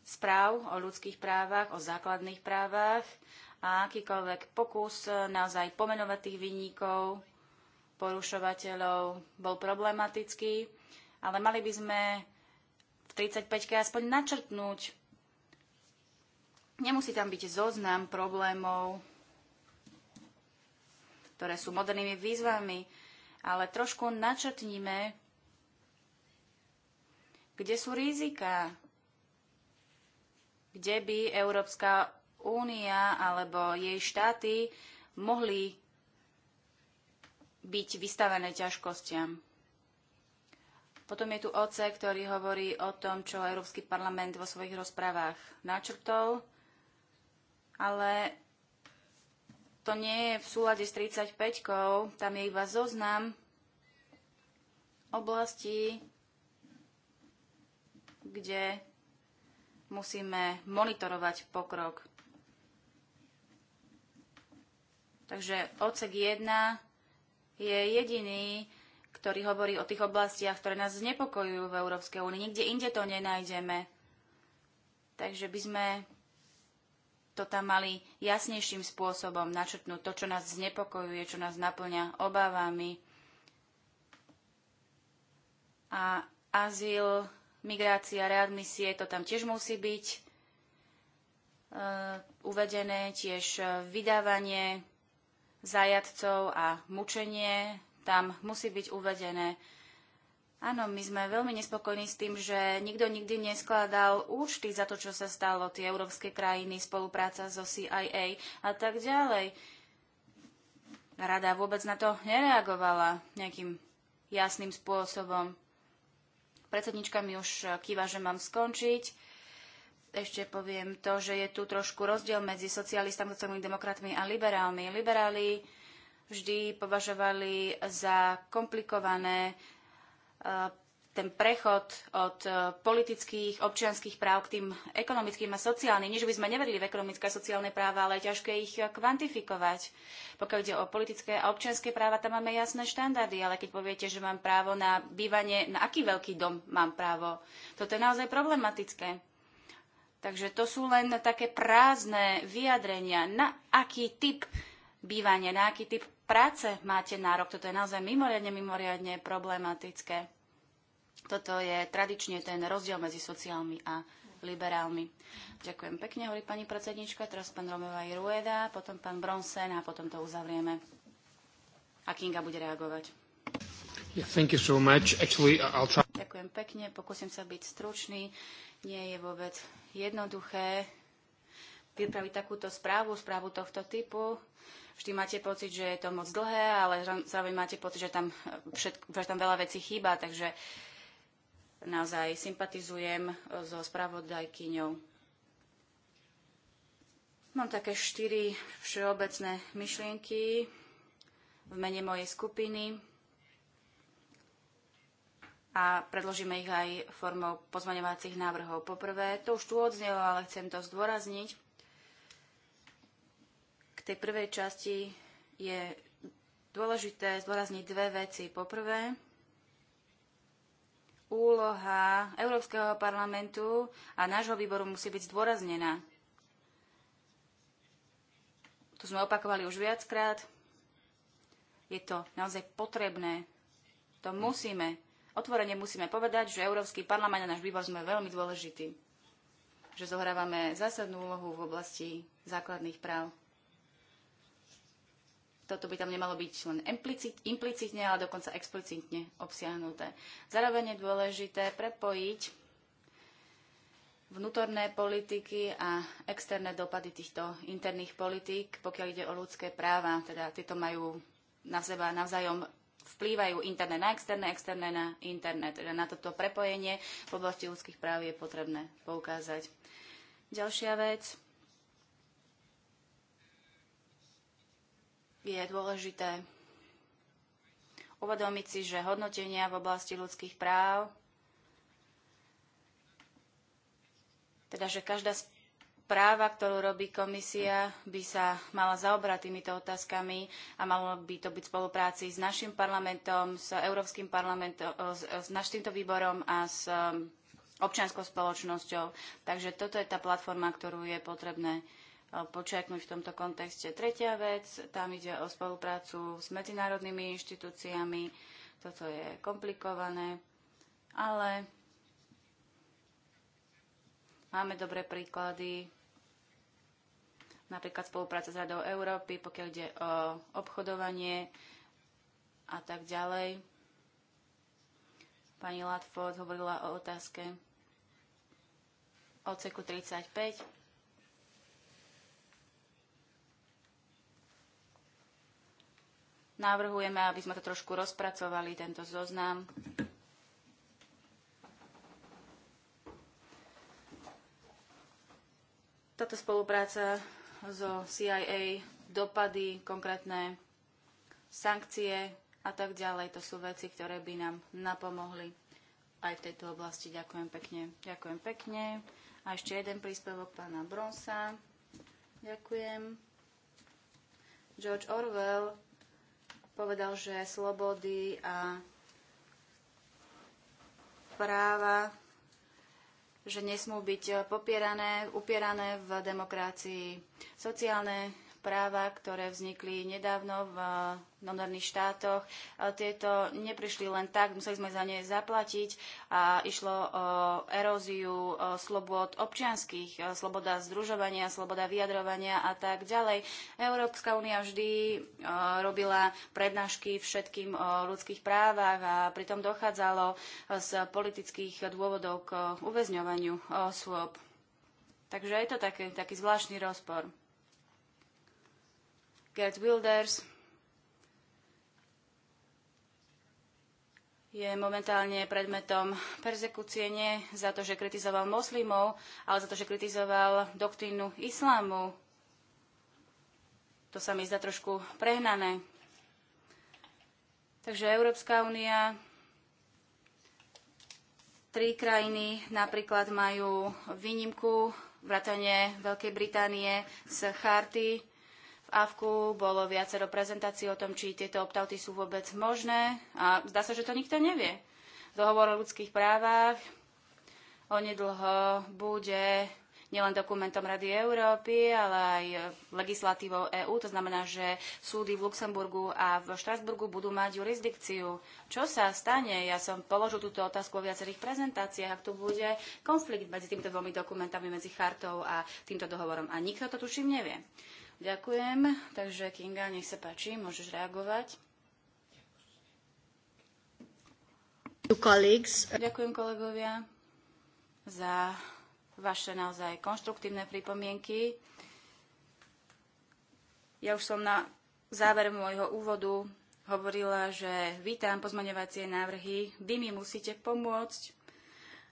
D: správ o ľudských právach, o základných právach a akýkoľvek pokus e, naozaj pomenovať tých vinníkov, porušovateľov bol problematický, ale mali by sme v 35-ke aspoň načrtnúť. Nemusí tam byť zoznam problémov, ktoré sú modernými výzvami, ale trošku načrtníme, kde sú rizika, kde by Európska únia alebo jej štáty mohli byť vystavené ťažkostiam. Potom je tu OC, ktorý hovorí o tom, čo Európsky parlament vo svojich rozprávach načrtol, ale to nie je v súlade s 35 tam je iba zoznam oblastí, kde musíme monitorovať pokrok Takže odsek 1 je jediný, ktorý hovorí o tých oblastiach, ktoré nás znepokojujú v Európskej únii. Nikde inde to nenájdeme. Takže by sme to tam mali jasnejším spôsobom načrtnúť to, čo nás znepokojuje, čo nás naplňa obávami. A azyl, migrácia, readmisie, to tam tiež musí byť e, uvedené, tiež vydávanie zajadcov a mučenie, tam musí byť uvedené. Áno, my sme veľmi nespokojní s tým, že nikto nikdy neskladal účty za to, čo sa stalo, tie európske krajiny, spolupráca so CIA a tak ďalej. Rada vôbec na to nereagovala nejakým jasným spôsobom. Predsednička mi už kýva, že mám skončiť ešte poviem to, že je tu trošku rozdiel medzi socialistami, sociálnymi demokratmi a liberálmi. Liberáli vždy považovali za komplikované e, ten prechod od e, politických, občianských práv k tým ekonomickým a sociálnym. Nie, že by sme neverili v ekonomické a sociálne práva, ale je ťažké ich kvantifikovať. Pokiaľ ide o politické a občianské práva, tam máme jasné štandardy, ale keď poviete, že mám právo na bývanie, na aký veľký dom mám právo, toto je naozaj problematické. Takže to sú len také prázdne vyjadrenia. Na aký typ bývania, na aký typ práce máte nárok? Toto je naozaj mimoriadne, mimoriadne problematické. Toto je tradične ten rozdiel medzi sociálmi a liberálmi. Ďakujem pekne, hovorí pani predsednička, teraz pán Romeva Rueda, potom pán Bronsen a potom to uzavrieme. A Kinga bude reagovať.
C: Yeah, so Actually, try...
D: Ďakujem pekne, pokúsim sa byť stručný. Nie je vôbec jednoduché pripraviť takúto správu, správu tohto typu. Vždy máte pocit, že je to moc dlhé, ale zároveň máte pocit, že tam, eh, všetko, že tam veľa vecí chýba, takže naozaj sympatizujem eh, so spravodajkyňou. Mám také štyri všeobecné myšlienky v mene mojej skupiny a predložíme ich aj formou pozmaňovacích návrhov. Poprvé, to už tu odznelo, ale chcem to zdôrazniť. K tej prvej časti je dôležité zdôrazniť dve veci. Poprvé, úloha Európskeho parlamentu a nášho výboru musí byť zdôraznená. To sme opakovali už viackrát. Je to naozaj potrebné. To musíme Otvorene musíme povedať, že Európsky parlament a náš výbor sme veľmi dôležití, že zohrávame zásadnú úlohu v oblasti základných práv. Toto by tam nemalo byť len implicit, implicitne, ale dokonca explicitne obsiahnuté. Zároveň je dôležité prepojiť vnútorné politiky a externé dopady týchto interných politík, pokiaľ ide o ľudské práva. Teda tieto majú na seba navzájom vplývajú interné na externé, externé na interné. Teda na toto prepojenie v oblasti ľudských práv je potrebné poukázať. Ďalšia vec je dôležité uvedomiť si, že hodnotenia v oblasti ľudských práv, teda že každá z práva, ktorú robí komisia, by sa mala zaobrať týmito otázkami a malo by to byť v spolupráci s našim parlamentom, s Európskym parlamentom, eh, s, našim výborom a s eh, občianskou spoločnosťou. Takže toto je tá platforma, ktorú je potrebné eh, počiaknúť v tomto kontexte. Tretia vec, tam ide o spoluprácu s medzinárodnými inštitúciami. Toto je komplikované, ale máme dobré príklady napríklad spolupráca s Radou Európy, pokiaľ ide o obchodovanie a tak ďalej. Pani Latford hovorila o otázke odseku 35. Navrhujeme, aby sme to trošku rozpracovali, tento zoznam. Táto spolupráca zo CIA, dopady, konkrétne sankcie a tak ďalej. To sú veci, ktoré by nám napomohli aj v tejto oblasti. Ďakujem pekne. Ďakujem pekne. A ešte jeden príspevok pána Bronsa. Ďakujem. George Orwell povedal, že slobody a práva že nesmú byť popierané, upierané v demokracii sociálne práva, ktoré vznikli nedávno v eh, Norných štátoch. Eh, tieto neprišli len tak, museli sme za ne zaplatiť a išlo o eróziu slobod občianských, eh, sloboda združovania, sloboda vyjadrovania a tak ďalej. Európska únia vždy robila prednášky všetkým o ľudských právach a pritom dochádzalo z politických dôvodov k uväzňovaniu osôb. Takže je to taký, taký zvláštny rozpor. Gerd Wilders je momentálne predmetom persekúcie nie za to, že kritizoval moslimov, ale za to, že kritizoval doktrínu islámu. To sa mi zdá trošku prehnané. Takže Európska únia tri krajiny napríklad majú výnimku vrátane Veľkej Británie z charty AVKu bolo viacero prezentácií o tom, či tieto optauty sú vôbec možné a zdá sa, že to nikto nevie. Dohovor o ľudských právach onedlho bude nielen dokumentom Rady Európy, ale aj legislatívou EÚ. To znamená, že súdy v Luxemburgu a v Štrasburgu budú mať jurisdikciu. Čo sa stane? Ja som položil túto otázku o viacerých prezentáciách, ak tu bude konflikt medzi týmito dvomi dokumentami, medzi chartou a týmto dohovorom. A nikto to tuším nevie. Ďakujem. Takže Kinga, nech sa páči, môžeš reagovať. Ďakujem kolegovia za vaše naozaj konštruktívne pripomienky. Ja už som na záver môjho úvodu hovorila, že vítam pozmaňovacie návrhy. Vy mi musíte pomôcť,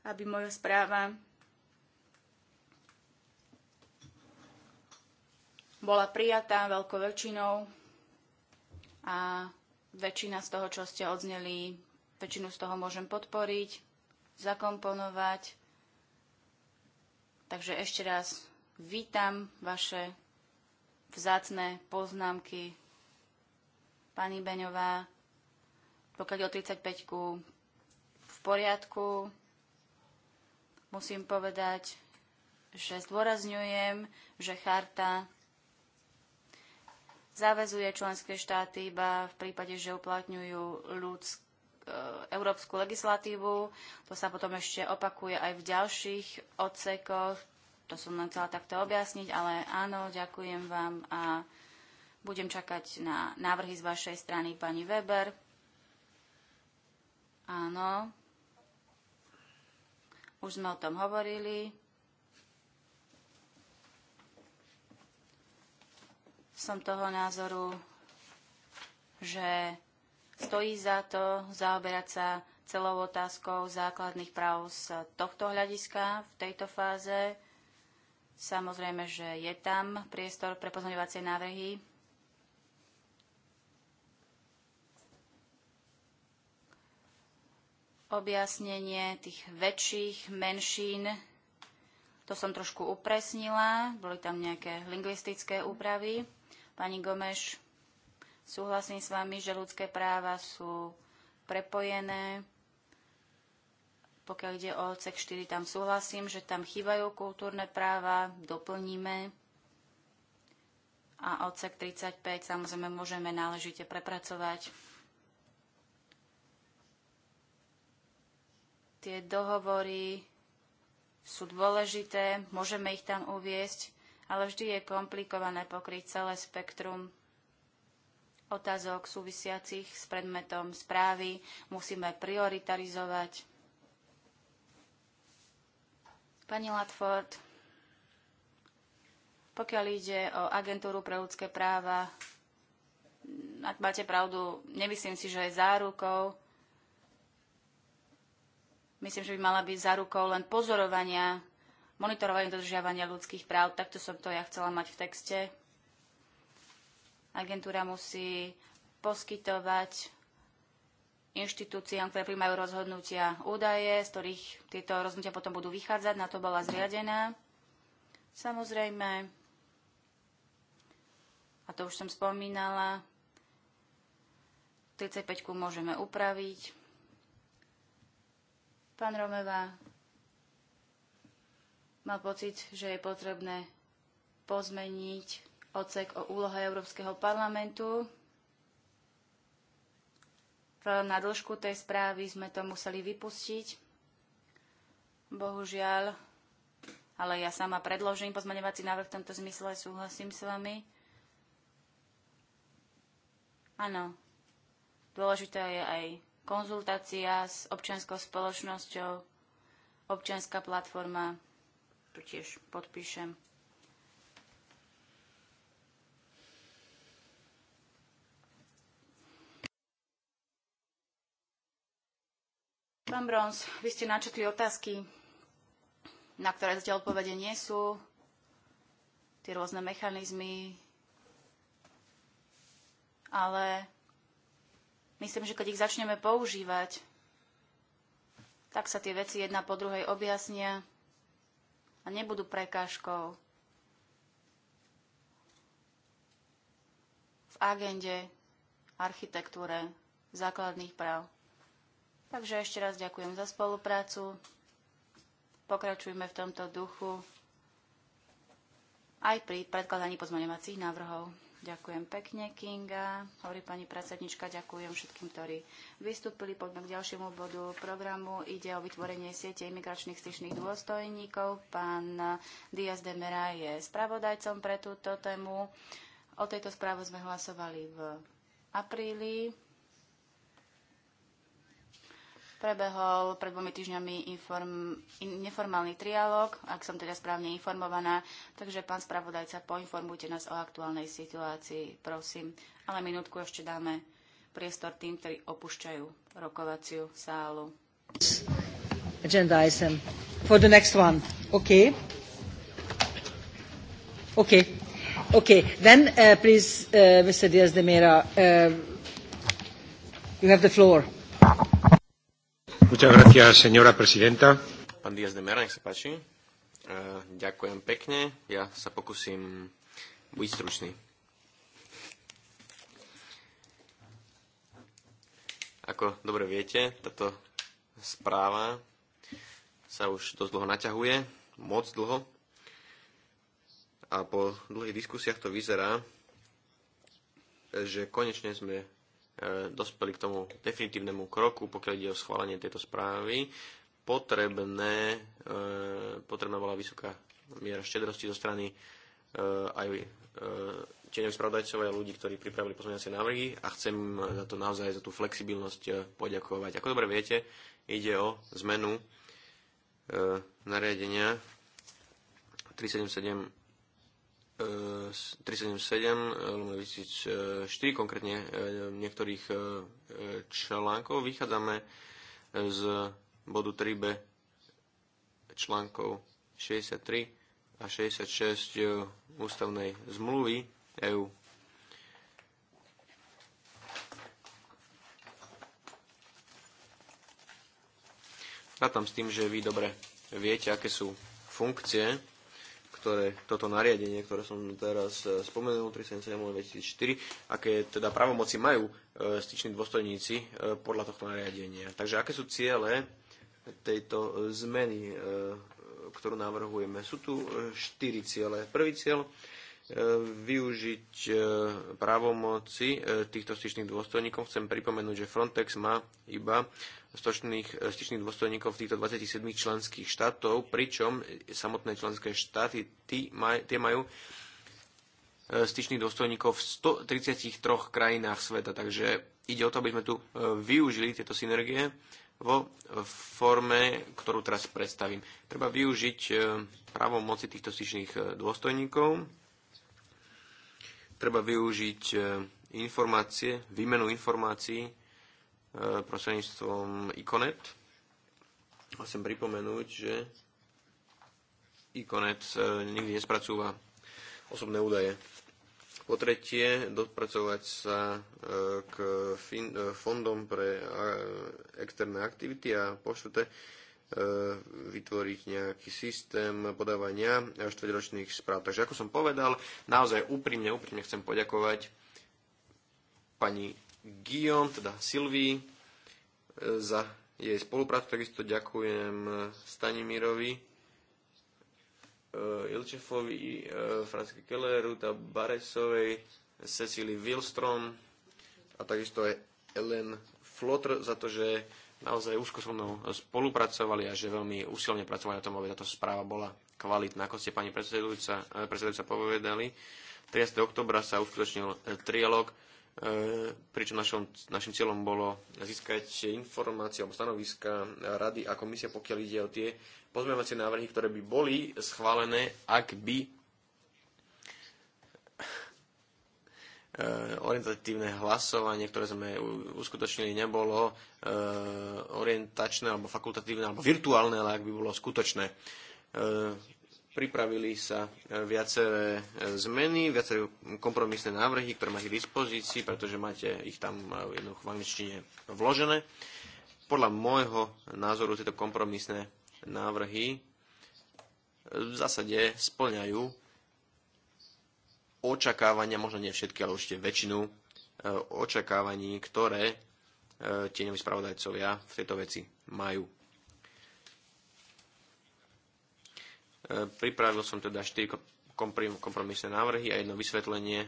D: aby moja správa bola prijatá veľkou väčšinou a väčšina z toho, čo ste odzneli, väčšinu z toho môžem podporiť, zakomponovať. Takže ešte raz vítam vaše vzácné poznámky. Pani Beňová, pokiaľ o 35 v poriadku, musím povedať, že zdôrazňujem, že charta záväzuje členské štáty iba v prípade, že uplatňujú ľudské e, európsku legislatívu. To sa potom ešte opakuje aj v ďalších odsekoch. To som len chcela takto objasniť, ale áno, ďakujem vám a budem čakať na návrhy z vašej strany pani Weber. Áno. Už sme o tom hovorili. som toho názoru, že stojí za to zaoberať sa celou otázkou základných práv z tohto hľadiska v tejto fáze. Samozrejme, že je tam priestor pre pozmeňovacie návrhy. Objasnenie tých väčších menšín, to som trošku upresnila, boli tam nejaké lingvistické úpravy. Pani Gomeš, súhlasím s vami, že ľudské práva sú prepojené. Pokiaľ ide o odsek 4, tam súhlasím, že tam chýbajú kultúrne práva, doplníme. A odsek 35 samozrejme môžeme náležite prepracovať. Tie dohovory sú dôležité, môžeme ich tam uviesť, ale vždy je komplikované pokryť celé spektrum otázok súvisiacich s predmetom správy. Musíme prioritarizovať. Pani Latford, pokiaľ ide o agentúru pre ľudské práva, ak máte pravdu, nemyslím si, že je zárukou. Myslím, že by mala byť zárukou len pozorovania monitorovanie dodržiavania ľudských práv. Takto som to ja chcela mať v texte. Agentúra musí poskytovať inštitúciám, ktoré príjmajú rozhodnutia údaje, z ktorých tieto rozhodnutia potom budú vychádzať. Na to bola zriadená. Samozrejme, a to už som spomínala, 35 môžeme upraviť. Pán Romeva, mal pocit, že je potrebné pozmeniť odsek o úlohe Európskeho parlamentu. Na dĺžku tej správy sme to museli vypustiť. Bohužiaľ, ale ja sama predložím pozmeňovací návrh v tomto zmysle, súhlasím s vami. Áno, dôležitá je aj konzultácia s občianskou spoločnosťou, občianská platforma tu tiež podpíšem. Pán Brons, vy ste načetli otázky, na ktoré zatiaľ odpovede nie sú. Tie rôzne mechanizmy. Ale myslím, že keď ich začneme používať, tak sa tie veci jedna po druhej objasnia a nebudú prekážkou v agende, architektúre, základných práv. Takže ešte raz ďakujem za spoluprácu. Pokračujme v tomto duchu aj pri predkladaní pozmeňovacích návrhov. Ďakujem pekne, Kinga. Hovorí pani predsednička, ďakujem všetkým, ktorí vystúpili. Poďme k ďalšiemu bodu programu. Ide o vytvorenie siete imigračných styčných dôstojníkov. Pán Diaz de Mera je spravodajcom pre túto tému. O tejto správe sme hlasovali v apríli. Prebehol pred dvomi týždňami inform, neformálny trialog, ak som teda správne informovaná. Takže, pán spravodajca, poinformujte nás o aktuálnej situácii, prosím. Ale minútku ešte dáme priestor tým, ktorí opúšťajú rokovaciu sálu.
A: Agenda item for the next one. OK. OK. OK. Then, uh, please, uh, Mr. Diaz de Mera, uh, you have the floor.
B: Pán
C: Díaz de Mera, nech sa páči. E, ďakujem pekne. Ja sa pokúsim byť stručný. Ako dobre viete, táto správa sa už dosť dlho naťahuje, moc dlho. A po dlhých diskusiách to vyzerá, že konečne sme E, dospeli k tomu definitívnemu kroku, pokiaľ ide o schválenie tejto správy, potrebné, e, potrebná bola vysoká miera štedrosti zo strany e, aj tieňových spravodajcov a ľudí, ktorí pripravili pozmeňovacie návrhy a chcem za to naozaj, za tú flexibilnosť poďakovať. Ako dobre viete, ide o zmenu nariadenia 377 377 2004, konkrétne e, niektorých e, článkov. Vychádzame e, z bodu 3b článkov 63 a 66 ústavnej zmluvy EÚ. Rátam s tým, že vy dobre viete, aké sú funkcie ktoré toto nariadenie, ktoré som teraz e, spomenul, 377-2004, aké teda pravomoci majú e, styční dôstojníci e, podľa tohto nariadenia. Takže aké sú ciele tejto zmeny, ktorú navrhujeme? Sú tu štyri ciele. Prvý cieľ využiť právomoci týchto styčných dôstojníkov. Chcem pripomenúť, že Frontex má iba stočných e, styčných dôstojníkov v týchto 27 členských štátov, pričom samotné členské štáty tí maj, tie majú e, styčných dôstojníkov v 133 krajinách sveta. Takže ide o to, aby sme tu e, využili tieto synergie vo forme, ktorú teraz predstavím. Treba využiť právomoci týchto styčných dôstojníkov, treba využiť informácie, výmenu informácií E, prostredníctvom Iconet. chcem pripomenúť, že Iconet e, nikdy nespracúva osobné údaje. Po tretie, dopracovať sa e, k fondom pre externé aktivity a po štvrté, vytvoriť nejaký systém podávania štvrťročných správ. Takže ako som povedal, naozaj úprimne, úprimne chcem poďakovať pani Guillaume, teda Silvii, e, za jej spoluprácu. Takisto ďakujem e, Stanimirovi, e, Ilčefovi, Franske Kelleru, Baresovej, Cecily Wilstrom a takisto aj Ellen Flotr za to, že naozaj úzko so mnou spolupracovali a že veľmi úsilne pracovali na tom, aby táto správa bola kvalitná. Ako ste pani predsedujúca, predsedujúca povedali, 30. oktobra sa uskutočnil trialog E, pričom našom, našim cieľom bolo získať informácie alebo stanoviska rady a komisia, pokiaľ ide o tie pozmeňovacie návrhy, ktoré by boli schválené, ak by e, orientatívne hlasovanie, ktoré sme uskutočnili, nebolo e, orientačné alebo fakultatívne alebo virtuálne, ale ak by bolo skutočné pripravili sa e, viaceré e, zmeny, viaceré kompromisné návrhy, ktoré máte k dispozícii, pretože máte ich tam e, jednoducho v angličtine vložené. Podľa môjho názoru tieto kompromisné návrhy v zásade splňajú očakávania, možno nie všetky, ale určite väčšinu očakávaní, ktoré tieňoví spravodajcovia v tejto veci majú. E, pripravil som teda 4 kompromisné návrhy a jedno vysvetlenie e,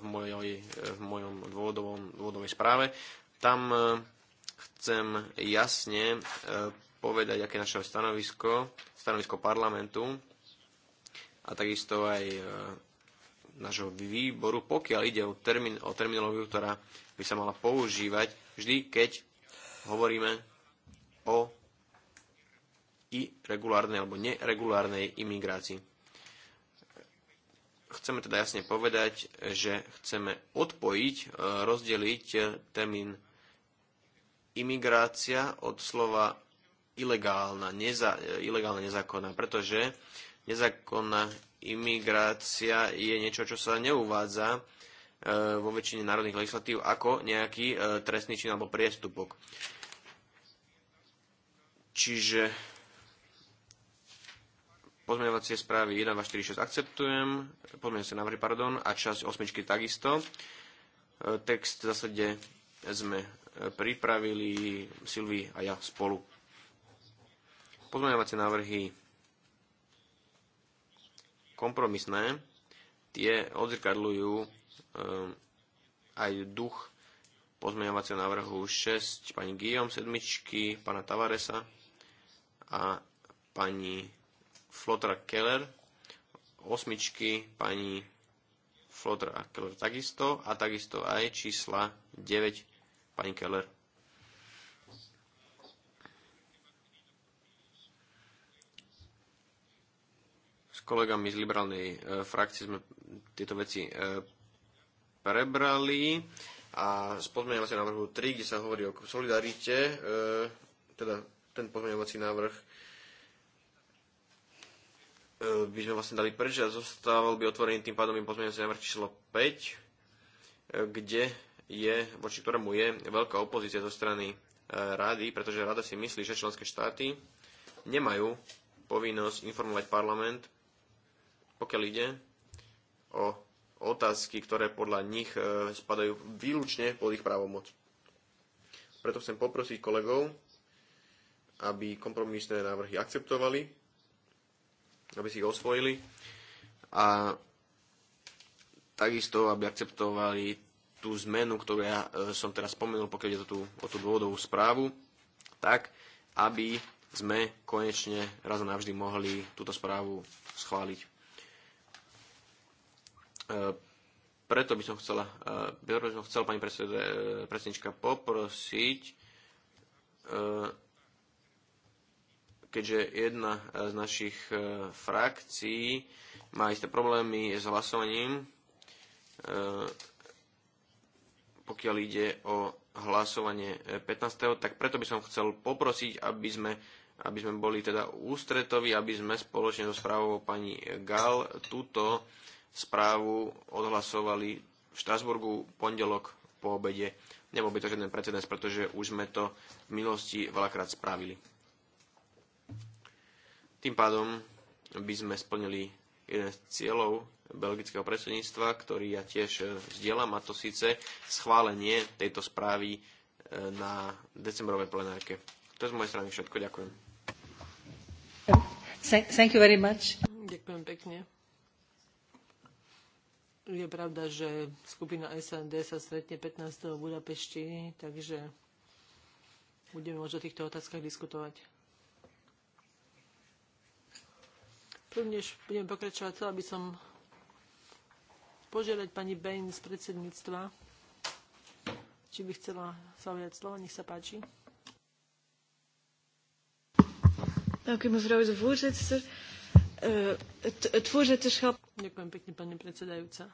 C: v, mojoj, e, v mojom dôvodovom, dôvodovej správe. Tam chcem jasne povedať, aké je naše stanovisko, stanovisko parlamentu a takisto aj nášho výboru, pokiaľ ide o, termin, o terminológiu, ktorá by sa mala používať vždy, keď hovoríme o i regulárnej alebo neregulárnej imigrácii. Chceme teda jasne povedať, že chceme odpojiť, e, rozdeliť e, termín imigrácia od slova ilegálna, neza, e, ilegálna nezákonná, pretože nezákonná imigrácia je niečo, čo sa neuvádza vo väčšine národných legislatív ako nejaký trestný čin alebo priestupok. Čiže Pozmeňovacie správy 1, 2, 4, 6 akceptujem, pozmeňovacie návrhy, pardon, a časť osmičky takisto. E, text v zásade sme e, pripravili Silvi a ja spolu. Pozmeňovacie návrhy kompromisné, tie odzrkadľujú e, aj duch pozmeňovacieho návrhu 6 pani Guillaume, sedmičky, pana Tavaresa a pani Flotra Keller, osmičky pani Flotra a Keller takisto a takisto aj čísla 9 pani Keller. S kolegami z liberálnej e, frakcie sme tieto veci e, prebrali a z pozmeňovacieho návrhu 3, kde sa hovorí o solidarite, e, teda ten pozmeňovací návrh E, by sme vlastne dali preč a zostával by otvorený tým pádom im pozmeňujúci návrh číslo 5, e, kde je, voči ktorému je veľká opozícia zo strany e, rady, pretože rada si myslí, že členské štáty nemajú povinnosť informovať parlament, pokiaľ ide o otázky, ktoré podľa nich spadajú výlučne pod ich právomoc. Preto chcem poprosiť kolegov, aby kompromisné návrhy akceptovali aby si ich osvojili a takisto, aby akceptovali tú zmenu, ktorú ja e, som teraz spomenul, pokiaľ ide o tú, o tú dôvodovú správu, tak, aby sme konečne raz a navždy mohli túto správu schváliť. E, preto by som chcela, e, by som chcel pani predsednička e, poprosiť, e, keďže jedna z našich e, frakcií má isté problémy s hlasovaním, e, pokiaľ ide o hlasovanie 15. E, tak preto by som chcel poprosiť, aby sme, aby sme boli teda ústretoví, aby sme spoločne so správou pani Gal túto správu odhlasovali v Štrasburgu pondelok po obede. Nebol by to žiaden precedens, pretože už sme to v minulosti veľakrát spravili. Tým pádom by sme splnili jeden z cieľov belgického predsedníctva, ktorý ja tiež e, zdieľam, a to síce schválenie tejto správy e, na decembrovej plenárke. To je z mojej strany všetko. Ďakujem.
A: Thank you very much.
B: Ďakujem pekne. Je pravda, že skupina SND sa stretne 15. v Budapešti, takže budeme môcť o týchto otázkach diskutovať. Prvnež budem pokračovať, chcela by som požiadať pani Bain z predsedníctva, či by chcela sa ujať slova. Nech sa páči. Eh, Ďakujem pekne, pani predsedajúca.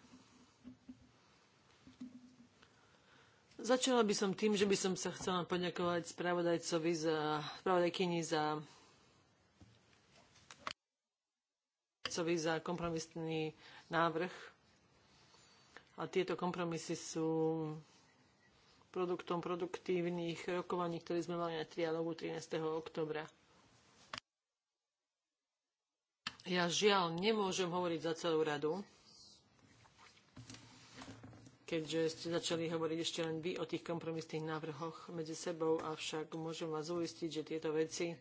B: Začala by som tým, že by som sa chcela poďakovať spravodajcovi za, spravodajkyni za Šulcovi za kompromisný návrh. A tieto kompromisy sú produktom produktívnych rokovaní, ktoré sme mali na trialogu 13. oktobra. Ja žiaľ nemôžem hovoriť za celú radu, keďže ste začali hovoriť ešte len vy o tých kompromisných návrhoch medzi sebou, avšak môžem vás uistiť, že tieto veci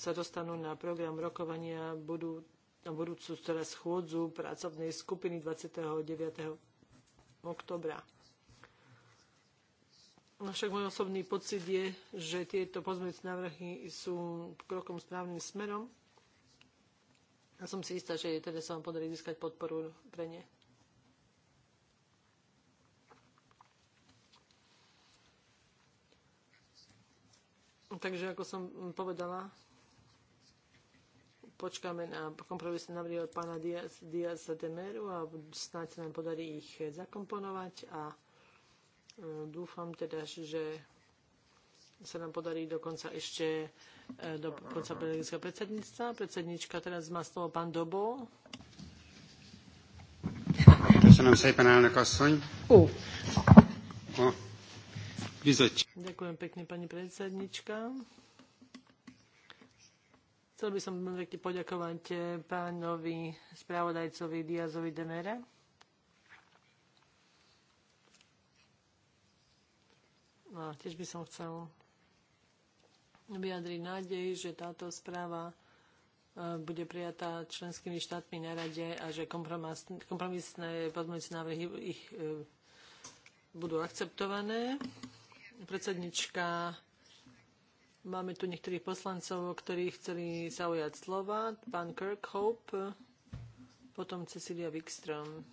B: sa dostanú na program rokovania budú na budúcu teraz schôdzu pracovnej skupiny 29. oktobra. No však môj osobný pocit je, že tieto pozmeňujúce návrhy sú krokom správnym smerom. A som si istá, že teda sa vám podarí získať podporu pre ne. Takže ako som povedala, počkáme na kompromisné návrhy od pána Diaz, Diaza de Meru a snáď sa nám podarí ich zakomponovať a e, dúfam teda, že sa nám podarí dokonca ešte e, do konca belgického predsedníctva. Predsednička teraz má slovo pán Dobo.
C: Ďakujem szépen, elnök asszony.
B: Ó. Ďakujem pekne, pani predsednička. Chcel by som veľmi poďakovať eh, pánovi spravodajcovi Diazovi Demere. No a tiež by som chcel vyjadriť nádej, že táto správa eh, bude prijatá členskými štátmi na rade a že kompromisné pozmeňujúce návrhy ich eh, budú akceptované. Predsednička Máme tu niektorých poslancov, ktorí chceli zaujať slova. Pán Kirkhope, potom Cecilia Wikström.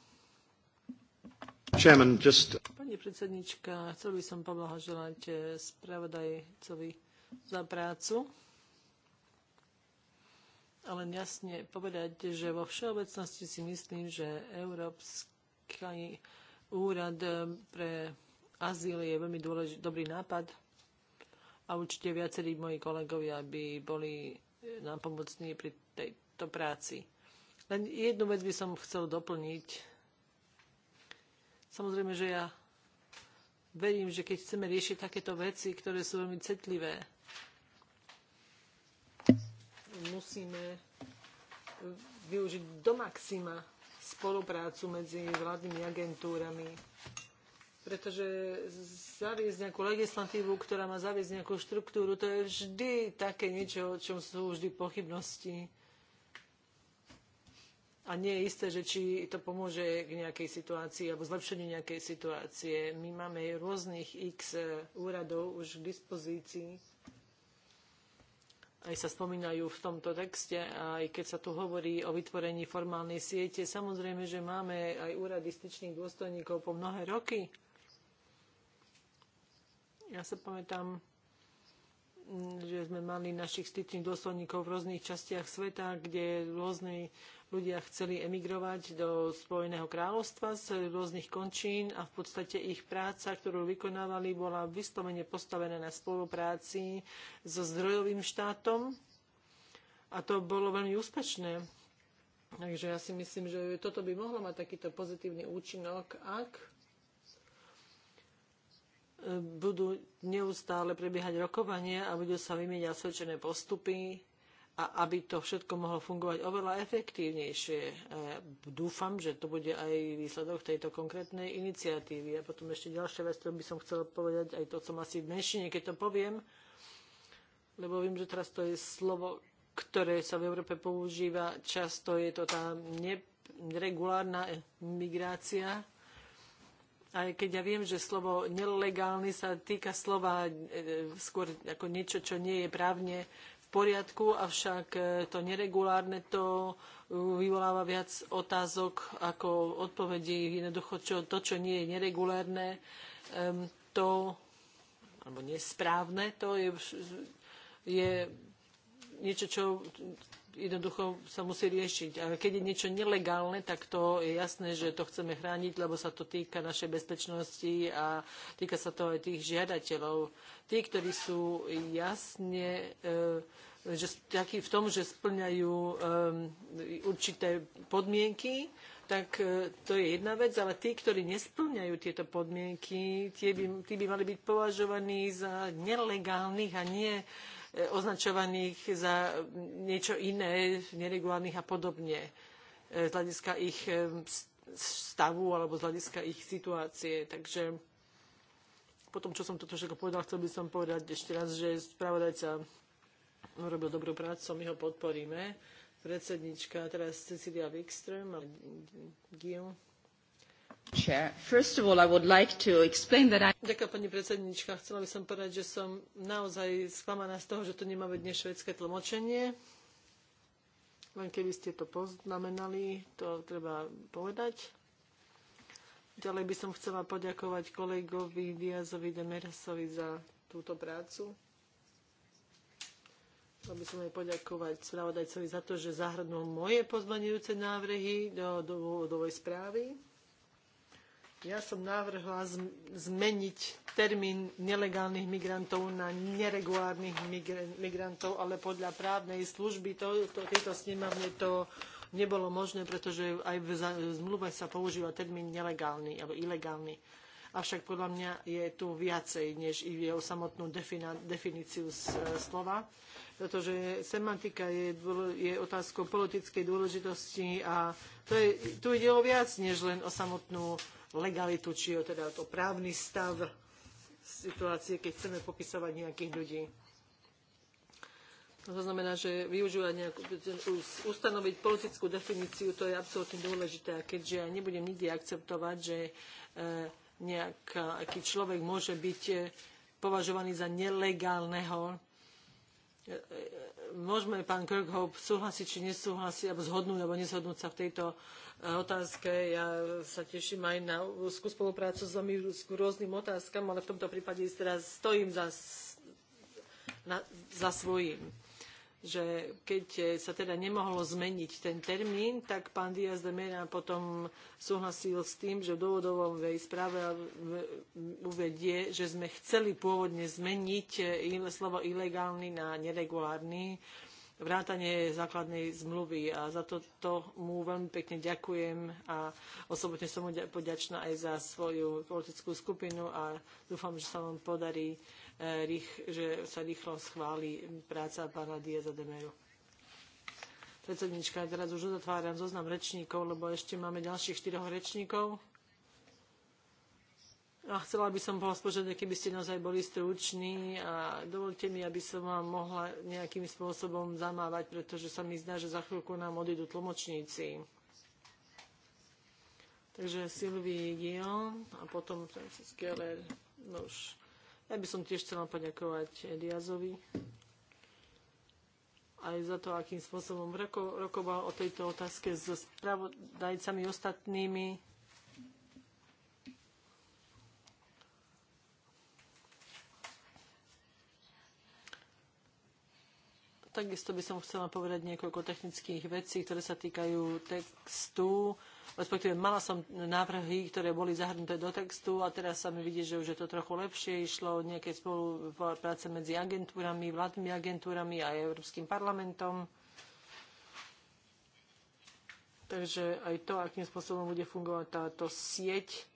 A: Chairman, just...
B: Pani predsednička, chcel by som poblahoželať eh, spravodajcovi za prácu ale jasne povedať, že vo všeobecnosti si myslím, že Európsky úrad eh, pre azyl je veľmi dobrý nápad a určite viacerí moji kolegovia by boli e, nám pomocní pri tejto práci. Len jednu vec by som chcel doplniť. Samozrejme, že ja verím, že keď chceme riešiť takéto veci, ktoré sú veľmi citlivé, musíme využiť do maxima spoluprácu medzi vládnymi agentúrami pretože zaviesť nejakú legislatívu, ktorá má zaviesť nejakú štruktúru, to je vždy také niečo, o čom sú vždy pochybnosti. A nie je isté, že či to pomôže k nejakej situácii alebo zlepšeniu nejakej situácie. My máme rôznych x eh, úradov už k dispozícii. Aj sa spomínajú v tomto texte, aj keď sa tu hovorí o vytvorení formálnej siete. Samozrejme, že máme aj úrady styčných dôstojníkov po mnohé roky ja sa pamätám, že sme mali našich styčných dôstojníkov v rôznych častiach sveta, kde rôzni ľudia chceli emigrovať do Spojeného kráľovstva z rôznych končín a v podstate ich práca, ktorú vykonávali, bola vyslovene postavená na spolupráci so zdrojovým štátom a to bolo veľmi úspešné. Takže ja si myslím, že toto by mohlo mať takýto pozitívny účinok, ak budú neustále prebiehať rokovania a budú sa vymieňať osvedčené postupy a aby to všetko mohlo fungovať oveľa efektívnejšie. E, dúfam, že to bude aj výsledok tejto konkrétnej iniciatívy. A potom ešte ďalšia vec, ktorú by som chcela povedať, aj to som asi v menšine, keď to poviem, lebo viem, že teraz to je slovo, ktoré sa v Európe používa často, je to tá neregulárna migrácia, aj keď ja viem, že slovo nelegálny sa týka slova e, skôr ako niečo, čo nie je právne v poriadku, avšak e, to neregulárne to e, vyvoláva viac otázok ako odpovedí. Jednoducho čo, to, čo nie je neregulárne, to alebo nesprávne, to je, je niečo, čo jednoducho sa musí riešiť. A keď je niečo nelegálne, tak to je jasné, že to chceme chrániť, lebo sa to týka našej bezpečnosti a týka sa to aj tých žiadateľov. Tí, ktorí sú jasne e, že, takí v tom, že splňajú e, určité podmienky, tak e, to je jedna vec, ale tí, ktorí nesplňajú tieto podmienky, tie by, tí by mali byť považovaní za nelegálnych a nie E, označovaných za niečo iné, neregulárnych a podobne e, z hľadiska ich e, stavu alebo z hľadiska ich situácie. Takže po tom, čo som toto všetko povedal, chcel by som povedať ešte raz, že spravodajca robil dobrú prácu, my ho podporíme. Predsednička, teraz Cecilia Wikström a Gil pani predsedníčka Chcela by som povedať, že som naozaj sklamaná z toho, že tu nemáme dnes švedské tlmočenie. Len keby ste to poznamenali, to treba povedať. Ďalej by som chcela poďakovať kolegovi Diazovi Demerasovi za túto prácu. Chcela by som aj poďakovať spravodajcovi za to, že zahrnul moje pozmenujúce návrhy do dôvodovej správy. Ja som navrhla zmeniť termín nelegálnych migrantov na neregulárnych migrantov, ale podľa právnej služby to, to, tejto snemovne to nebolo možné, pretože aj v zmluve sa používa termín nelegálny alebo ilegálny. Avšak podľa mňa je tu viacej, než ide o samotnú definíciu e, slova, pretože semantika je, je otázkou politickej dôležitosti a to je, tu ide o viac, než len o samotnú legalitu, či o teda to právny stav situácie, keď chceme popisovať nejakých ľudí. To znamená, že využívať nejakú, ustanoviť politickú definíciu, to je absolútne dôležité. A keďže ja nebudem nikdy akceptovať, že e, nejaký človek môže byť e, považovaný za nelegálneho, e, môžeme, pán Kirkhope, súhlasiť či nesúhlasiť, alebo zhodnúť, alebo nezhodnúť sa v tejto e, otázke. Ja sa teším aj na úzkú spoluprácu s vami k rôznym otázkam, ale v tomto prípade teraz stojím za, na, za svojím že keď e, sa teda nemohlo zmeniť ten termín, tak pán Diaz de Mera potom súhlasil s tým, že v dôvodovej správe uvedie, že sme chceli pôvodne zmeniť e, slovo ilegálny na neregulárny vrátanie základnej zmluvy a za to, mu veľmi pekne ďakujem a osobne som mu poďačná aj za svoju politickú skupinu a dúfam, že sa vám podarí rých, že sa rýchlo schváli práca pána Diaza de Mero. Predsednička, teraz už uzatváram zoznam rečníkov, lebo ešte máme ďalších štyroch rečníkov. A chcela by som vás požiadať, keby ste naozaj boli struční a dovolte mi, aby som vám mohla nejakým spôsobom zamávať, pretože sa mi zdá, že za chvíľku nám odídu tlmočníci. Takže Sylvie Gion a potom Francis Keller. No už. Ja by som tiež chcel poďakovať Eliazovi aj za to, akým spôsobom roko, rokoval o tejto otázke so spravodajcami ostatnými. Takisto by som chcela povedať niekoľko technických vecí, ktoré sa týkajú textu respektíve mala som návrhy, ktoré boli zahrnuté do textu a teraz sa mi vidí, že už je to trochu lepšie. Išlo o nejaké spolupráce medzi agentúrami, vládnymi agentúrami a Európskym parlamentom. Takže aj to, akým spôsobom bude fungovať táto sieť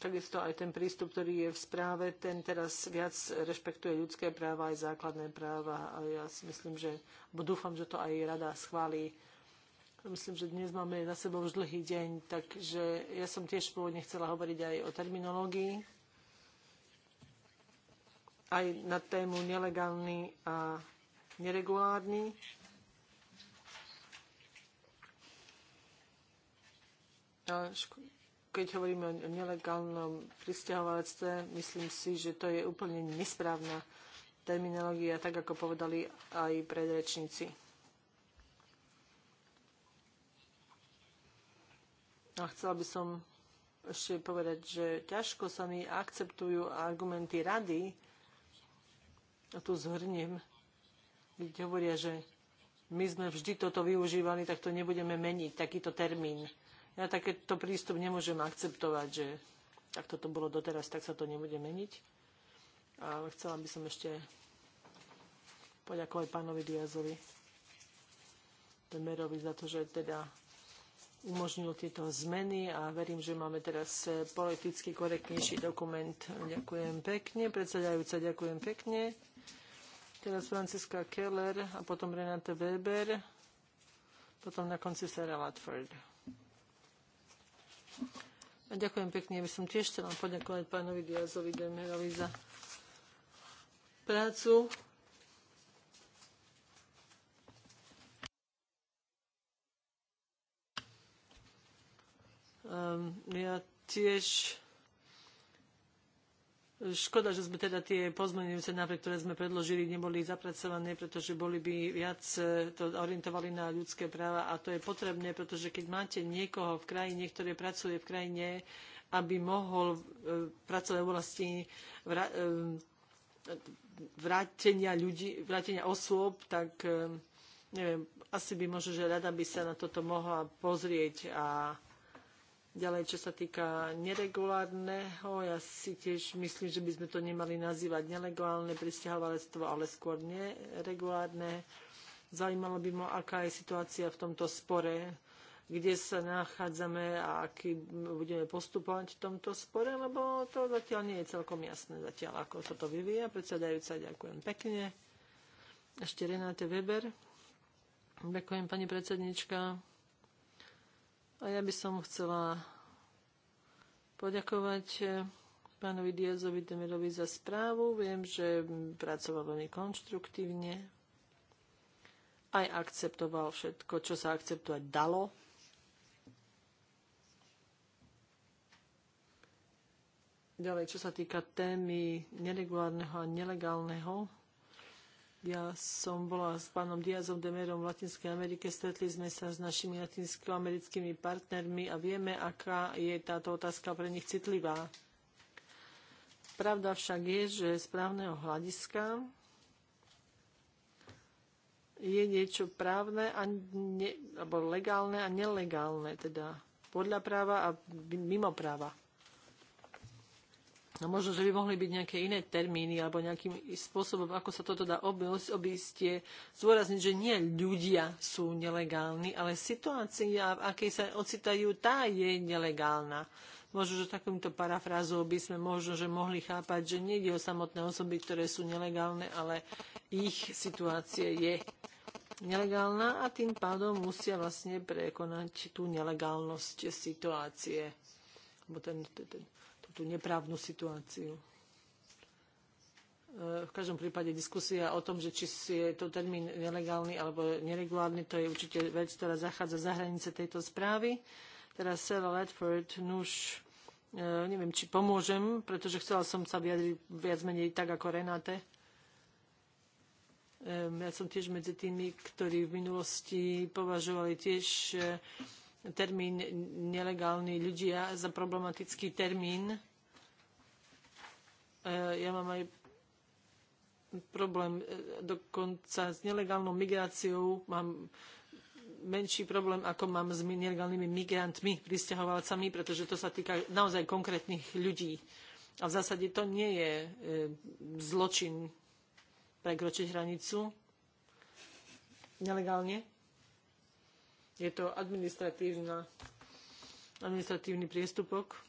B: Takisto aj ten prístup, ktorý je v správe, ten teraz viac rešpektuje ľudské práva aj základné práva. A ja si myslím, že, bo dúfam, že to aj rada schválí. Myslím, že dnes máme za sebou už dlhý deň, takže ja som tiež pôvodne chcela hovoriť aj o terminológii, aj na tému nelegálny a neregulárny. A škoda keď hovoríme o nelegálnom pristahovalectve, myslím si, že to je úplne nesprávna terminológia, tak ako povedali aj predrečníci. A chcela by som ešte povedať, že ťažko sa mi akceptujú argumenty rady, a tu zhrniem, keď hovoria, že my sme vždy toto využívali, tak to nebudeme meniť, takýto termín ja takéto prístup nemôžem akceptovať, že ak toto bolo doteraz, tak sa to nebude meniť. Ale chcela by som ešte poďakovať pánovi Diazovi Demerovi za to, že teda umožnil tieto zmeny a verím, že máme teraz politicky korektnejší dokument. Ďakujem pekne. Predsedajúca, ďakujem pekne. Teraz Franciska Keller a potom Renate Weber. Potom na konci Sarah Latford. A ďakujem pekne, by som tiež chcela poďakovať pánovi Diazovi Demerovi za prácu. Um, ja tiež Škoda, že sme teda tie pozmeňujúce návrhy, ktoré sme predložili, neboli zapracované, pretože boli by viac e, to orientovali na ľudské práva a to je potrebné, pretože keď máte niekoho v krajine, ktorý pracuje v krajine, aby mohol e, pracovať v oblasti e, vrátenia ľudí, vrátenia osôb, tak neviem, asi by možno, že rada by sa na toto mohla pozrieť a Ďalej, čo sa týka neregulárneho, ja si tiež myslím, že by sme to nemali nazývať nelegálne pristahovalectvo, ale skôr neregulárne. Zaujímalo by ma, aká je situácia v tomto spore, kde sa nachádzame a aký budeme postupovať v tomto spore, lebo to zatiaľ nie je celkom jasné zatiaľ, ako sa to vyvíja. Predsedajúca, ďakujem pekne. Ešte Renáte Weber. Ďakujem, pani predsednička. A ja by som chcela poďakovať eh, pánovi Diazovi Demerovi za správu. Viem, že pracoval veľmi konštruktívne. Aj akceptoval všetko, čo sa akceptovať dalo. Ďalej, čo sa týka témy neregulárneho a nelegálneho ja som bola s pánom Diazom Demerom v Latinskej Amerike, stretli sme sa s našimi latinskoamerickými partnermi a vieme, aká je táto otázka pre nich citlivá. Pravda však je, že z právneho hľadiska je niečo právne a ne, alebo legálne a nelegálne, teda podľa práva a mimo práva. No možno, že by mohli byť nejaké iné termíny alebo nejakým spôsobom, ako sa toto dá obísť, je zdôrazniť, že nie ľudia sú nelegálni, ale situácia, v akej sa ocitajú, tá je nelegálna. Možno, že takýmto parafrázou by sme možno, že mohli chápať, že nie je o samotné osoby, ktoré sú nelegálne, ale ich situácia je nelegálna a tým pádom musia vlastne prekonať tú nelegálnosť situácie. Ten, ten, ten tú neprávnu situáciu. E, v každom prípade diskusia o tom, že či je to termín nelegálny alebo neregulárny, to je určite vec, ktorá zachádza za hranice tejto správy. Teraz Sarah Ledford, nuž, e, neviem, či pomôžem, pretože chcela som sa vyjadriť viac menej tak ako Renate. E, ja som tiež medzi tými, ktorí v minulosti považovali tiež termín nelegálny ľudia za problematický termín ja mám aj problém e, dokonca s nelegálnou migráciou. Mám menší problém, ako mám s nelegálnymi migrantmi, pristahovalcami, pretože to sa týka naozaj konkrétnych ľudí. A v zásade to nie je e, zločin prekročiť hranicu nelegálne. Je to administratívny priestupok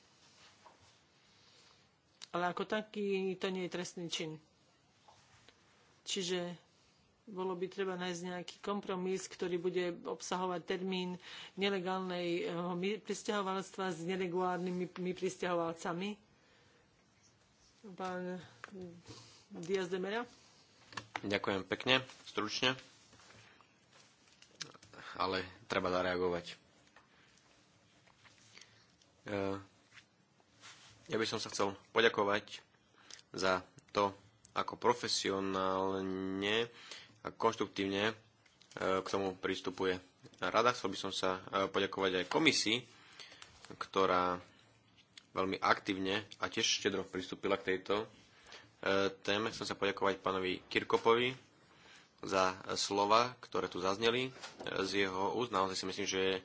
B: ale ako taký to nie je trestný čin. Čiže bolo by treba nájsť nejaký kompromis, ktorý bude obsahovať termín nelegálnej pristahovalstva s neregulárnymi pristahovalcami. Pán Diaz de Mera.
C: Ďakujem pekne, stručne. Ale treba zareagovať. E, ja by som sa chcel poďakovať za to, ako profesionálne a konštruktívne e, k tomu prístupuje rada. Chcel by som sa e, poďakovať aj komisii, ktorá veľmi aktívne a tiež štedro pristúpila k tejto e, téme. Chcem sa poďakovať pánovi Kirkopovi za slova, ktoré tu zazneli z jeho úst. Naozaj si myslím, že je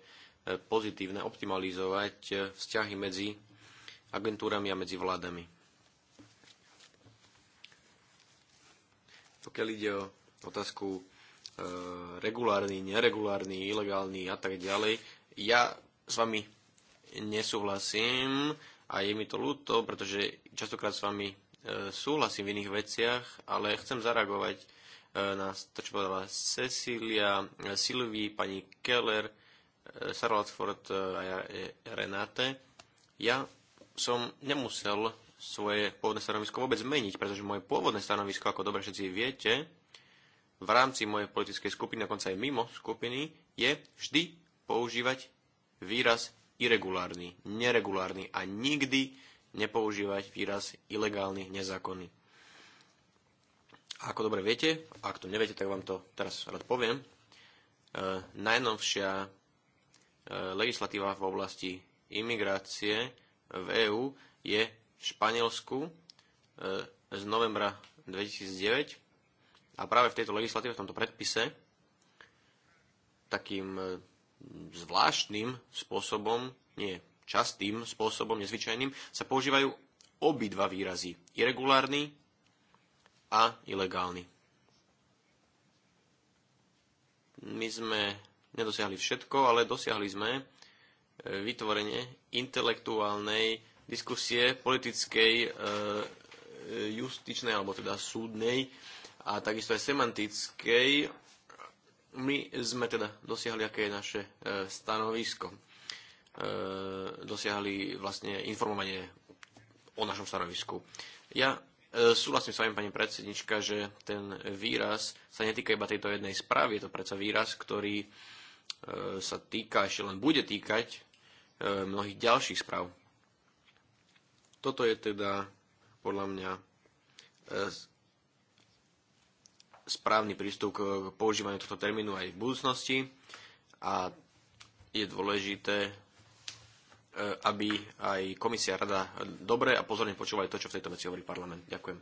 C: pozitívne optimalizovať vzťahy medzi agentúrami a medzi vládami. Pokiaľ ide o otázku e, regulárny, neregulárny, ilegálny a tak ďalej, ja s vami nesúhlasím a je mi to ľúto, pretože častokrát s vami e, súhlasím v iných veciach, ale chcem zareagovať e, na to, čo povedala Cecília, e, Silvi, pani Keller, e, Sarah Latford e, a Renate. Ja som nemusel svoje pôvodné stanovisko vôbec zmeniť, pretože moje pôvodné stanovisko, ako dobre všetci viete, v rámci mojej politickej skupiny, dokonca aj mimo skupiny, je vždy používať výraz irregulárny, neregulárny a nikdy nepoužívať výraz ilegálny, nezákonný. A ako dobre viete, ak to neviete, tak vám to teraz rád poviem, e, najnovšia e, legislatíva v oblasti imigrácie v EÚ je v Španielsku e, z novembra 2009 a práve v tejto legislatíve, v tomto predpise, takým e, zvláštnym spôsobom, nie častým spôsobom, nezvyčajným, sa používajú obidva výrazy. Irregulárny a ilegálny. My sme nedosiahli všetko, ale dosiahli sme, vytvorenie intelektuálnej diskusie politickej, e, justičnej alebo teda súdnej a takisto aj semantickej. My sme teda dosiahli, aké je naše e, stanovisko. E, dosiahli vlastne informovanie o našom stanovisku. Ja súhlasím s vami, pani predsednička, že ten výraz sa netýka iba tejto jednej správy. Je to predsa výraz, ktorý sa týka, ešte len bude týkať E, mnohých ďalších správ. Toto je teda podľa mňa e, správny prístup k používaniu tohto termínu aj v budúcnosti a je dôležité, e, aby aj komisia rada dobre a pozorne počúvali to, čo v tejto veci hovorí parlament. Ďakujem.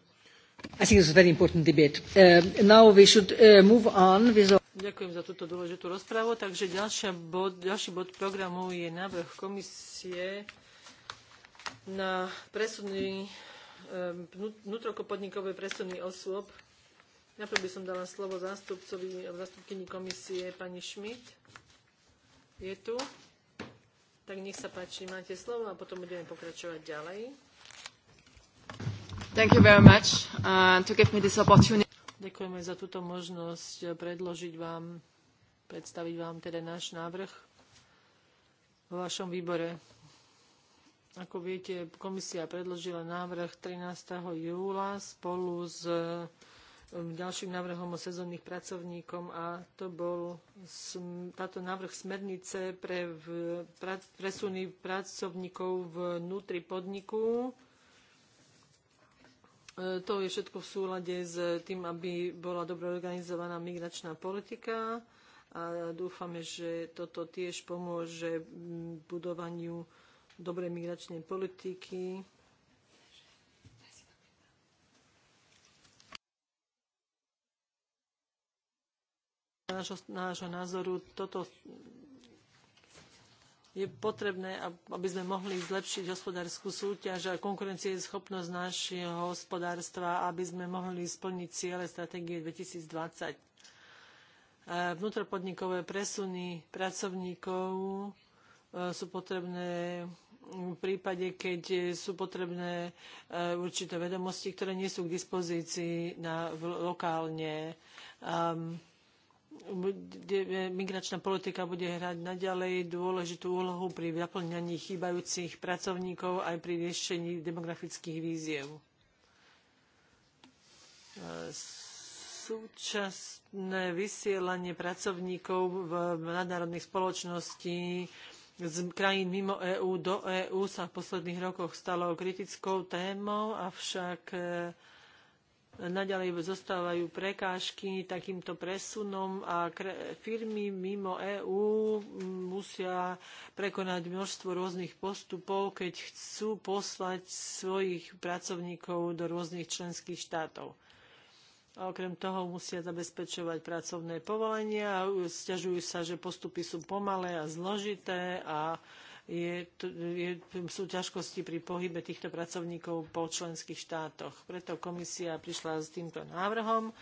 A: I think a very important debate. Uh, now we should uh, move on with
B: Ďakujem za túto dôležitú rozprávu. Takže bod, ďalší bod programu je návrh komisie na presuny, vnútrokopodnikové presuny osôb. Najprv by som dala slovo zástupcovi, zástupkyni komisie pani Schmidt. Je tu. Tak nech sa páči, máte slovo a potom budeme pokračovať ďalej.
D: Thank you very much uh, to give me this
B: opportunity. Ďakujeme za túto možnosť eh, predložiť vám, predstaviť vám teda náš návrh vo vašom výbore. Ako viete, komisia predložila návrh 13. júla spolu s eh, um, ďalším návrhom o sezónnych pracovníkom a to bol táto návrh smernice pre v, pra, presuny pracovníkov vnútri podniku E, to je všetko v súlade s tým, aby bola dobre organizovaná migračná politika a dúfame, že toto tiež pomôže budovaniu dobrej migračnej politiky. Nášho, nášho názoru toto je potrebné, aby sme mohli zlepšiť hospodárskú súťaž a konkurencieschopnosť nášho hospodárstva, aby sme mohli splniť ciele stratégie 2020. E, vnútropodnikové presuny pracovníkov e, sú potrebné v prípade, keď sú potrebné e, určité vedomosti, ktoré nie sú k dispozícii na, lokálne. Um, E, migračná politika bude hrať naďalej dôležitú úlohu pri naplňaní chýbajúcich pracovníkov aj pri riešení demografických víziev. E, súčasné vysielanie pracovníkov v nadnárodných spoločností z krajín mimo EÚ do EÚ sa v posledných rokoch stalo kritickou témou, avšak e, naďalej zostávajú prekážky takýmto presunom a firmy mimo EÚ musia prekonať množstvo rôznych postupov, keď chcú poslať svojich pracovníkov do rôznych členských štátov. okrem toho musia zabezpečovať pracovné povolenia, a sťažujú sa, že postupy sú pomalé a zložité a je, je, sú ťažkosti pri pohybe týchto pracovníkov po členských štátoch. Preto komisia prišla s týmto návrhom,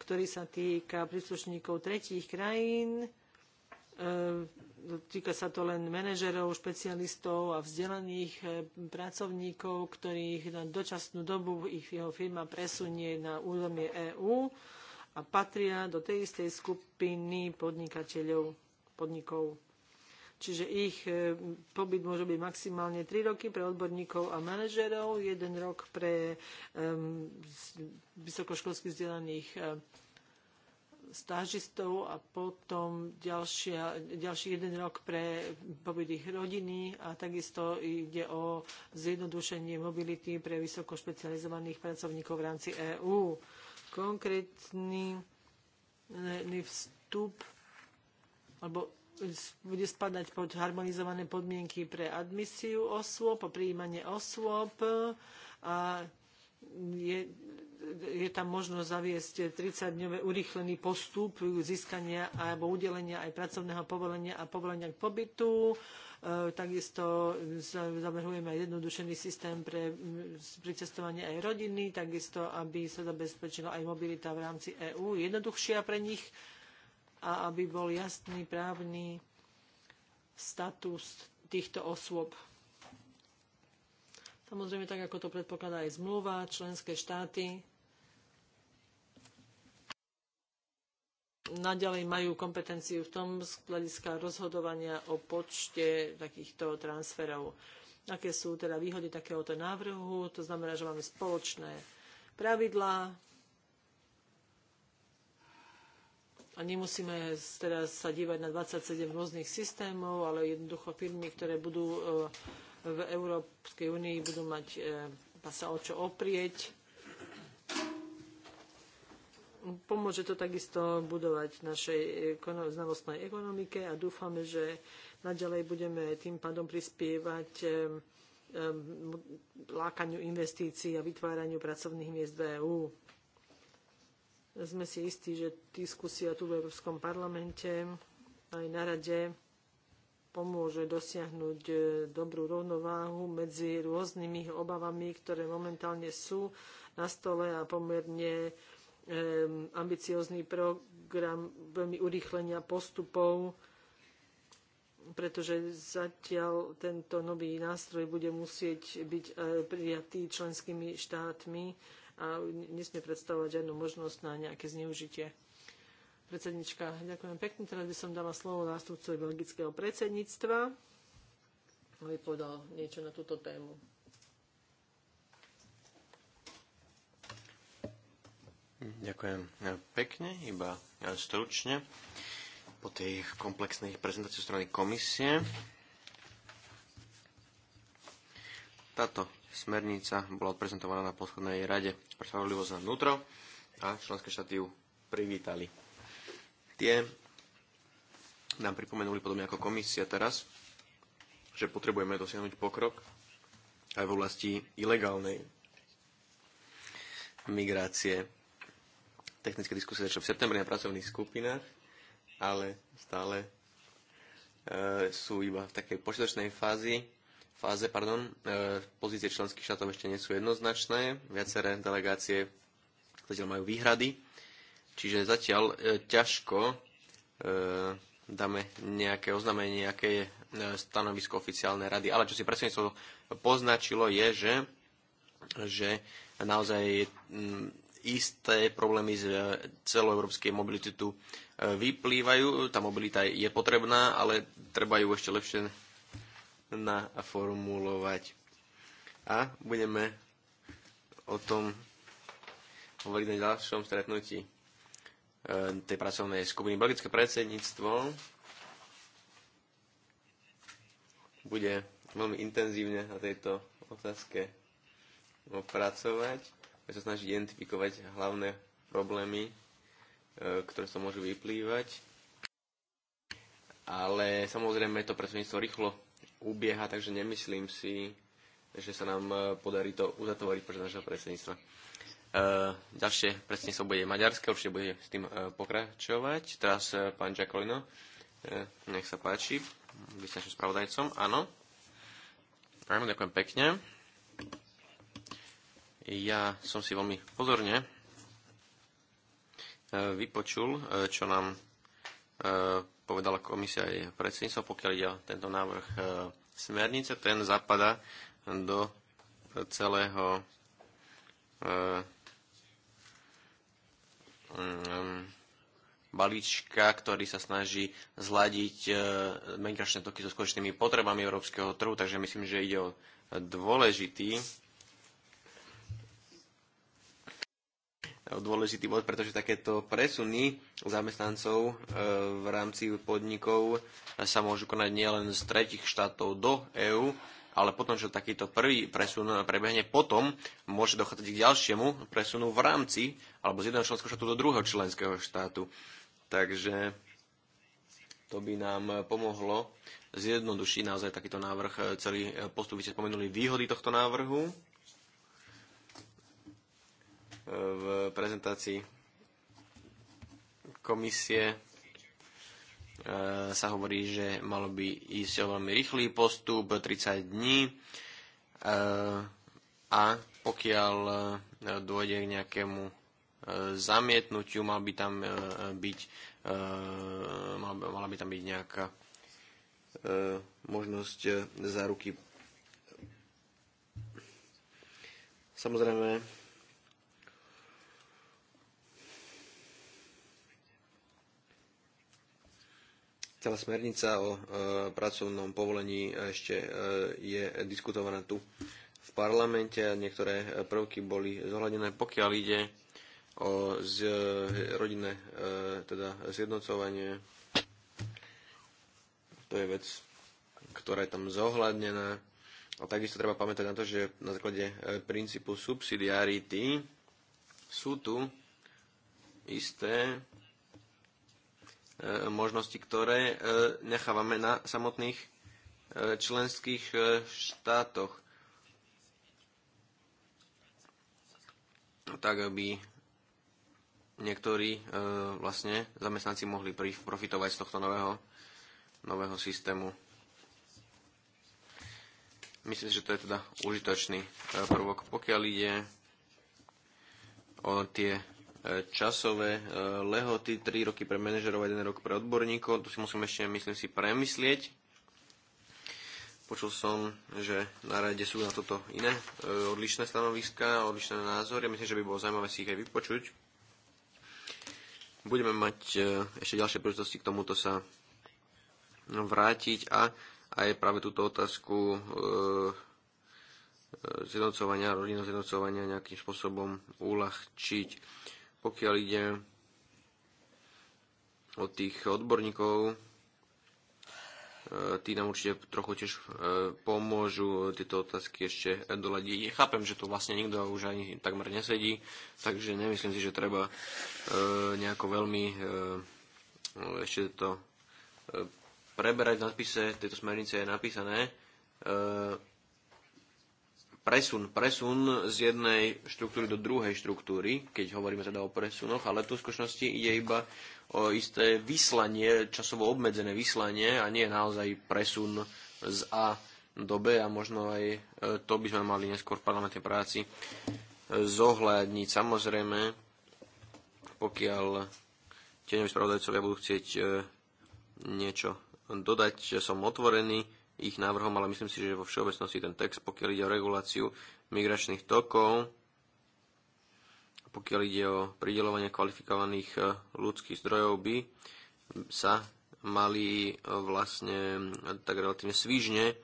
B: ktorý sa týka príslušníkov tretích krajín. E, týka sa to len manažerov, špecialistov a vzdelaných e, pracovníkov, ktorých na dočasnú dobu ich jeho firma presunie na územie EÚ a patria do tej istej skupiny podnikateľov podnikov čiže ich e, pobyt môže byť maximálne 3 roky pre odborníkov a manažerov, jeden rok pre vysokoškolsky vzdelaných e, stážistov a potom ďalšia, ďalší jeden rok pre pobyt ich rodiny a takisto ide o zjednodušenie mobility pre vysoko špecializovaných pracovníkov v rámci EÚ. Konkrétny e, vstup alebo bude spadať pod harmonizované podmienky pre admisiu osôb, prijímanie osôb a je, je tam možnosť zaviesť 30-dňové urýchlený postup získania alebo udelenia aj pracovného povolenia a povolenia k pobytu. E, takisto zavrhujeme aj jednodušený systém pre pricestovanie aj rodiny, takisto aby sa zabezpečila aj mobilita v rámci EÚ, jednoduchšia pre nich a aby bol jasný právny status týchto osôb. Samozrejme, tak ako to predpokladá aj zmluva, členské štáty naďalej majú kompetenciu v tom z hľadiska rozhodovania o počte takýchto transferov. Aké sú teda výhody takéhoto návrhu? To znamená, že máme spoločné pravidlá, nemusíme teraz sa dívať na 27 rôznych systémov, ale jednoducho firmy, ktoré budú e, v Európskej únii, budú mať e, sa o čo oprieť. Pomôže to takisto budovať našej znalostnej ekonomike a dúfame, že naďalej budeme tým pádom prispievať e, lákaniu investícií a vytváraniu pracovných miest v EÚ. Sme si istí, že diskusia tu v Európskom parlamente aj na rade pomôže dosiahnuť e, dobrú rovnováhu medzi rôznymi obavami, ktoré momentálne sú na stole a pomerne ambiciózny program veľmi urýchlenia postupov, pretože zatiaľ tento nový nástroj bude musieť byť e, prijatý členskými štátmi a nesmie predstavovať žiadnu možnosť na nejaké zneužitie. Predsednička, ďakujem pekne. Teraz by som dala slovo nástupcovi belgického predsedníctva, aby povedal niečo na túto tému.
C: Ďakujem pekne, iba stručne po tej komplexnej prezentácii strany komisie. Táto Smernica bola prezentovaná na poslednej rade pre spravodlivosť na vnútro a členské štáty ju privítali. Tie nám pripomenuli podobne ako komisia teraz, že potrebujeme dosiahnuť pokrok aj v oblasti ilegálnej migrácie. Technické diskusie začali v septembri na pracovných skupinách, ale stále e, sú iba v takej počiatočnej fázi fáze pardon, e, pozície členských štátov ešte nie sú jednoznačné. Viaceré delegácie zatiaľ majú výhrady. Čiže zatiaľ e, ťažko e, dáme nejaké oznámenie, nejaké stanovisko oficiálnej rady. Ale čo si predsedníctvo poznačilo je, že, že naozaj isté problémy z celoeurópskej mobility tu vyplývajú. Tá mobilita je potrebná, ale treba ju ešte lepšie naformulovať. A budeme o tom hovoriť na ďalšom stretnutí e, tej pracovnej skupiny. Belgické predsedníctvo bude veľmi intenzívne na tejto otázke pracovať. Bude sa snažiť identifikovať hlavné problémy, e, ktoré sa môžu vyplývať. Ale samozrejme to predsedníctvo rýchlo ubieha, takže nemyslím si, že sa nám e, podarí to uzatvoriť počas našeho predsedníctva. E, ďalšie predsedníctvo bude maďarské, určite bude s tým e, pokračovať. Teraz pán Giacolino, nech sa páči, vy ste našim spravodajcom. Áno. Áno, ďakujem pekne. Ja som si veľmi pozorne vypočul, čo nám povedala komisia aj predsedníctvo, pokiaľ ide o tento návrh e, smernice, ten zapada do celého e, mm, balíčka, ktorý sa snaží zladiť e, migračné toky so skutočnými potrebami európskeho trhu, takže myslím, že ide o dôležitý dôležitý bod, pretože takéto presuny zamestnancov e, v rámci podnikov sa môžu konať nielen z tretich štátov do EÚ, ale potom, čo takýto prvý presun prebehne, potom môže dochádzať k ďalšiemu presunu v rámci alebo z jedného členského štátu do druhého členského štátu. Takže to by nám pomohlo zjednodušiť naozaj takýto návrh, e, celý e, postup. Vy ste spomenuli výhody tohto návrhu v prezentácii komisie e, sa hovorí, že malo by ísť o veľmi rýchly postup, 30 dní e, a pokiaľ e, dôjde k nejakému zamietnutiu, mal by tam byť, mala by tam byť nejaká možnosť za ruky. Samozrejme, Celá smernica o e, pracovnom povolení ešte e, je diskutovaná tu v parlamente a niektoré prvky boli zohľadené, pokiaľ ide o z, e, rodinné teda zjednocovanie. To je vec, ktorá je tam zohľadnená. A takisto treba pamätať na to, že na základe princípu subsidiarity sú tu isté E, možnosti, ktoré e, nechávame na samotných e, členských štátoch. Tak, aby niektorí vlastne zamestnanci mohli profitovať z tohto nového, nového systému. Myslím si, že to je teda užitočný prvok. Pokiaľ ide o tie časové e, lehoty, 3 roky pre manažerov a 1 rok pre odborníkov. To si musím ešte, myslím si, premyslieť. Počul som, že na rade sú na toto iné e, odlišné stanoviska, odlišné názory. Myslím, že by bolo zaujímavé si ich aj vypočuť. Budeme mať e, ešte ďalšie príležitosti k tomuto sa vrátiť a aj práve túto otázku zjednocovania, rodinného zjednocovania nejakým spôsobom uľahčiť. Pokiaľ ide od tých odborníkov, e, tí nám určite trochu tiež e, pomôžu tieto otázky ešte doľadiť. Chápem, že tu vlastne nikto už ani takmer nesedí, takže nemyslím si, že treba e, nejako veľmi ešte to preberať v nadpise tejto smernice je napísané presun, presun z jednej štruktúry do druhej štruktúry, keď hovoríme teda o presunoch, ale tu v skutočnosti ide iba o isté vyslanie, časovo obmedzené vyslanie a nie naozaj presun z A do B a možno aj e, to by sme mali neskôr v parlamentnej práci e, zohľadniť. Samozrejme, pokiaľ tieňoví spravodajcovia budú chcieť e, niečo dodať, som otvorený ich návrhom, ale myslím si, že vo všeobecnosti ten text, pokiaľ ide o reguláciu migračných tokov, pokiaľ ide o pridelovanie kvalifikovaných e, ľudských zdrojov, by sa mali e, vlastne tak relatívne svižne e,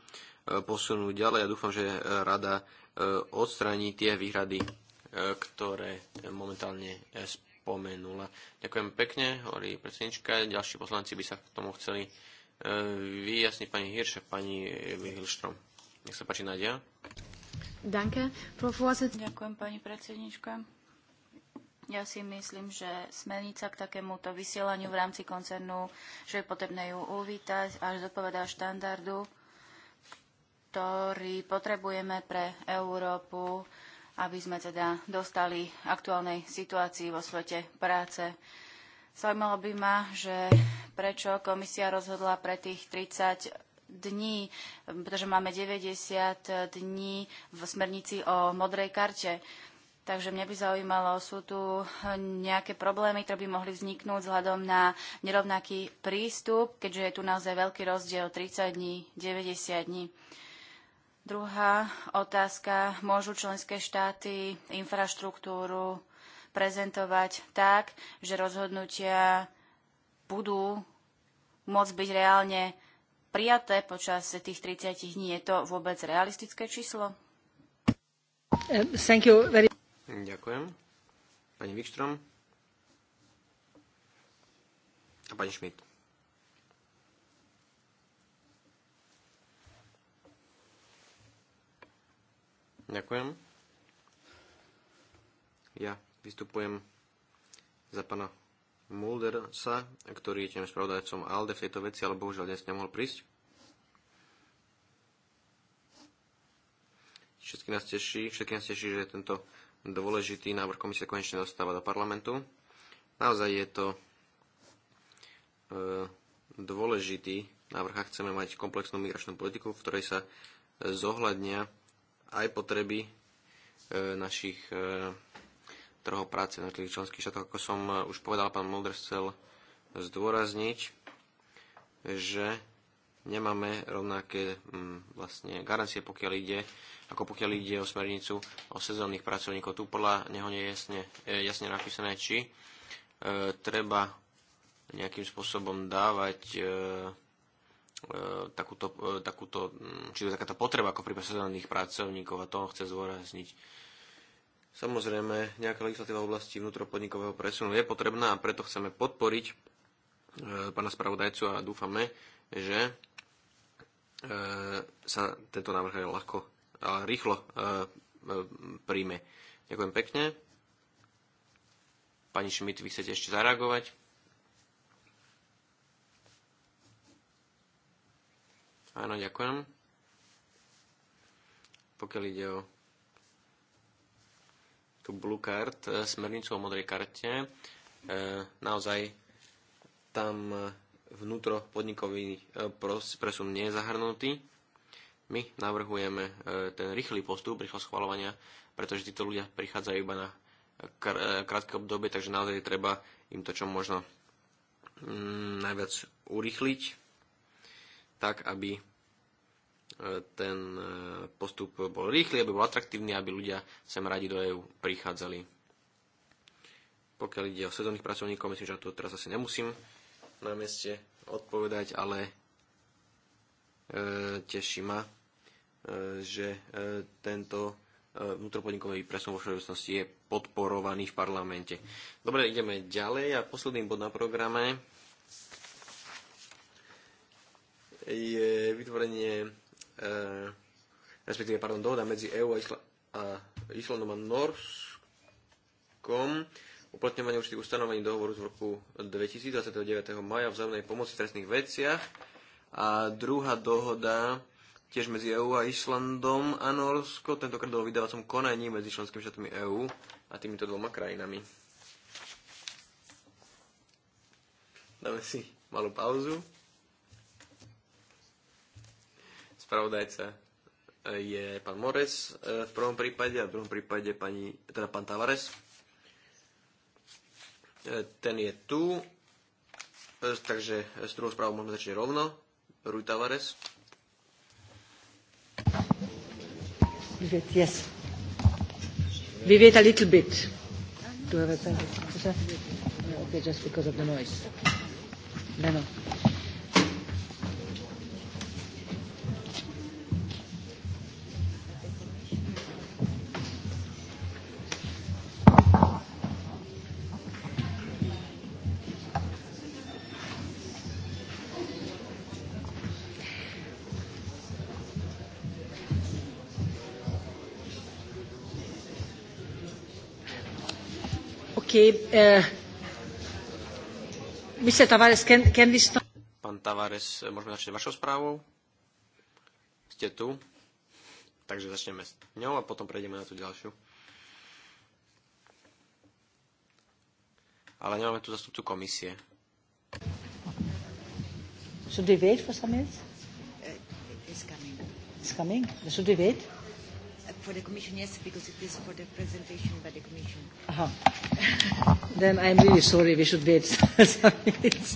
C: posunúť ďalej. Ja dúfam, že rada odstraní tie výhrady, ktoré momentálne spomenula. Ďakujem pekne, hovorí predsednička. Ďalší poslanci by sa k tomu chceli E, vyjasní pani Hirša, pani Hilštrom. Nech sa páči, Nadia.
D: Danke, Ďakujem, pani predsednička. Ja si myslím, že smernica k takémuto vysielaniu v rámci koncernu, že je potrebné ju uvítať až zodpovedá štandardu, ktorý potrebujeme pre Európu, aby sme teda dostali aktuálnej situácii vo svete práce. Zaujímalo by ma, že prečo komisia rozhodla pre tých 30 dní, pretože máme 90 dní v smernici o modrej karte. Takže mňa by zaujímalo, sú tu nejaké problémy, ktoré by mohli vzniknúť vzhľadom na nerovnaký prístup, keďže je tu naozaj veľký rozdiel 30 dní, 90 dní. Druhá otázka. Môžu členské štáty infraštruktúru prezentovať tak, že rozhodnutia budú môcť byť reálne prijaté počas tých 30 dní. Je to vôbec realistické číslo?
A: Very...
C: Ďakujem. Pani Wikström. A pani Schmidt. Ďakujem. Ja Vystupujem za pana Muldersa, ktorý je tým spravodajcom ALDE v tejto veci, ale bohužiaľ dnes nemohol prísť. Všetky nás teší, všetky nás teší, že tento dôležitý návrh komisie konečne dostáva do parlamentu. Naozaj je to e, dôležitý návrh, a chceme mať komplexnú migračnú politiku, v ktorej sa zohľadnia aj potreby e, našich e, trhov práce na tých členských štátoch. Ako som eh, už povedal, pán Mulder chcel zdôrazniť, že nemáme rovnaké m, mm, vlastne garancie, pokiaľ ide, ako pokiaľ ide o smernicu o sezónnych pracovníkov. Tu podľa neho nie je jasne, eh, jasne napísané, či e, treba nejakým spôsobom dávať e, e, takúto, e, takúto, mm, či to je takáto potreba ako prípad sezónnych pracovníkov a to on chce zdôrazniť. Samozrejme, nejaká legislatíva v oblasti vnútropodnikového presunu je potrebná a preto chceme podporiť e, pána spravodajcu a dúfame, že e, sa tento návrh aj ľahko a rýchlo e, príjme. Ďakujem pekne. Pani Šmit, vy chcete ešte zareagovať? Áno, ďakujem. Pokiaľ ide o tú Blue Card, e, smernicu o modrej karte. E, naozaj tam e, vnútro podnikový presun nie je zahrnutý. My navrhujeme ten rýchly postup, rýchlo schvalovania, pretože títo ľudia prichádzajú iba na krátke obdobie, takže naozaj treba im to čo možno mm, najviac urychliť, tak aby ten e, postup bol rýchly, aby bol atraktívny, aby ľudia sem radi do EÚ prichádzali. Pokiaľ ide o sezónnych pracovníkov, myslím, že to teraz asi nemusím na mieste odpovedať, ale e, teší ma, e, že e, tento e, vnútropodnikový presun vo všeobecnosti je podporovaný v parlamente. Dobre, ideme ďalej a posledný bod na programe je vytvorenie Eh, respektíve, pardon, dohoda medzi EÚ a, Isla- a Islandom a Norskom uplatňovanie určitých ustanovení dohovoru z roku 2029. maja v vzájomnej pomoci v trestných veciach. A druhá dohoda tiež medzi EÚ a Islandom a Norsko, tentokrát o vydávacom konaní medzi členskými štátmi EÚ a týmito dvoma krajinami. Dáme si malú pauzu. Spravodajca e, je pán Mores e, v prvom prípade a v druhom prípade pani, teda pán Tavares. E, ten je tu, takže s druhou správou môžeme začať rovno. Rui Tavares.
A: Yes. We wait a little bit. Do you have a time? Okay, just because of the noise. No, no. E, Mr. Tavares, can, can
C: Pán Tavares, e, môžeme začať vašou správou? Ste tu? Takže začneme s ňou a potom prejdeme na tú ďalšiu. Ale nemáme tu zastupcu komisie.
A: Should we wait for some uh, it's coming. It's coming? Should we wait?
D: for the Commission, yes, because it is for the presentation by the Commission.
A: Uh -huh. Then I'm really sorry, we should wait *laughs* some minutes.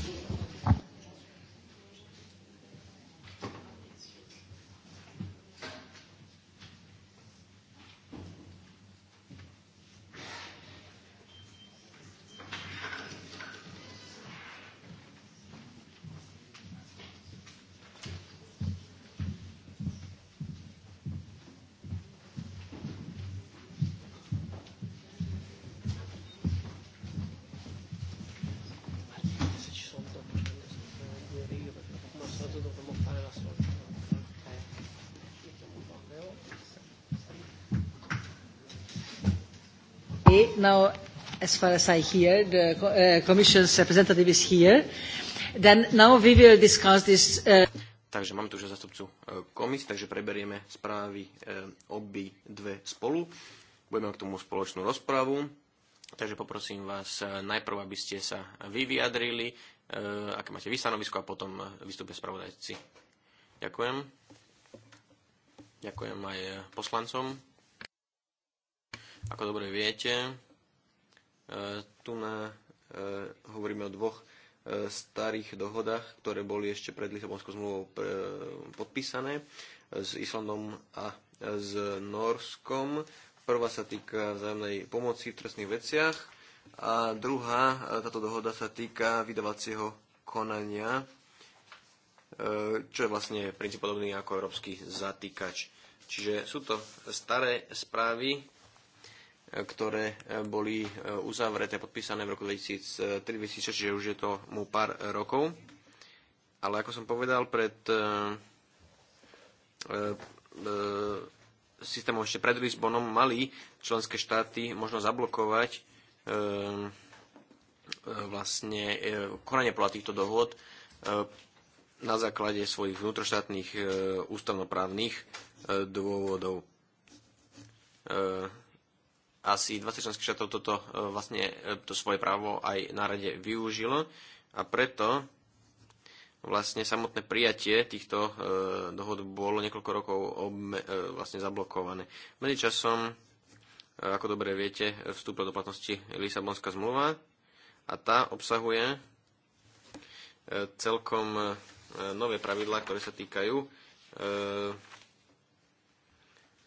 A: now, as far as I hear, the uh, Commission's representative is here. Then now we will discuss this. Uh...
C: Takže máme tu už zastupcu uh, komis, takže preberieme správy uh, obi dve spolu. Budeme k tomu spoločnú rozpravu. Takže poprosím vás uh, najprv, aby ste sa vy vyjadrili, aké máte vy stanovisko a potom vystúpia spravodajci. Ďakujem. Ďakujem aj poslancom. Ako dobre viete, e, tu na, e, hovoríme o dvoch e, starých dohodách, ktoré boli ešte pred Lisabonskou zmluvou podpísané s Islandom a s Norskom. Prvá sa týka vzájomnej pomoci v trestných veciach a druhá, táto dohoda sa týka vydavacieho konania, čo je vlastne princípodobný ako európsky zatýkač. Čiže sú to staré správy, ktoré e, boli e, uzavreté, podpísané v roku 2003-2006, čiže už je to mu pár rokov. Ale ako som povedal, pred e, systémom ešte pred Lisbonom mali členské štáty možno zablokovať vlastne konanie podľa týchto dohod na základe svojich vnútroštátnych ústavnoprávnych dôvodov asi 20 členských štátov toto e, vlastne e, to svoje právo aj na rade využilo a preto vlastne samotné prijatie týchto e, dohod bolo niekoľko rokov obme, vlastne zablokované. Medzičasom, ako dobre viete, vstúpila do platnosti Lisabonská zmluva a tá obsahuje celkom nové pravidlá, ktoré sa týkajú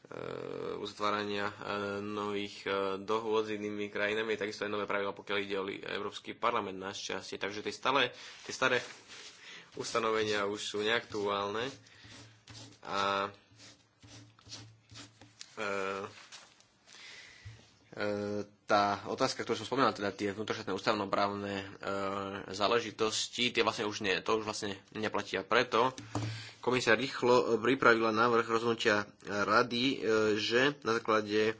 C: E, uzatvárania e, nových e, dohôd s inými krajinami, takisto aj nové pravidla, pokiaľ ide o Európsky parlament na šťastie. Takže tie, stále, tie staré ustanovenia už sú neaktuálne a e, e, tá otázka, ktorú som spomínal, teda tie vnútrošetné ústavnoprávne e, záležitosti, tie vlastne už nie, to už vlastne neplatia. Preto komisia rýchlo e, pripravila návrh rozhodnutia rady, e, že na základe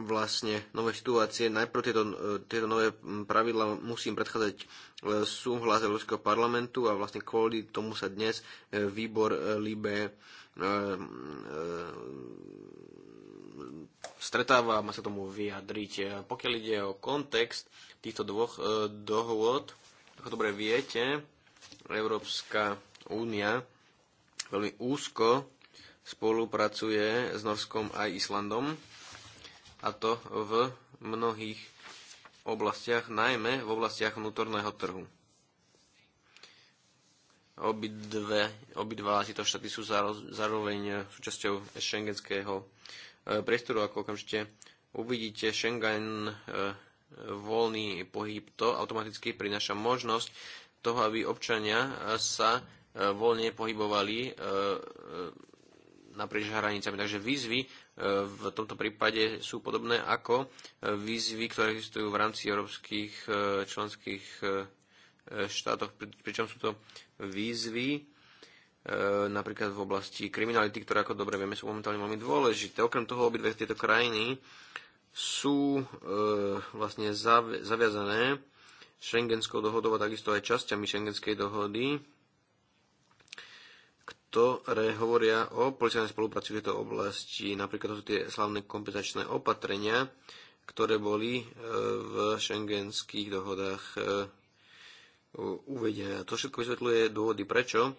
C: vlastne nové situácie, najprv tieto, e, tieto nové pravidla musím predchádzať e, súhlas Európskeho parlamentu a vlastne kvôli tomu sa dnes e, výbor e, LIBE e, e, stretáva, má sa tomu vyjadriť. Pokiaľ ide o kontext týchto dvoch e, dohôd, ako dobre viete, Európska únia veľmi úzko spolupracuje s Norskom a Islandom a to v mnohých oblastiach, najmä v oblastiach vnútorného trhu. Obidve, obidva tieto štáty sú zároveň súčasťou šengenského E, priestoru, ako okamžite uvidíte, Schengen e, voľný pohyb to automaticky prináša možnosť toho, aby občania e, sa voľne pohybovali naprieč hranicami. Takže výzvy v tomto prípade sú podobné ako výzvy, ktoré existujú v rámci európskych členských štátoch, pričom sú to výzvy, E, napríklad v oblasti kriminality, ktoré ako dobre vieme sú momentálne veľmi dôležité. Okrem toho obidve tieto krajiny sú e, vlastne zav- zaviazané šengenskou dohodou a takisto aj časťami šengenskej dohody, ktoré hovoria o policajnej spolupráci v tejto oblasti. Napríklad to sú tie slavné kompenzačné opatrenia, ktoré boli e, v šengenských dohodách e, uvedené. to všetko vysvetľuje dôvody prečo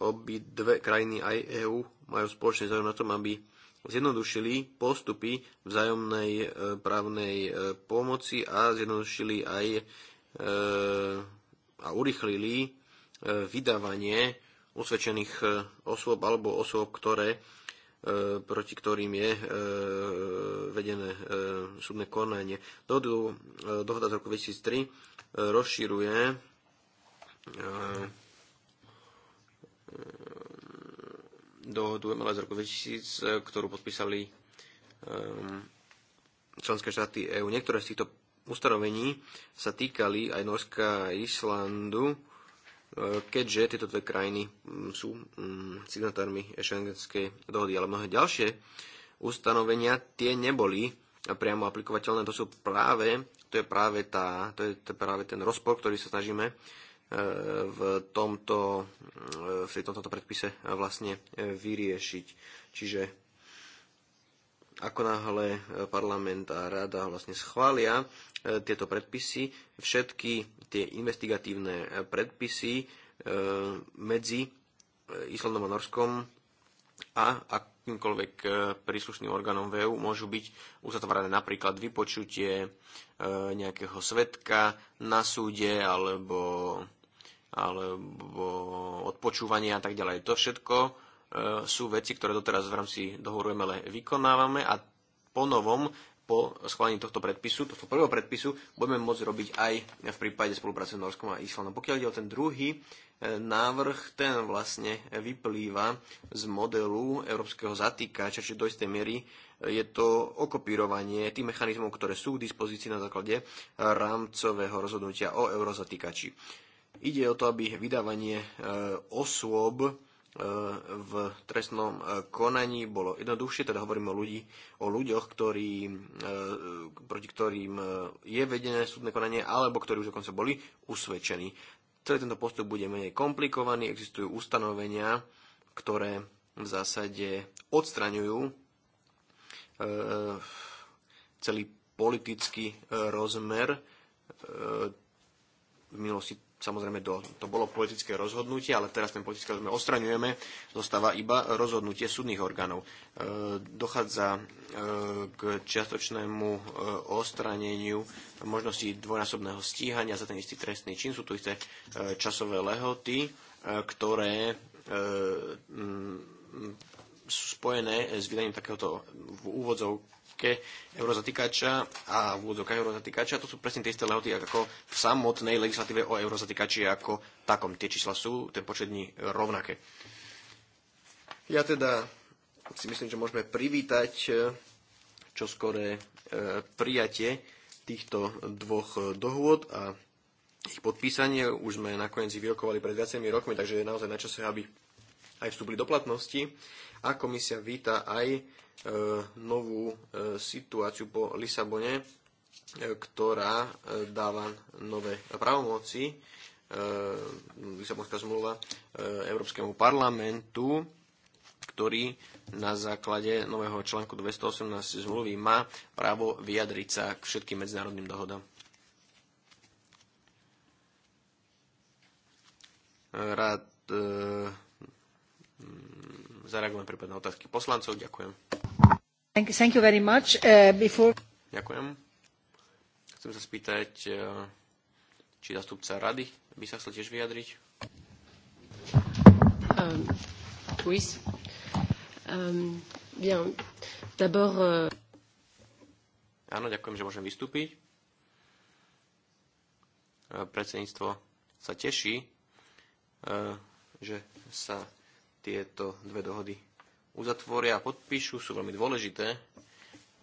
C: obi dve krajiny aj EÚ majú spoločný záujem na tom, aby zjednodušili postupy vzájomnej e, právnej e, pomoci a zjednodušili aj e, a urychlili vydávanie usvedčených osôb alebo osôb, ktoré, proti ktorým je vedené súdne konanie. Dohoda z roku 2003 rozširuje dohodu MLA z roku 2000, e, ktorú podpísali e, členské štáty EÚ. Niektoré z týchto ustanovení sa týkali aj Norska a Islandu, e, keďže tieto dve krajiny sú signatármi Schengenskej dohody. Ale mnohé ďalšie ustanovenia tie neboli priamo aplikovateľné. To sú práve, to je práve, tá, to je, to je práve ten rozpor, ktorý sa snažíme E, v tomto, e, v tomto predpise vlastne e, vyriešiť. Čiže ako náhle parlament a rada vlastne schvália tieto predpisy, všetky tie investigatívne predpisy medzi Islandom a Norskom a akýmkoľvek príslušným orgánom VEU môžu byť uzatvárané napríklad vypočutie nejakého svetka na súde alebo alebo odpočúvanie a tak ďalej. To všetko e, sú veci, ktoré doteraz v rámci dohovoru MLE vykonávame a po novom, po schválení tohto predpisu, tohto prvého predpisu, budeme môcť robiť aj v prípade spolupráce s Norskom a Islandom. Pokiaľ ide o ten druhý e, návrh, ten vlastne vyplýva z modelu európskeho zatýkača, čiže do istej miery e, je to okopírovanie tých mechanizmov, ktoré sú k dispozícii na základe rámcového rozhodnutia o eurozatýkači. Ide o to, aby vydávanie e, osôb e, v trestnom e, konaní bolo jednoduchšie, teda hovoríme o, ľudí, o ľuďoch, ktorí, proti ktorým je vedené súdne konanie, alebo ktorí už dokonca boli usvedčení. Celý tento postup bude menej komplikovaný, existujú ustanovenia, ktoré v zásade odstraňujú celý politický rozmer. V minulosti Samozrejme, to, to bolo politické rozhodnutie, ale teraz ten politické rozhodnutie ostraňujeme, zostáva iba rozhodnutie súdnych orgánov. E, dochádza e, k čiastočnému e, ostraneniu možnosti dvojnásobného stíhania za ten istý trestný čin. Sú tu isté e, časové lehoty, e, ktoré e, m, sú spojené s vydaním takéhoto v úvodzov, otázke eurozatýkača a v úvodzovkách eurozatýkača. To sú presne tie isté lehoty ako v samotnej legislatíve o eurozatýkači ako takom. Tie čísla sú, ten počet dní rovnaké. Ja teda si myslím, že môžeme privítať eh, čoskoré eh, prijatie týchto dvoch eh, dohôd a ich podpísanie. Už sme nakoniec vyrokovali pred viacerými rokmi, takže je naozaj na čase, aby aj vstúpili do platnosti a komisia víta aj e, novú e, situáciu po Lisabone, e, ktorá dáva nové právomoci Lisabonská zmluva Európskemu parlamentu, ktorý na základe nového článku 218 zmluvy má právo vyjadriť sa k všetkým medzinárodným dohodám. Rád zareagujem prípadne otázky poslancov. Ďakujem.
A: Thank you, very much. Uh, before...
C: Ďakujem. Chcem sa spýtať, uh, či zastupca rady by sa chcel tiež vyjadriť.
D: Um, oui. Um, bien. D'abord... Uh...
C: Áno, ďakujem, že môžem vystúpiť. Uh, predsedníctvo sa teší, že sa tieto dve dohody uzatvoria a podpíšu, sú veľmi dôležité,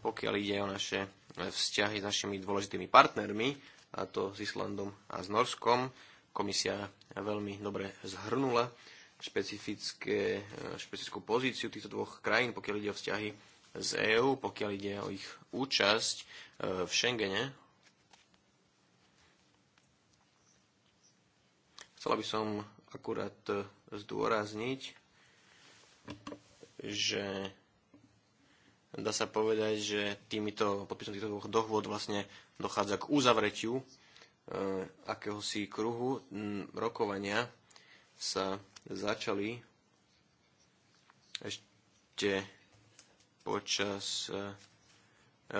C: pokiaľ ide o naše e, vzťahy s našimi dôležitými partnermi, a to s Islandom a s Norskom. Komisia veľmi dobre zhrnula špecifické, e, špecifickú pozíciu týchto dvoch krajín, pokiaľ ide o vzťahy z EÚ, pokiaľ ide o ich účasť e, v Schengene. Chcela by som akurát zdôrazniť, že dá sa povedať, že týmito podpisom týchto dvoch dohôd vlastne dochádza k uzavretiu e, akéhosi kruhu. M, mm, rokovania sa začali ešte počas e,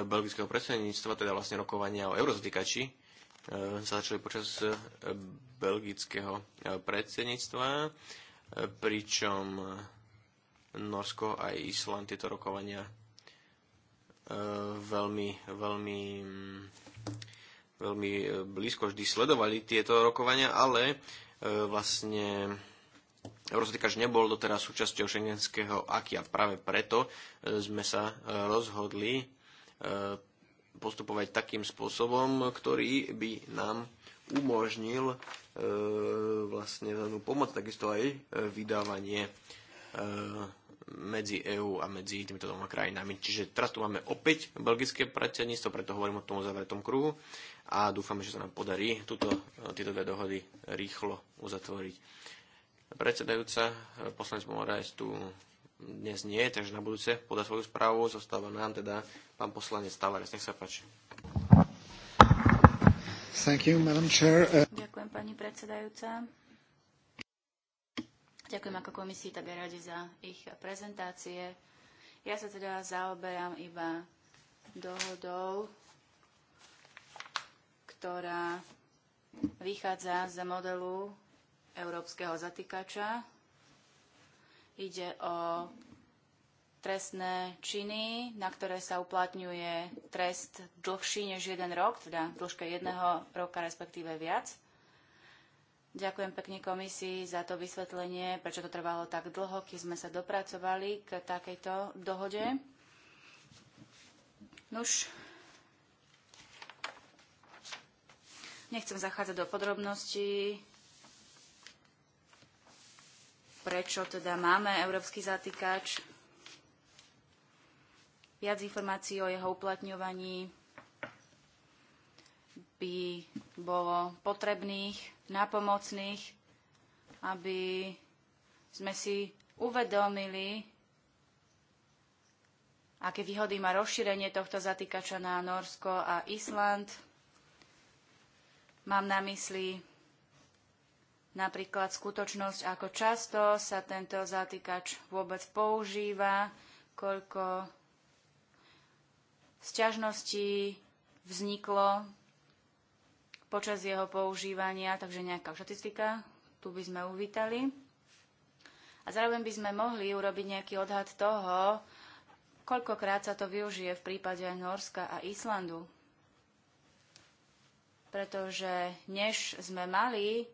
C: belgického predsedníctva, teda vlastne rokovania o eurozatýkači, e, sa začali počas e, belgického e, predsedníctva, e, pričom Norsko a Island tieto rokovania e, veľmi, veľmi, mm, veľmi e, blízko vždy sledovali tieto rokovania, ale e, vlastne Eurostikaž nebol doteraz súčasťou šengenského akia. Práve preto sme sa rozhodli postupovať takým spôsobom, ktorý by nám umožnil vlastne danú pomoc, takisto aj vydávanie medzi EÚ a medzi týmito dvoma krajinami. Čiže teraz tu máme opäť belgické predsedníctvo, preto hovorím o tom uzavretom kruhu a dúfame, že sa nám podarí túto, tieto dve dohody rýchlo uzatvoriť. Predsedajúca, poslanec Moraes tu dnes nie, takže na budúce podá svoju správu. Zostáva nám teda pán poslanec Tavares. Nech sa páči.
A: Thank you, Madam Chair.
D: Ďakujem, pani predsedajúca. Ďakujem ako komisii, tak aj radi za ich prezentácie. Ja sa teda zaoberám iba dohodou, ktorá vychádza z modelu európskeho zatýkača. Ide o trestné činy, na ktoré sa uplatňuje trest dlhší než jeden rok, teda dĺžka jedného roka, respektíve viac. Ďakujem pekne komisii za to vysvetlenie, prečo to trvalo tak dlho, keď sme sa dopracovali k takejto dohode. Nuž, nechcem zachádzať do podrobností, prečo teda máme európsky zatýkač, viac informácií o jeho uplatňovaní by bolo potrebných napomocných, aby sme si uvedomili, aké výhody má rozšírenie tohto zatýkača na Norsko a Island. Mám na mysli napríklad skutočnosť, ako často sa tento zatýkač vôbec používa, koľko sťažností vzniklo počas jeho používania, takže nejaká štatistika, tu by sme uvítali. A zároveň by sme mohli urobiť nejaký odhad toho, koľkokrát sa to využije v prípade Norska a Islandu. Pretože než sme mali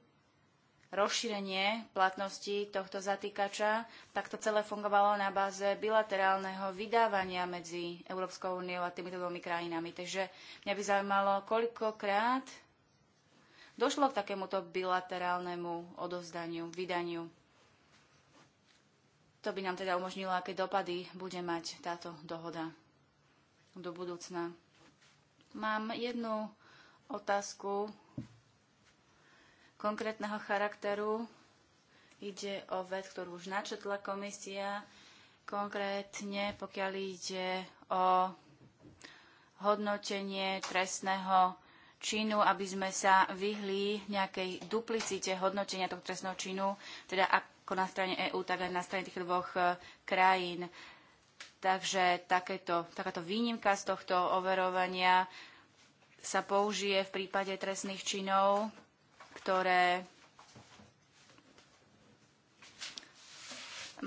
D: rozšírenie platnosti tohto zatýkača, tak to celé fungovalo na báze bilaterálneho vydávania medzi Európskou úniou a týmito dvomi krajinami. Takže mňa by zaujímalo, koľkokrát došlo k takémuto bilaterálnemu odovzdaniu, vydaniu. To by nám teda umožnilo, aké dopady bude mať táto dohoda do budúcna. Mám jednu otázku konkrétneho charakteru. Ide o vec, ktorú už načetla komisia, konkrétne pokiaľ ide o hodnotenie trestného činu, aby sme sa vyhli nejakej duplicite hodnotenia tohto trestného činu, teda ako na strane EÚ, tak aj na strane tých dvoch e, krajín. Takže takéto, takáto výnimka z tohto overovania sa použije v prípade trestných činov, ktoré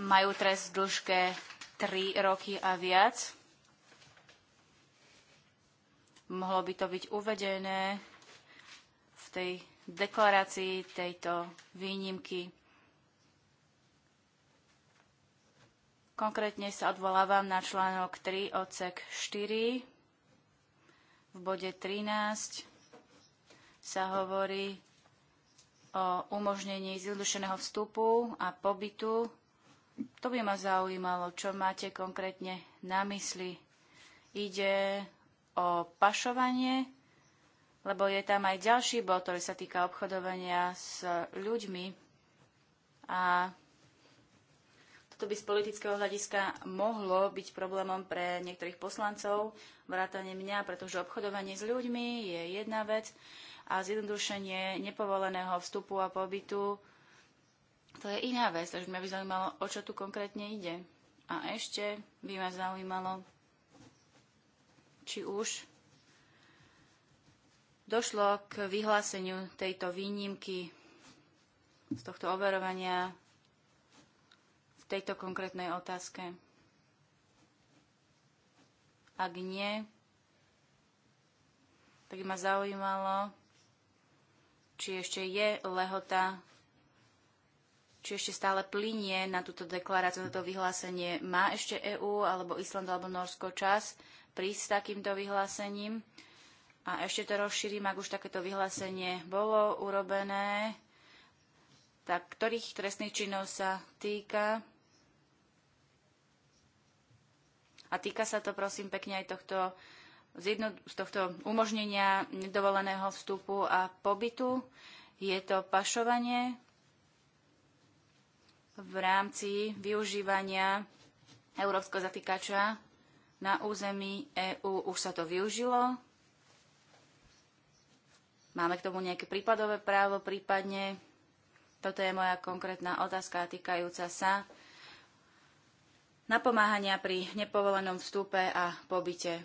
D: majú trest v dĺžke 3 roky a viac. Mohlo by to byť uvedené v tej deklarácii tejto výnimky. Konkrétne sa odvolávam na článok 3 odsek 4. V bode 13 sa hovorí o umožnení zjednodušeného vstupu a pobytu. To by ma zaujímalo, čo máte konkrétne na mysli. Ide o pašovanie, lebo je tam aj ďalší bod, ktorý sa týka obchodovania s ľuďmi. A toto by z politického hľadiska mohlo byť problémom pre niektorých poslancov, vrátane mňa, pretože obchodovanie s ľuďmi je jedna vec a zjednodušenie nepovoleného vstupu a pobytu to je iná vec, takže mňa by zaujímalo, o čo tu konkrétne ide. A ešte by ma zaujímalo, či už došlo k vyhláseniu tejto výnimky z tohto overovania v tejto konkrétnej otázke. Ak nie, tak ma zaujímalo, či ešte je lehota, či ešte stále plinie na túto deklaráciu, na toto vyhlásenie. Má ešte EÚ alebo Island alebo Norsko čas prísť s takýmto vyhlásením. A ešte to rozšírim, ak už takéto vyhlásenie bolo urobené, tak ktorých trestných činov sa týka. A týka sa to, prosím, pekne aj tohto, z, jedno, z tohto umožnenia nedovoleného vstupu a pobytu. Je to pašovanie v rámci využívania európskeho zatýkača na území EÚ. Už sa to využilo. Máme k tomu nejaké prípadové právo prípadne. Toto je moja konkrétna otázka týkajúca sa napomáhania pri nepovolenom vstupe a pobyte.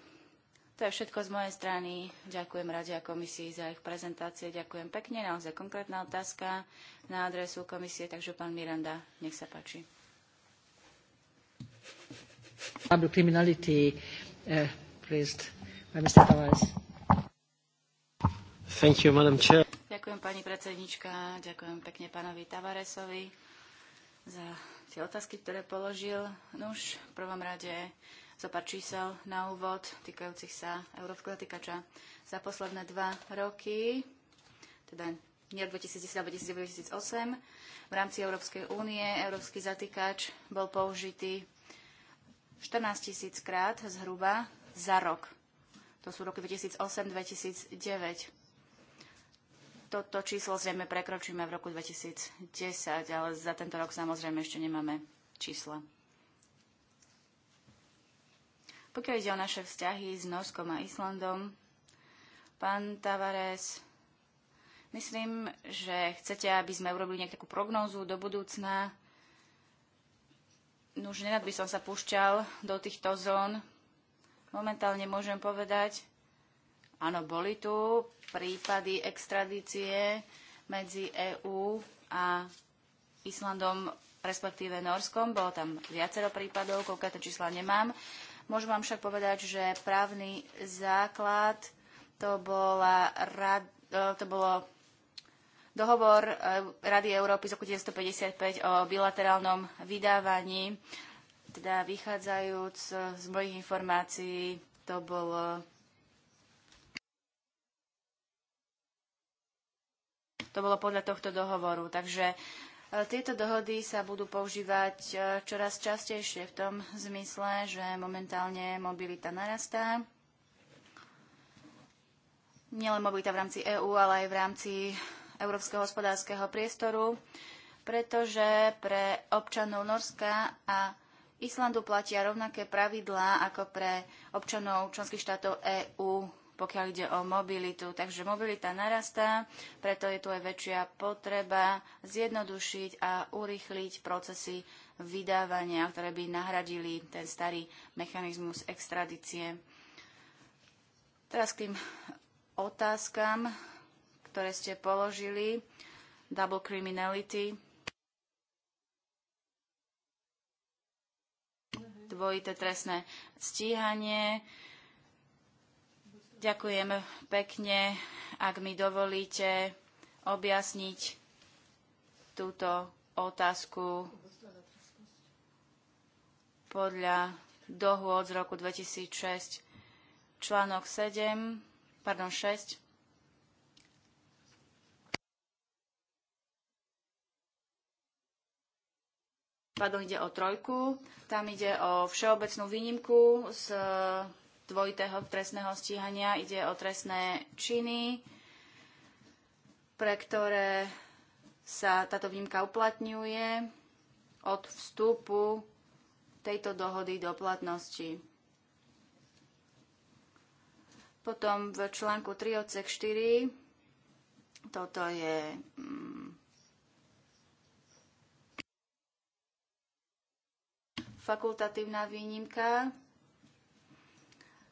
D: To je všetko z mojej strany. Ďakujem Rade a komisii za ich prezentácie. Ďakujem pekne. Naozaj konkrétna otázka na adresu komisie, takže pán Miranda, nech sa páči.
A: Uh, ďakujem
D: pani predsednička, ďakujem pekne pánovi Tavaresovi za tie otázky, ktoré položil. Nuž, v prvom rade zo pár čísel na úvod týkajúcich sa európskeho týkača. Za posledné dva roky, teda nie 2010, ale 2008, v rámci Európskej únie európsky zatýkač bol použitý 14 000 krát zhruba za rok. To sú roky 2008-2009. Toto číslo zrejme prekročíme v roku 2010, ale za tento rok samozrejme ešte nemáme čísla. Pokiaľ ide o naše vzťahy s Norskom a Islandom, pán Tavares, myslím, že chcete, aby sme urobili nejakú prognózu do budúcna No už nerad by som sa púšťal do týchto zón. Momentálne môžem povedať, áno, boli tu prípady extradície medzi EÚ a Islandom, respektíve Norskom. Bolo tam viacero prípadov, konkrétne čísla nemám. Môžem vám však povedať, že právny základ to, bola rad, to bolo Dohovor e, Rady Európy z roku 1955 o bilaterálnom vydávaní, teda vychádzajúc z mojich informácií, to bolo To bolo podľa tohto dohovoru. Takže e, tieto dohody sa budú používať e, čoraz častejšie v tom zmysle, že momentálne mobilita narastá. Nielen mobilita v rámci EÚ, ale aj v rámci Európskeho hospodárskeho priestoru, pretože pre občanov Norska a Islandu platia rovnaké pravidlá ako pre občanov členských štátov EÚ, pokiaľ ide o mobilitu. Takže mobilita narastá, preto je tu aj väčšia potreba zjednodušiť a urýchliť procesy vydávania, ktoré by nahradili ten starý mechanizmus extradície. Teraz k tým otázkam, ktoré ste položili, double criminality, dvojité trestné stíhanie. Ďakujem pekne, ak mi dovolíte objasniť túto otázku podľa dohôd z roku 2006. Článok 7, pardon 6 Pardon, ide o trojku. Tam ide o všeobecnú výnimku z e, dvojitého trestného stíhania. Ide o trestné činy, pre ktoré sa táto výnimka uplatňuje od vstupu tejto dohody do platnosti. Potom v článku 3 odsek 4 toto je mm, fakultatívna výnimka,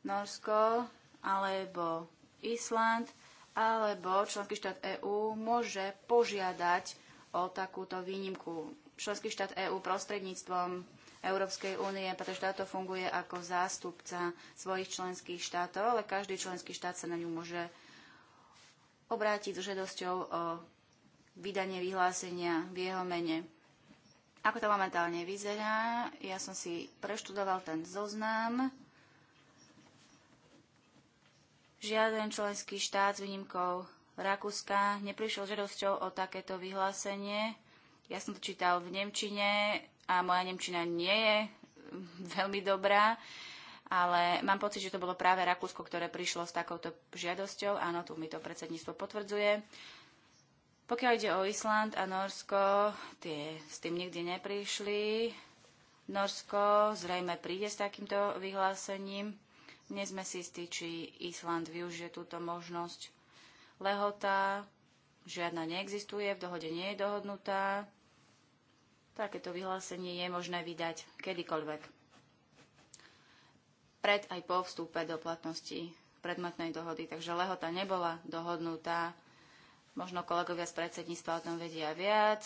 D: Norsko alebo Island alebo členský štát EÚ môže požiadať o takúto výnimku. Členský štát EÚ prostredníctvom Európskej únie, pretože táto funguje ako zástupca svojich členských štátov, ale každý členský štát sa na ňu môže obrátiť s žiadosťou o vydanie vyhlásenia v jeho mene. Ako to momentálne vyzerá, ja som si preštudoval ten zoznam. Žiaden členský štát s výnimkou Rakúska neprišiel žiadosťou o takéto vyhlásenie. Ja som to čítal v Nemčine a moja Nemčina nie je *laughs* veľmi dobrá, ale mám pocit, že to bolo práve Rakúsko, ktoré prišlo s takouto žiadosťou. Áno, tu mi to predsedníctvo potvrdzuje. Pokiaľ ide o Island a Norsko, tie s tým nikdy neprišli. Norsko zrejme príde s takýmto vyhlásením. Nie sme si istí, či Island využije túto možnosť. Lehota žiadna neexistuje, v dohode nie je dohodnutá. Takéto vyhlásenie je možné vydať kedykoľvek. Pred aj po vstúpe do platnosti predmetnej dohody, takže lehota nebola dohodnutá Možno kolegovia z predsedníctva o tom vedia viac.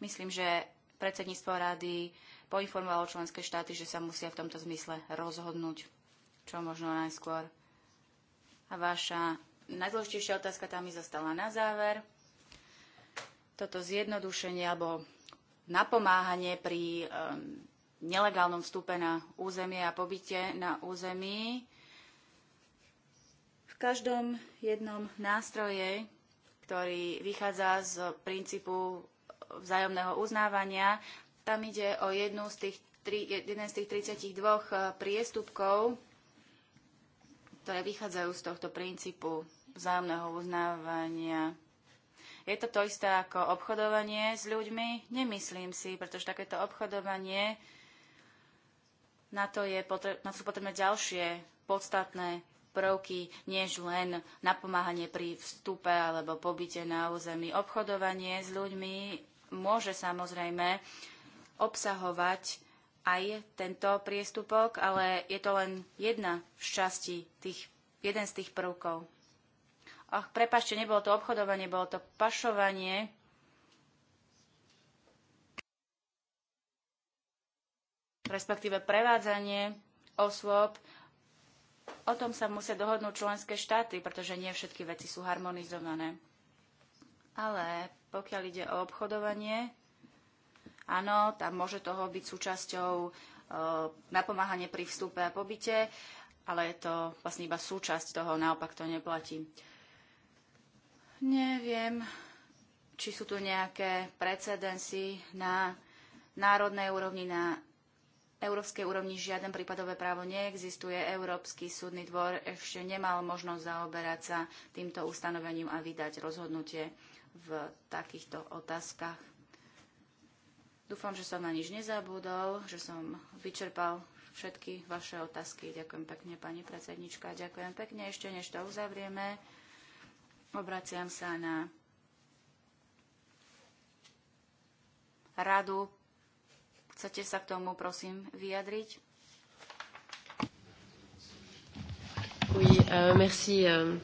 D: Myslím, že predsedníctvo rady poinformovalo členské štáty, že sa musia v tomto zmysle rozhodnúť, čo možno najskôr. A vaša najdôležitejšia otázka tam mi zostala na záver. Toto zjednodušenie alebo napomáhanie pri um, nelegálnom vstupe na územie a pobyte na území. V každom jednom nástroje, ktorý vychádza z princípu vzájomného uznávania, tam ide o jednu z tých, tri, jeden z tých 32 eh, priestupkov, ktoré vychádzajú z tohto princípu vzájomného uznávania. Je to to isté ako obchodovanie s ľuďmi? Nemyslím si, pretože takéto obchodovanie, na to, je potre- na to sú potrebné ďalšie podstatné prvky, než len napomáhanie pri vstupe alebo pobyte na území. Obchodovanie s ľuďmi môže samozrejme obsahovať aj tento priestupok, ale je to len jedna z časti, tých, jeden z tých prvkov. Ach, prepašte, nebolo to obchodovanie, bolo to pašovanie. respektíve prevádzanie osôb O tom sa musia dohodnúť členské štáty, pretože nie všetky veci sú harmonizované. Ale pokiaľ ide o obchodovanie, áno, tam môže toho byť súčasťou e, napomáhanie pri vstupe a pobyte, ale je to vlastne iba súčasť toho, naopak to neplatí. Neviem, či sú tu nejaké precedensy na národnej úrovni, na európskej úrovni žiaden prípadové právo neexistuje. Európsky súdny dvor ešte nemal možnosť zaoberať sa týmto ustanovením a vydať rozhodnutie v takýchto otázkach. Dúfam, že som na nič nezabudol, že som vyčerpal všetky vaše otázky. Ďakujem pekne, pani predsednička. Ďakujem pekne. Ešte než to uzavrieme, obraciam sa na radu Chcete sa k tomu, prosím, vyjadriť? Oui, euh, merci, euh,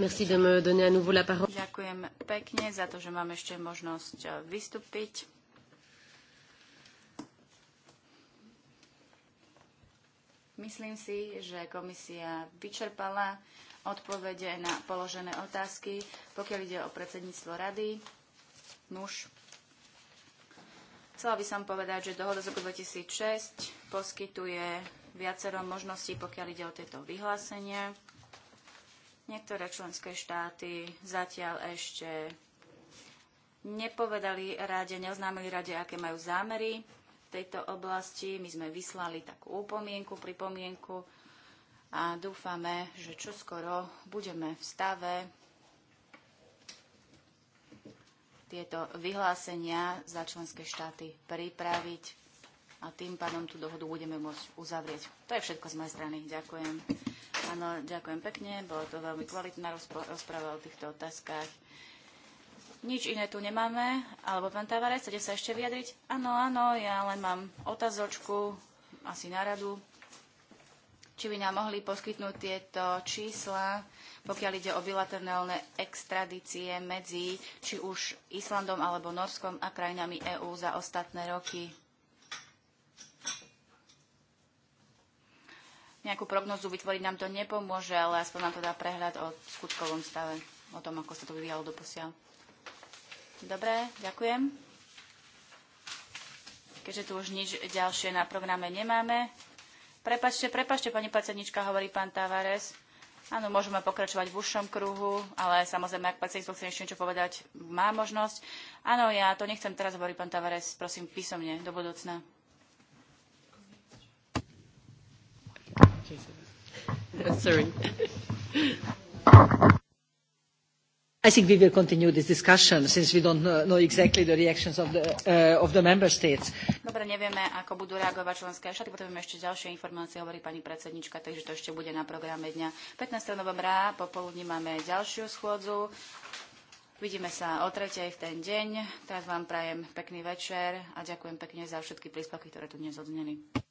D: merci de me donner à nouveau la parole. Ďakujem pekne za to, že mám ešte možnosť uh, vystúpiť. Myslím si, že komisia vyčerpala odpovede na položené otázky. Pokiaľ ide o predsedníctvo rady, nuž, Chcela by som povedať, že dohoda z roku 2006 poskytuje viacero možností, pokiaľ ide o tieto vyhlásenie. Niektoré členské štáty zatiaľ ešte nepovedali rade, neoznámili rade, aké majú zámery v tejto oblasti. My sme vyslali takú úpomienku, pripomienku a dúfame, že čoskoro budeme v stave tieto vyhlásenia za členské štáty pripraviť a tým pádom tú dohodu budeme môcť uzavrieť. To je všetko z mojej strany. Ďakujem. Áno, ďakujem pekne. Bolo to veľmi kvalitná rozpráva o týchto otázkach. Nič iné tu nemáme. Alebo pán Tavare, chcete sa ešte vyjadriť? Áno, áno, ja len mám otázočku, asi na radu či by nám mohli poskytnúť tieto čísla, pokiaľ ide o bilaterálne extradície medzi či už Islandom alebo Norskom a krajinami EÚ za ostatné roky. Nejakú prognozu vytvoriť nám to nepomôže, ale aspoň nám to dá prehľad o skutkovom stave, o tom, ako sa to vyvíjalo doposiaľ. Dobre, ďakujem. Keďže tu už nič ďalšie na programe nemáme, Prepačte, prepačte, pani pacenička, hovorí pán Tavares. Áno, môžeme pokračovať v užšom kruhu, ale samozrejme, ak pacient chce ešte niečo povedať, má možnosť. Áno, ja to nechcem teraz, hovorí pán Tavares, prosím písomne, do budúcna.
B: Sorry.
A: I think we will continue this discussion since we don't know exactly the reactions of the, uh, of the member states.
D: Dobre, nevieme, ako budú reagovať členské štáty, potrebujeme ešte ďalšie informácie, hovorí pani predsednička, takže to ešte bude na programe dňa. 15. novembra popoludní máme ďalšiu schôdzu. Vidíme sa o tretej v ten deň. Teraz vám prajem pekný večer a ďakujem pekne za všetky príspevky, ktoré tu dnes odzneli.